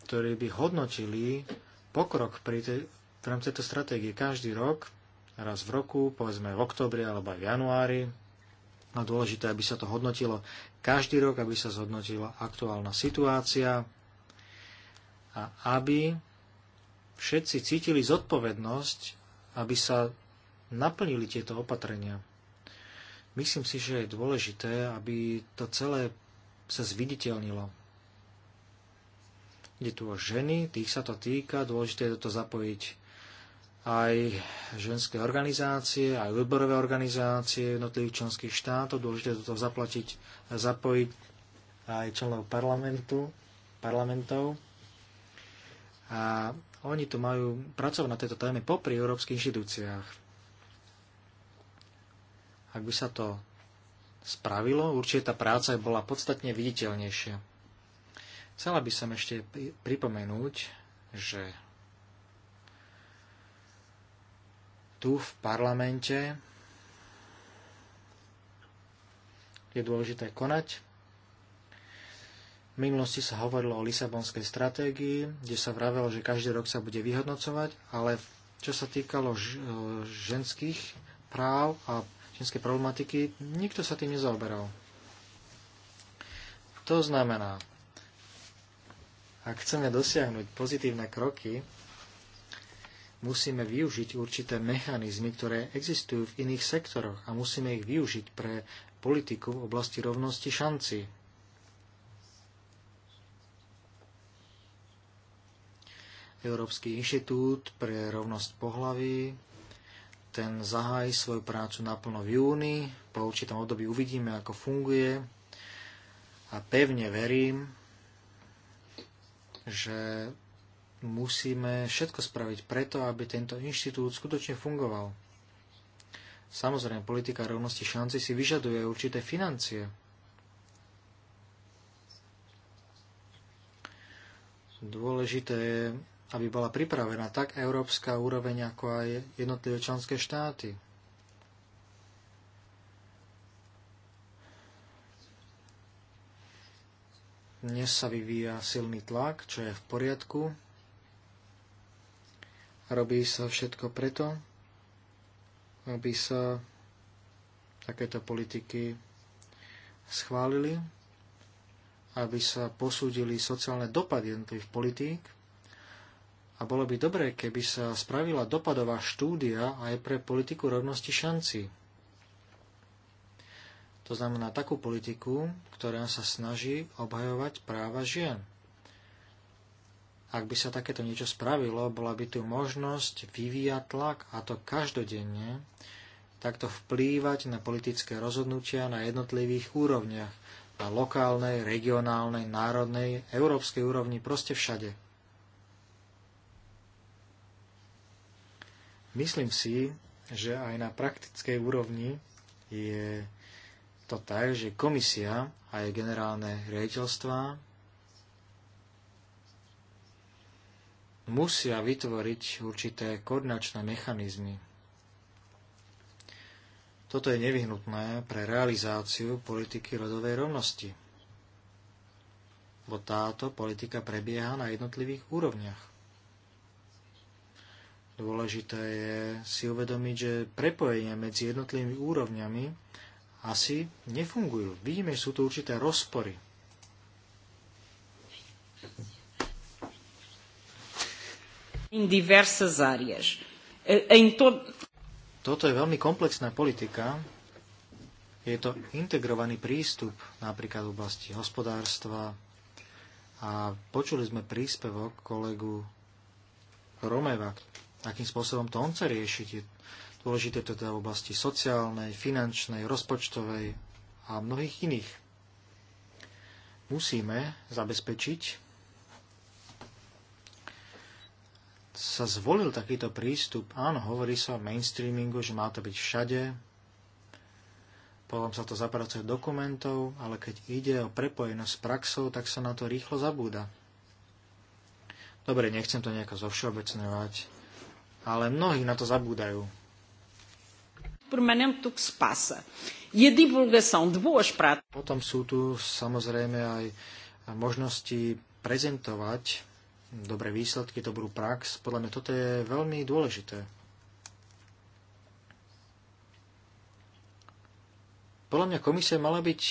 Speaker 3: ktorí by hodnotili pokrok pri te, v rámci tejto stratégie každý rok, raz v roku, povedzme v oktobri alebo aj v januári, a no dôležité, aby sa to hodnotilo každý rok, aby sa zhodnotila aktuálna situácia a aby všetci cítili zodpovednosť, aby sa naplnili tieto opatrenia. Myslím si, že je dôležité, aby to celé sa zviditeľnilo. Ide tu o ženy, tých sa to týka, dôležité je do toho zapojiť aj ženské organizácie, aj výborové organizácie jednotlivých členských štátov, dôležité je do toho zaplatiť, zapojiť aj členov parlamentu, parlamentov. A oni tu majú pracovať na tejto téme popri európskych inštitúciách. Ak by sa to spravilo, určite tá práca bola podstatne viditeľnejšia. Chcela by som ešte pripomenúť, že tu v parlamente je dôležité konať. V minulosti sa hovorilo o Lisabonskej stratégii, kde sa vravelo, že každý rok sa bude vyhodnocovať, ale čo sa týkalo e, ženských práv a ženskej problematiky, nikto sa tým nezaoberal. To znamená, ak chceme dosiahnuť pozitívne kroky, musíme využiť určité mechanizmy, ktoré existujú v iných sektoroch a musíme ich využiť pre politiku v oblasti rovnosti šanci. Európsky inštitút pre rovnosť pohlaví, ten zahájí svoju prácu naplno v júni, po určitom období uvidíme, ako funguje a pevne verím, že musíme všetko spraviť preto, aby tento inštitút skutočne fungoval. Samozrejme, politika rovnosti šanci si vyžaduje určité financie. Dôležité je, aby bola pripravená tak európska úroveň, ako aj jednotlivé členské štáty. Dnes sa vyvíja silný tlak, čo je v poriadku. Robí sa všetko preto, aby sa takéto politiky schválili, aby sa posúdili sociálne dopady jednotlivých politík. A bolo by dobré, keby sa spravila dopadová štúdia aj pre politiku rovnosti šancí. To znamená takú politiku, ktorá sa snaží obhajovať práva žien. Ak by sa takéto niečo spravilo, bola by tu možnosť vyvíjať tlak, a to každodenne, takto vplývať na politické rozhodnutia na jednotlivých úrovniach, na lokálnej, regionálnej, národnej, európskej úrovni, proste všade. Myslím si, že aj na praktickej úrovni je to tak, že komisia a jej generálne riaditeľstva. musia vytvoriť určité koordinačné mechanizmy. Toto je nevyhnutné pre realizáciu politiky rodovej rovnosti, bo táto politika prebieha na jednotlivých úrovniach. Dôležité je si uvedomiť, že prepojenie medzi jednotlivými úrovňami asi nefungujú. Vidíme, že sú tu určité rozpory. In diversas áreas. In e, to... Toto je veľmi komplexná politika. Je to integrovaný prístup napríklad v oblasti hospodárstva. A počuli sme príspevok kolegu Romeva, akým spôsobom to on chce riešiť Dôležité to teda v oblasti sociálnej, finančnej, rozpočtovej a mnohých iných. Musíme zabezpečiť, sa zvolil takýto prístup, áno, hovorí sa o mainstreamingu, že má to byť všade, potom sa to zapracuje dokumentov, ale keď ide o prepojenosť s praxou, tak sa na to rýchlo zabúda. Dobre, nechcem to nejako zovšeobecňovať, ale mnohí na to zabúdajú permanente do que se passa. E a divulgação de boas práticas. Potom sú tu samozrejme aj možnosti prezentovať dobré výsledky, dobrú prax. Podľa mňa toto je veľmi dôležité. Podľa mňa komisia mala byť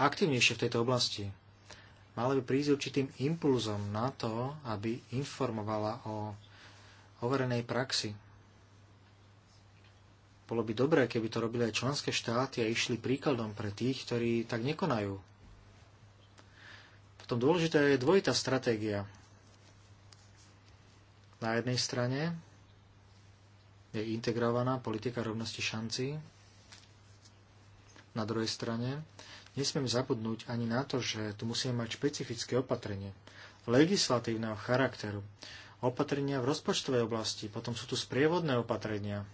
Speaker 3: aktívnejšia v tejto oblasti. Mala by prísť určitým impulzom na to, aby informovala o overenej praxi. Bolo by dobré, keby to robili aj členské štáty a išli príkladom pre tých, ktorí tak nekonajú. Potom dôležitá je dvojitá stratégia. Na jednej strane je integrovaná politika rovnosti šancí. Na druhej strane nesmieme zabudnúť ani na to, že tu musíme mať špecifické opatrenie legislatívneho charakteru, opatrenia v rozpočtovej oblasti, potom sú tu sprievodné opatrenia,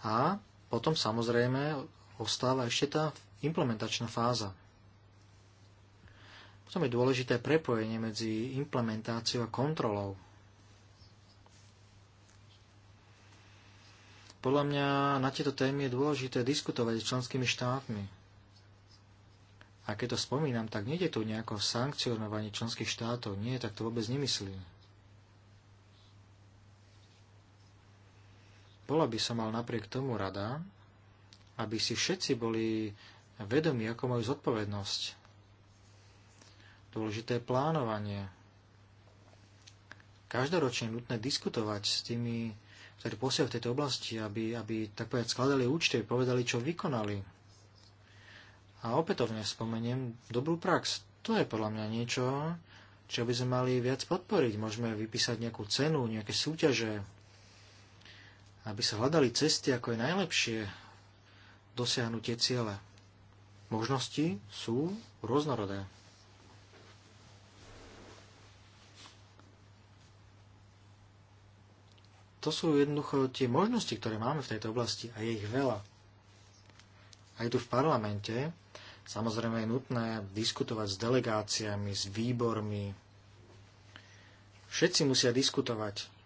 Speaker 3: a potom samozrejme ostáva ešte tá implementačná fáza. Potom je dôležité prepojenie medzi implementáciou a kontrolou. Podľa mňa na tieto témy je dôležité diskutovať s členskými štátmi. A keď to spomínam, tak je tu nejako sankcionovanie členských štátov. Nie, tak to vôbec nemyslím. Bola by som mal napriek tomu rada, aby si všetci boli vedomí, ako majú zodpovednosť. Dôležité je plánovanie. Každoročne je nutné diskutovať s tými, ktorí posiel v tejto oblasti, aby, aby tak povedať skladali účty, povedali, čo vykonali. A opätovne spomeniem dobrú prax. To je podľa mňa niečo, čo by sme mali viac podporiť. Môžeme vypísať nejakú cenu, nejaké súťaže, aby sa hľadali cesty, ako je najlepšie dosiahnutie ciele. Možnosti sú rôznorodé. To sú jednoducho tie možnosti, ktoré máme v tejto oblasti a je ich veľa. Aj tu v parlamente samozrejme je nutné diskutovať s delegáciami, s výbormi. Všetci musia diskutovať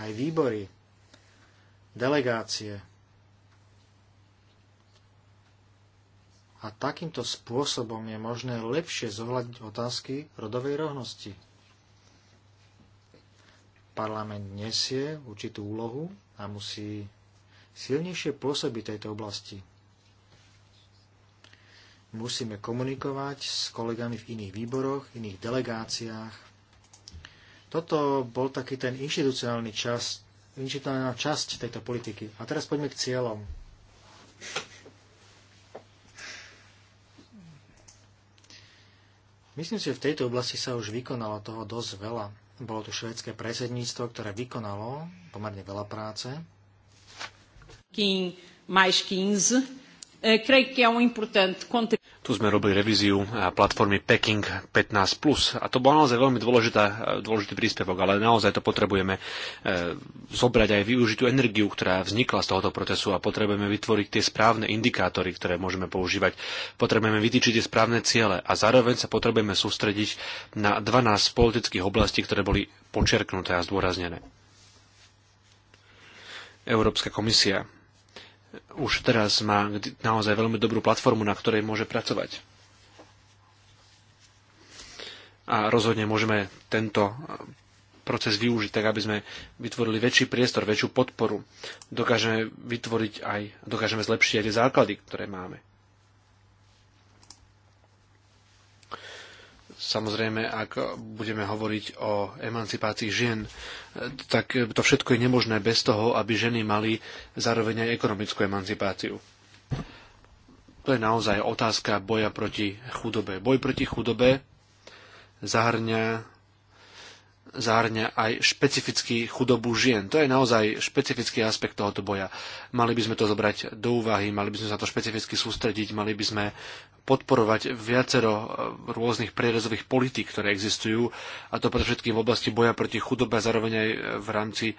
Speaker 3: aj výbory, delegácie. A takýmto spôsobom je možné lepšie zohľadiť otázky rodovej rovnosti. Parlament nesie určitú úlohu a musí silnejšie pôsobiť tejto oblasti. Musíme komunikovať s kolegami v iných výboroch, iných delegáciách, toto bol taký ten inštitucionálny čas, inštitucionálna časť tejto politiky. A teraz poďme k cieľom. Myslím si, že v tejto oblasti sa už vykonalo toho dosť veľa. Bolo tu švédske predsedníctvo, ktoré vykonalo pomerne veľa práce.
Speaker 2: Kým, 15 Eh, creio que é um importante
Speaker 1: Tu sme robili revíziu eh, platformy Peking 15+, a to bol naozaj veľmi dôležitá, eh, dôležitý príspevok, ale naozaj to potrebujeme zobrať aj využitú energiu, ktorá vznikla z tohoto procesu a potrebujeme vytvoriť tie správne indikátory, ktoré môžeme používať. Potrebujeme vytýčiť tie správne ciele a zároveň sa potrebujeme sústrediť na 12 politických oblastí, ktoré boli počerknuté a zdôraznené. Európska komisia už teraz má naozaj veľmi dobrú platformu, na ktorej môže pracovať. A rozhodne môžeme tento proces využiť tak, aby sme vytvorili väčší priestor, väčšiu podporu. Dokážeme vytvoriť aj, dokážeme zlepšiť aj tie základy, ktoré máme. Samozrejme, ak budeme hovoriť o emancipácii žien, tak to všetko je nemožné bez toho, aby ženy mali zároveň aj ekonomickú emancipáciu. To je naozaj otázka boja proti chudobe. Boj proti chudobe zahrňa zahrňa aj špecifický chudobu žien. To je naozaj špecifický aspekt tohoto boja. Mali by sme to zobrať do úvahy, mali by sme sa to špecificky sústrediť, mali by sme podporovať viacero e, rôznych prierezových politík, ktoré existujú, a to predovšetkým v oblasti boja proti chudobe a zároveň aj v rámci e,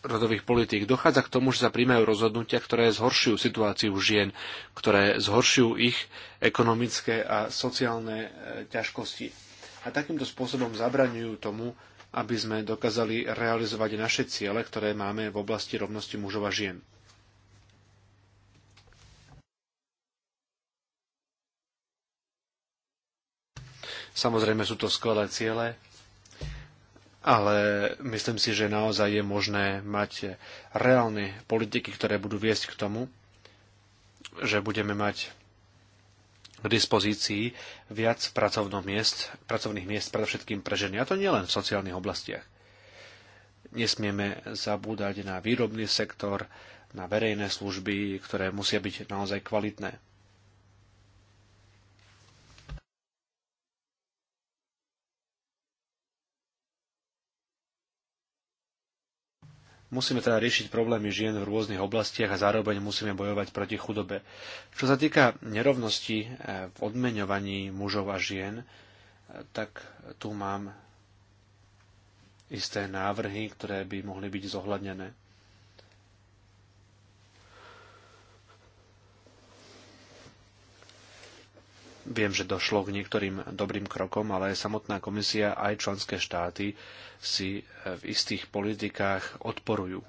Speaker 1: rodových politík. Dochádza k tomu, že sa príjmajú rozhodnutia, ktoré zhoršujú situáciu žien, ktoré zhoršujú ich ekonomické a sociálne e, ťažkosti a takýmto spôsobom zabraňujú tomu, aby sme dokázali realizovať naše ciele, ktoré máme v oblasti rovnosti mužov a žien. Samozrejme sú to skvelé ciele, ale myslím si, že naozaj je možné mať reálne politiky, ktoré budú viesť k tomu, že budeme mať k dispozícii viac miest, pracovných miest, predovšetkým pre ženy. A to nielen v sociálnych oblastiach. Nesmieme zabúdať na výrobný sektor, na verejné služby, ktoré musia byť naozaj kvalitné. Musíme teda riešiť problémy žien v rôznych oblastiach a zároveň musíme bojovať proti chudobe. Čo sa týka nerovnosti eh, v odmeňovaní mužov a žien, eh, tak tu mám isté návrhy, ktoré by mohli byť zohľadnené. Viem, že došlo k niektorým dobrým krokom, ale samotná komisia aj členské štáty si e, v istých politikách odporujú.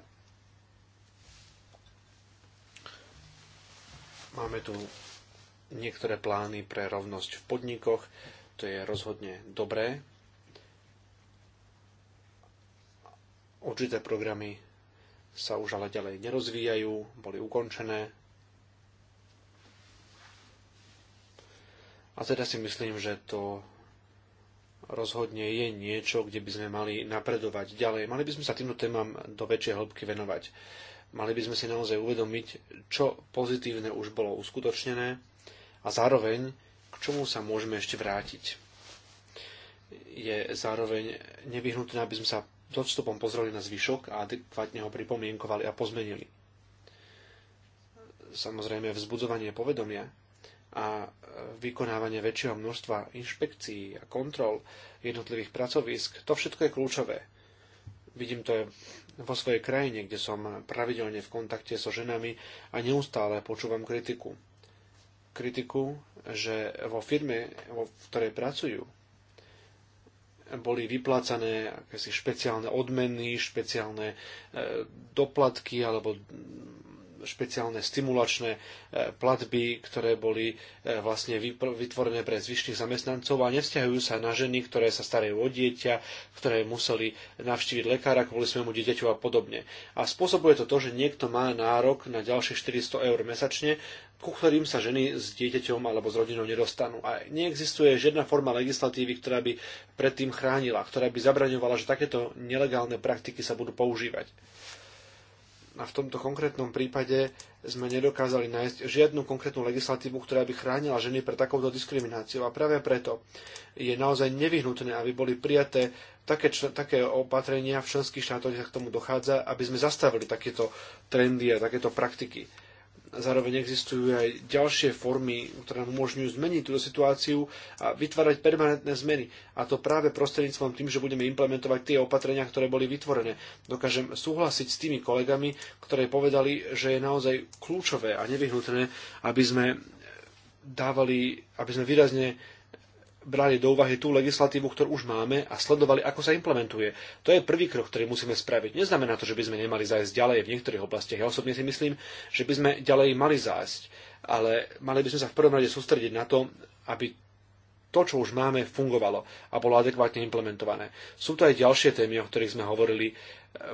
Speaker 1: Máme tu niektoré plány pre rovnosť v podnikoch, to je rozhodne dobré. Určité programy sa už ale ďalej nerozvíjajú, boli ukončené, A teda si myslím, že to rozhodne je niečo, kde by sme mali napredovať ďalej. Mali by sme sa týmto témam do väčšej hĺbky venovať. Mali by sme si naozaj uvedomiť, čo pozitívne už bolo uskutočnené a zároveň k čomu sa môžeme ešte vrátiť. Je zároveň nevyhnutné, aby sme sa s odstupom pozreli na zvyšok a adekvátne ho pripomienkovali a pozmenili. Samozrejme, vzbudzovanie povedomia a e, vykonávanie väčšieho množstva inšpekcií a kontrol jednotlivých pracovisk, to všetko je kľúčové. Vidím to vo svojej krajine, kde som pravidelne v kontakte so ženami a neustále počúvam kritiku. Kritiku, že vo firme, v ktorej pracujú, boli vyplácané akési špeciálne odmeny, špeciálne e, doplatky alebo špeciálne stimulačné e, platby, ktoré boli e, vlastne vytvorené pre zvyšných zamestnancov a nevzťahujú sa na ženy, ktoré sa starajú o dieťa, ktoré museli navštíviť lekára kvôli svojmu dieťaťu a podobne. A spôsobuje to to, že niekto má nárok na ďalších 400 eur mesačne, ku ktorým sa ženy s dieťaťom alebo s rodinou nedostanú. A neexistuje žiadna forma legislatívy, ktorá by predtým chránila, ktorá by zabraňovala, že takéto nelegálne praktiky sa budú používať a v tomto konkrétnom prípade sme nedokázali nájsť žiadnu konkrétnu legislatívu, ktorá by chránila ženy pre takouto diskrimináciou. A práve preto je naozaj nevyhnutné, aby boli prijaté také, také opatrenia v členských štátoch, kde k tomu dochádza, aby sme zastavili takéto trendy a takéto praktiky. Zároveň existujú aj ďalšie formy, ktoré nám umožňujú zmeniť túto situáciu a vytvárať permanentné zmeny. A to práve prostredníctvom tým, že budeme implementovať tie opatrenia, ktoré boli vytvorené. Dokážem súhlasiť s tými kolegami, ktoré povedali, že je naozaj kľúčové a nevyhnutné, aby sme dávali, aby sme výrazne brali do úvahy tú legislatívu, ktorú už máme a sledovali, ako sa implementuje. To je prvý krok, ktorý musíme spraviť. Neznamená to, že by sme nemali zájsť ďalej v niektorých oblastiach. Ja osobne si myslím, že by sme ďalej mali zájsť, ale mali by sme sa v prvom rade sústrediť na to, aby to, čo už máme, fungovalo a bolo adekvátne implementované. Sú to aj ďalšie témy, o ktorých sme hovorili, eh,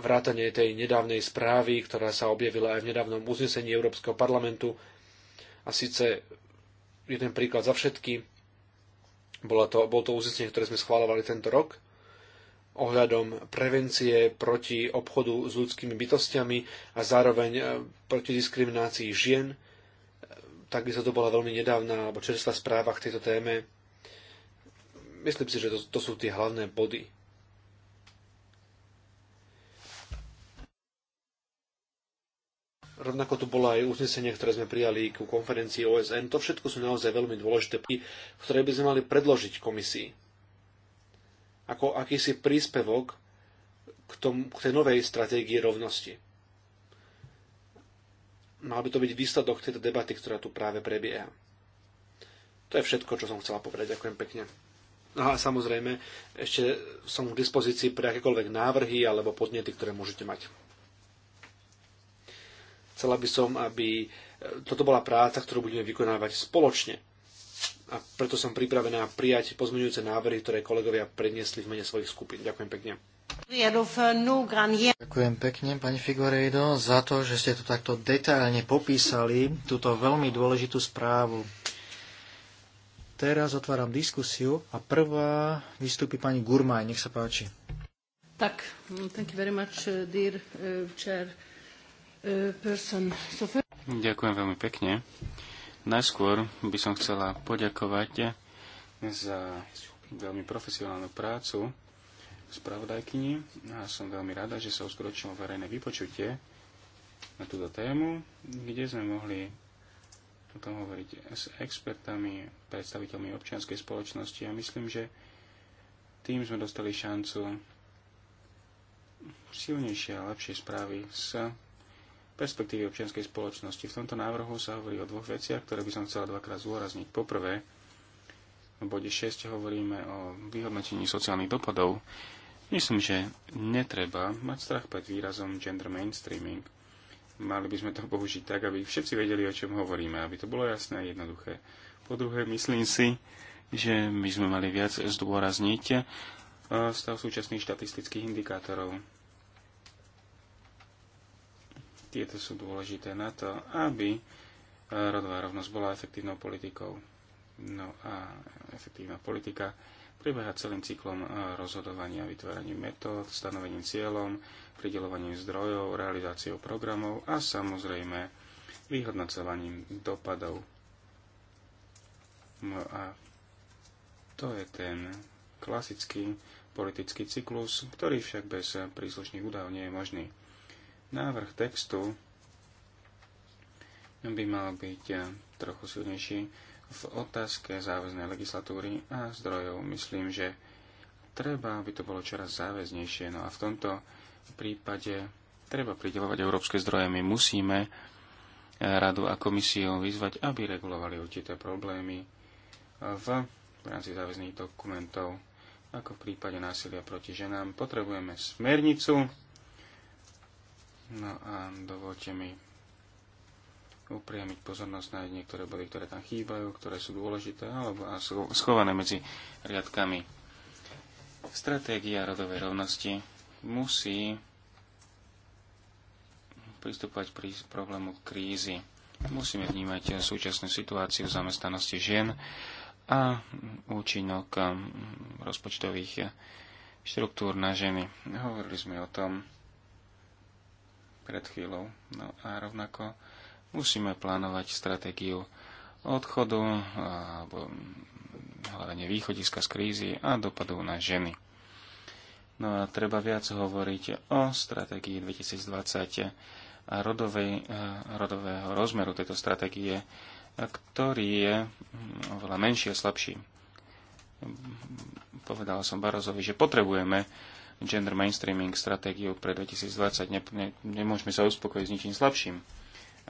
Speaker 1: vrátanie tej nedávnej správy, ktorá sa objavila aj v nedávnom uznesení Európskeho parlamentu. A síce jeden príklad za všetky, bolo to, bolo to uznesenie, ktoré sme schválovali tento rok ohľadom prevencie proti obchodu s ľudskými bytostiami a zároveň e, proti diskriminácii žien. E, Takisto to bola veľmi nedávna alebo čerstvá správa k tejto téme. Myslím si, že to, to sú tie hlavné body rovnako tu bolo aj uznesenie, ktoré sme prijali ku konferencii OSN. To všetko sú naozaj veľmi dôležité, ktoré by sme mali predložiť komisii. Ako akýsi príspevok k, tom, k tej novej stratégii rovnosti. Mal by to byť výsledok tejto debaty, ktorá tu práve prebieha. To je všetko, čo som chcela povedať. Ďakujem pekne. No a samozrejme, ešte som k dispozícii pre akékoľvek návrhy alebo podnety, ktoré môžete mať. Chcela by som, aby e, toto bola práca, ktorú budeme vykonávať spoločne. A preto som pripravená prijať pozmeňujúce návrhy, ktoré kolegovia predniesli v mene svojich skupín. Ďakujem pekne.
Speaker 2: Ďakujem
Speaker 3: pekne, pani Figorejdo, za to, že ste to takto detailne popísali, túto veľmi dôležitú správu. Teraz otváram diskusiu a prvá vystúpi pani Gurmaj, nech sa páči. Tak, thank you very much, uh, dear uh, chair.
Speaker 2: Ďakujem veľmi pekne. Najskôr by som chcela poďakovať za veľmi profesionálnu prácu spravodajkyni a som veľmi rada, že sa uskutočnilo verejné vypočutie na túto tému, kde sme mohli o tom hovoriť s expertami, predstaviteľmi občianskej spoločnosti a myslím, že tým sme dostali šancu silnejšie a lepšie správy s perspektívy občianskej spoločnosti. V tomto návrhu sa hovorí o dvoch veciach, ktoré by som chcela dvakrát zúrazniť. Poprvé, v bode 6 hovoríme o vyhodnotení sociálnych dopadov. Myslím, že netreba mať strach pred výrazom gender mainstreaming. Mali by sme to použiť tak, aby všetci vedeli, o čom hovoríme, aby to bolo jasné a jednoduché. Po druhé, myslím si, že my sme mali viac zdôrazniť eh, stav súčasných štatistických indikátorov tieto sú dôležité na to, aby e, rodová rovnosť bola efektívnou politikou. No a efektívna politika prebieha celým cyklom e, rozhodovania, vytváraním metód, stanovením cieľom, pridelovaním zdrojov, realizáciou programov a samozrejme vyhodnocovaním dopadov. No a to je ten klasický politický cyklus, ktorý však bez príslušných údajov nie je možný. Návrh textu by mal byť eh, trochu silnejší v otázke záväznej legislatúry a zdrojov. Myslím, že treba, aby to bolo čoraz záväznejšie. No a v tomto prípade treba pridelovať európske zdroje. My musíme eh, radu a komisiu vyzvať, aby regulovali určité problémy eh, v, rámci záväzných dokumentov, ako v prípade násilia proti ženám. Potrebujeme smernicu, No a dovolte mi upriamiť pozornosť na niektoré body, ktoré tam chýbajú, ktoré sú dôležité alebo sú schované medzi riadkami. Stratégia rodovej rovnosti musí pristupovať pri problému krízy. Musíme vnímať súčasnú situáciu v zamestnanosti žien a účinok rozpočtových štruktúr na ženy. Hovorili sme o tom, pred chvíľou. No a rovnako musíme plánovať stratégiu odchodu alebo hlavne východiska z krízy a dopadov na ženy. No a treba viac hovoriť o stratégii 2020 a rodovej, rodového rozmeru tejto stratégie, ktorý je mm, oveľa menší a slabší. Povedal som Barozovi, že potrebujeme gender mainstreaming stratégiu pre 2020. Ne, ne, nemôžeme sa uspokojiť s ničím slabším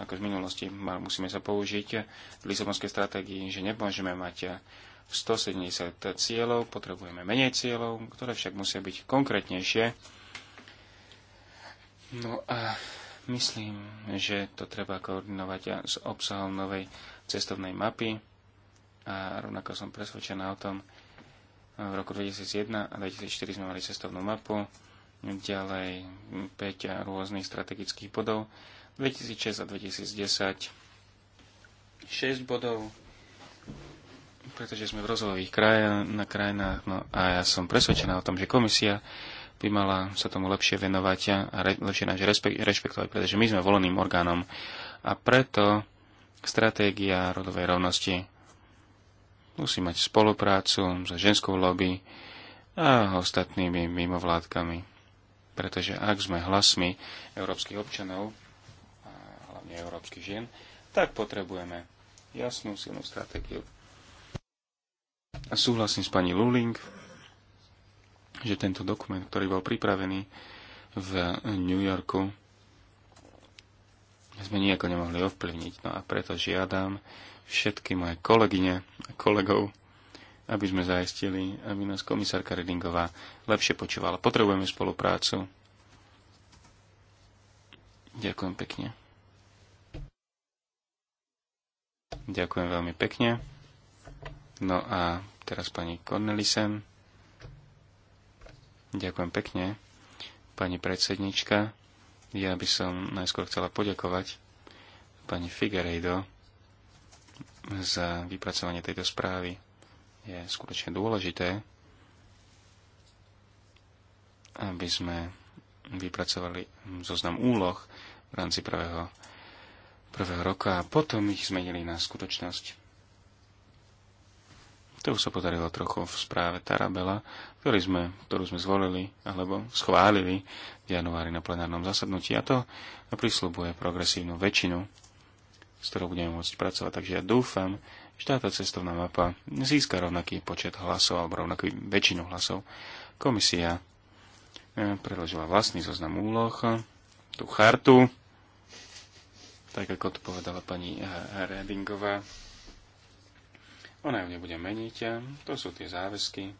Speaker 2: ako v minulosti. Musíme sa použiť v Lisabonskej stratégii, že nemôžeme mať 170 cieľov, potrebujeme menej cieľov, ktoré však musia byť konkrétnejšie. No a myslím, že to treba koordinovať s obsahom novej cestovnej mapy a rovnako som presvedčená o tom, v roku 2001 a 2004 sme mali cestovnú mapu, ďalej 5 rôznych strategických bodov, 2006 a 2010
Speaker 1: 6 bodov,
Speaker 2: pretože sme v rozvojových na krajinách, no a ja som presvedčená o tom, že komisia by mala sa tomu lepšie venovať a re, lepšie nás rešpektovať, pretože my sme voleným orgánom a preto stratégia rodovej rovnosti musí mať spoluprácu so ženskou lobby a ostatnými mimovládkami. Pretože ak sme hlasmi európskych občanov, a hlavne európskych žien, tak potrebujeme jasnú, silnú stratégiu. A súhlasím s pani Luling, že tento dokument, ktorý bol pripravený v New Yorku, sme nejako nemohli ovplyvniť. No a preto žiadam, všetky moje kolegyne a kolegov, aby sme zaistili, aby nás komisárka Redingová lepšie počúvala. Potrebujeme spoluprácu. Ďakujem pekne. Ďakujem veľmi pekne. No a teraz pani Cornelisen. Ďakujem pekne. Pani predsednička, ja by som najskôr chcela poďakovať pani Figueiredo za vypracovanie tejto správy. Je skutočne dôležité, aby sme vypracovali zoznam úloh v rámci prvého, prvého roka a potom ich zmenili na skutočnosť. To už sa podarilo trochu v správe Tarabela, ktorý sme, ktorú sme zvolili alebo schválili v januári na plenárnom zasadnutí a to prislúbuje progresívnu väčšinu s ktorou budeme môcť pracovať. Takže ja dúfam, že táto cestovná mapa získa rovnaký počet hlasov alebo rovnakú väčšinu hlasov. Komisia e, predložila vlastný zoznam úloh, tú chartu, tak ako to povedala pani e, Redingová. Ona ju nebude meniť, e, to sú tie záväzky.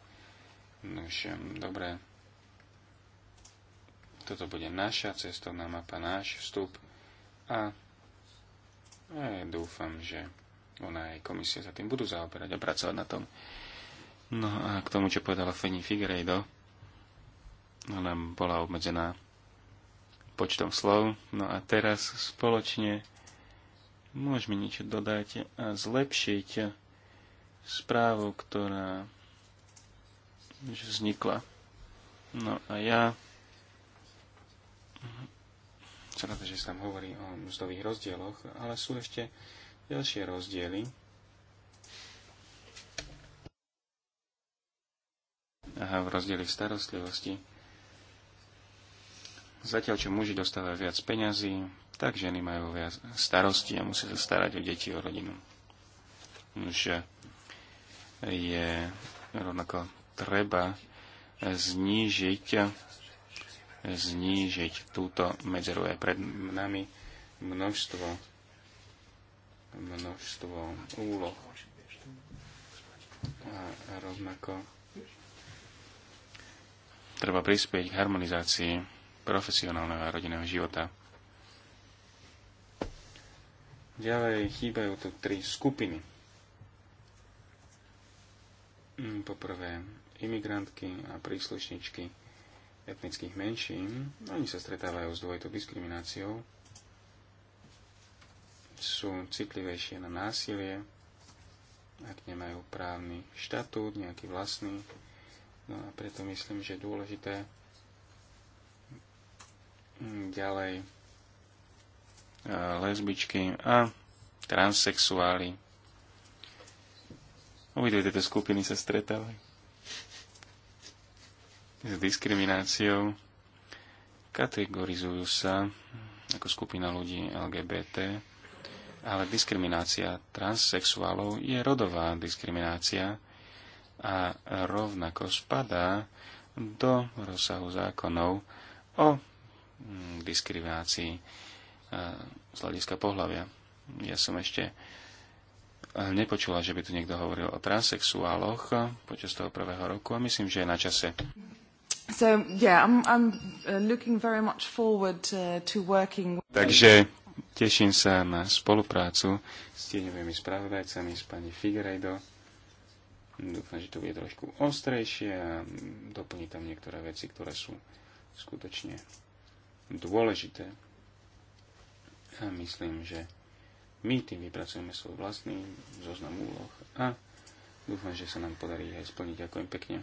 Speaker 2: Už, no, dobre, toto bude naša cestovná mapa, náš vstup a a ja dúfam, že ona aj komisia sa tým budú zaoberať a pracovať na tom. No a k tomu, čo povedala Fanny Figueiredo, ona bola obmedzená počtom slov. No a teraz spoločne môžeme niečo dodať a zlepšiť správu, ktorá vznikla. No a ja som že sa tam hovorí o mzdových rozdieloch, ale sú ešte ďalšie rozdiely. Aha, v rozdieli v starostlivosti. Zatiaľ, čo muži dostávajú viac peňazí, tak ženy majú viac starosti a musia sa starať o deti, o rodinu. Už je rovnako treba znížiť znížiť túto medzeru. Je pred nami množstvo, množstvo úloh. A rovnako treba prispieť k harmonizácii profesionálneho a rodinného života. Ďalej chýbajú tu tri skupiny. Hm, poprvé imigrantky a príslušničky etnických menšín. Oni sa stretávajú s dvojitou diskrimináciou, sú citlivejšie na násilie, ak nemajú právny štatút, nejaký vlastný. No a preto myslím, že je dôležité ďalej e, lesbičky a transsexuáli. Uvidíte tieto skupiny sa stretávajú s diskrimináciou. Kategorizujú sa ako skupina ľudí LGBT, ale diskriminácia transsexuálov je rodová diskriminácia a rovnako spadá do rozsahu zákonov o diskriminácii eh, z hľadiska pohľavia. Ja som ešte eh, nepočula, že by tu niekto hovoril o transexuáloch eh, počas toho prvého roku a myslím, že je na čase.
Speaker 3: So, yeah, I'm, I'm uh, looking very much forward uh, to working...
Speaker 2: Takže teším sa na spoluprácu s tieňovými spravodajcami, s pani Figueiredo. Dúfam, že to bude trošku ostrejšie a doplní tam niektoré veci, ktoré sú skutočne dôležité. A myslím, že my tým vypracujeme svoj vlastný zoznam úloh a dúfam, že sa nám podarí aj splniť. Ďakujem pekne.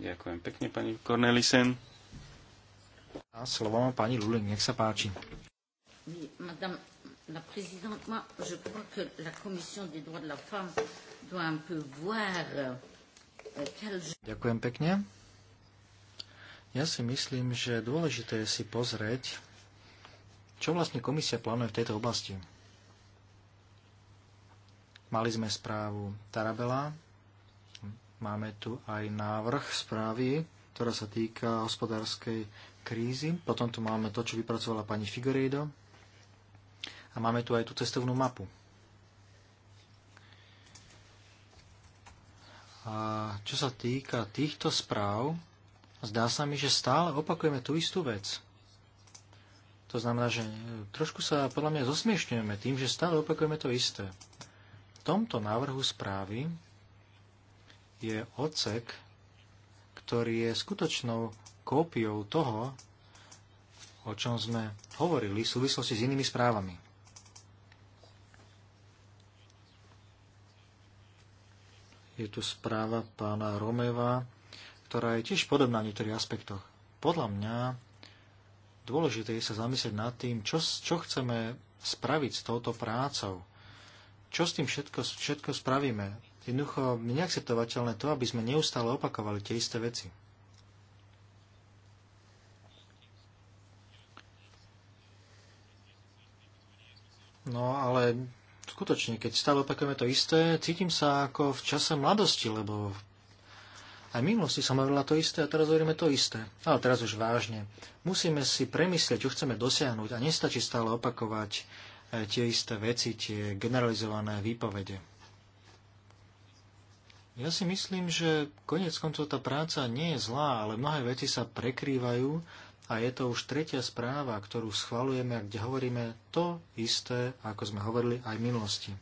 Speaker 2: Ďakujem pekne, pani Cornelisen. A slovo má pani Lulin. nech sa páči.
Speaker 1: Madame la Présidente, moi, je crois que la Commission des droits de la femme doit un peu voir euh, quel...
Speaker 3: Ďakujem pekne. Ja si myslím, že dôležité je si pozrieť, čo vlastne komisia plánuje v tejto oblasti. Mali sme správu Tarabela, Máme tu aj návrh správy, ktorá sa týka hospodárskej krízy. Potom tu máme to, čo vypracovala pani Figueiredo. A máme tu aj tú cestovnú mapu. A čo sa týka týchto správ, zdá sa mi, že stále opakujeme tú istú vec. To znamená, že trošku sa podľa mňa zosmiešňujeme tým, že stále opakujeme to isté. V tomto návrhu správy je odsek, ktorý je skutočnou kópiou toho, o čom sme hovorili v súvislosti s inými správami. Je tu správa pána Romeva, ktorá je tiež podobná v niektorých aspektoch. Podľa mňa dôležité je sa zamyslieť nad tým, čo, čo chceme spraviť s touto prácou. Čo s tým všetko, všetko spravíme? Jednoducho neakceptovateľné to, aby sme neustále opakovali tie isté veci. No ale skutočne, keď stále opakujeme to isté, cítim sa ako v čase mladosti, lebo aj v minulosti som hovorila to isté a teraz hovoríme to isté. Ale teraz už vážne. Musíme si premyslieť, čo chceme dosiahnuť a nestačí stále opakovať eh, tie isté veci, tie generalizované výpovede. Ja si myslím, že konec koncov tá práca nie je zlá, ale mnohé veci sa prekrývajú a je to už tretia správa, ktorú schvalujeme a kde hovoríme to isté, ako sme hovorili aj v minulosti.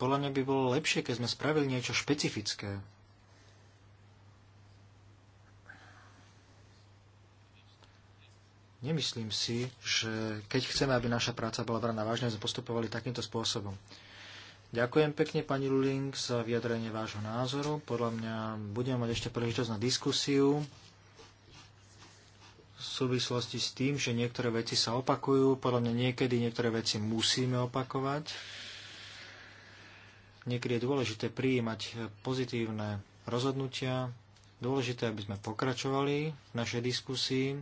Speaker 3: Podľa mňa by bolo lepšie, keď sme spravili niečo špecifické. Nemyslím si, že keď chceme, aby naša práca bola braná vážne, sme postupovali takýmto spôsobom. Ďakujem pekne, pani Luling, za vyjadrenie vášho názoru. Podľa mňa budeme mať ešte príležitosť na diskusiu v súvislosti s tým, že niektoré veci sa opakujú. Podľa mňa niekedy niektoré veci musíme opakovať. Niekedy je dôležité prijímať pozitívne rozhodnutia. Dôležité, aby sme pokračovali v našej diskusii.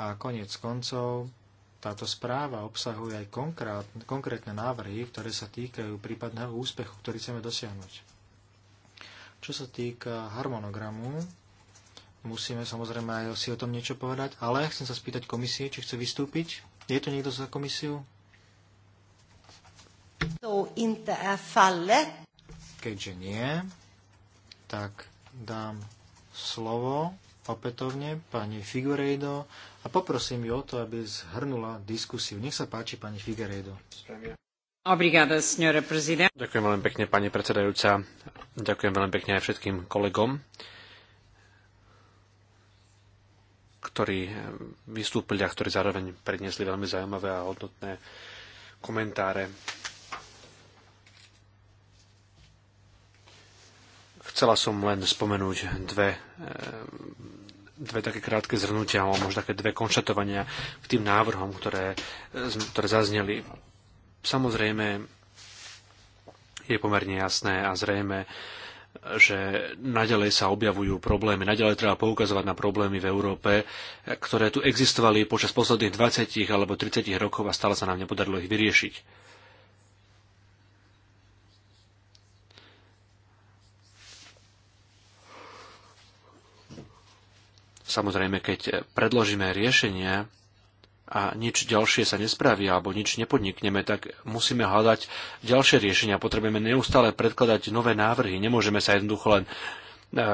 Speaker 3: A konec koncov táto správa obsahuje aj konkrétne návrhy, ktoré sa týkajú prípadného úspechu, ktorý chceme dosiahnuť. Čo sa týka harmonogramu, musíme samozrejme aj si o tom niečo povedať, ale chcem sa spýtať komisie, či chce vystúpiť. Je tu niekto za komisiu? Keďže nie, tak dám slovo opätovne pani Figurejdo, a poprosím ju o to, aby zhrnula diskusiu. Nech sa páči, pani Figueredo.
Speaker 1: Ďakujem veľmi pekne, pani predsedajúca. Ďakujem veľmi pekne aj všetkým kolegom, ktorí vystúpili a ktorí zároveň predniesli veľmi zaujímavé a hodnotné komentáre. Chcela som len spomenúť dve dve také krátke zhrnutia, alebo možno také dve konštatovania k tým návrhom, ktoré, ktoré zazneli. Samozrejme, je pomerne jasné a zrejme, že nadalej sa objavujú problémy, nadalej treba poukazovať na problémy v Európe, ktoré tu existovali počas posledných 20 alebo 30 rokov a stále sa nám nepodarilo ich vyriešiť. Samozrejme, keď predložíme riešenie a nič ďalšie sa nespraví alebo nič nepodnikneme, tak musíme hľadať ďalšie riešenia. Potrebujeme neustále predkladať nové návrhy. Nemôžeme sa jednoducho len E,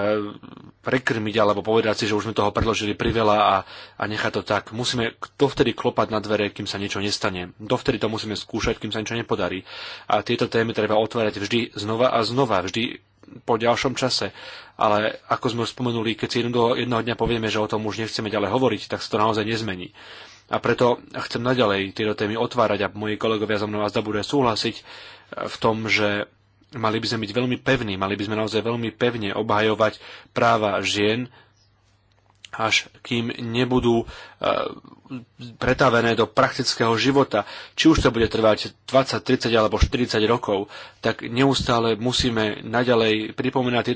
Speaker 1: prekrmiť alebo povedať si, že už sme toho predložili priveľa a, a nechať to tak. Musíme dovtedy klopať na dvere, kým sa niečo nestane. Dovtedy to musíme skúšať, kým sa niečo nepodarí. A tieto témy treba otvárať vždy znova a znova, vždy po ďalšom čase. Ale ako sme už spomenuli, keď si jednoho, jednoho dňa povieme, že o tom už nechceme ďalej hovoriť, tak sa to naozaj nezmení. A preto chcem naďalej tieto témy otvárať a moji kolegovia za mnou zda budú súhlasiť v tom, že Mali by sme byť veľmi pevní, mali by sme naozaj veľmi pevne obhajovať práva žien, až kým nebudú e, pretavené do praktického života, či už to bude trvať 20, 30 alebo 40 rokov, tak neustále musíme naďalej pripomínať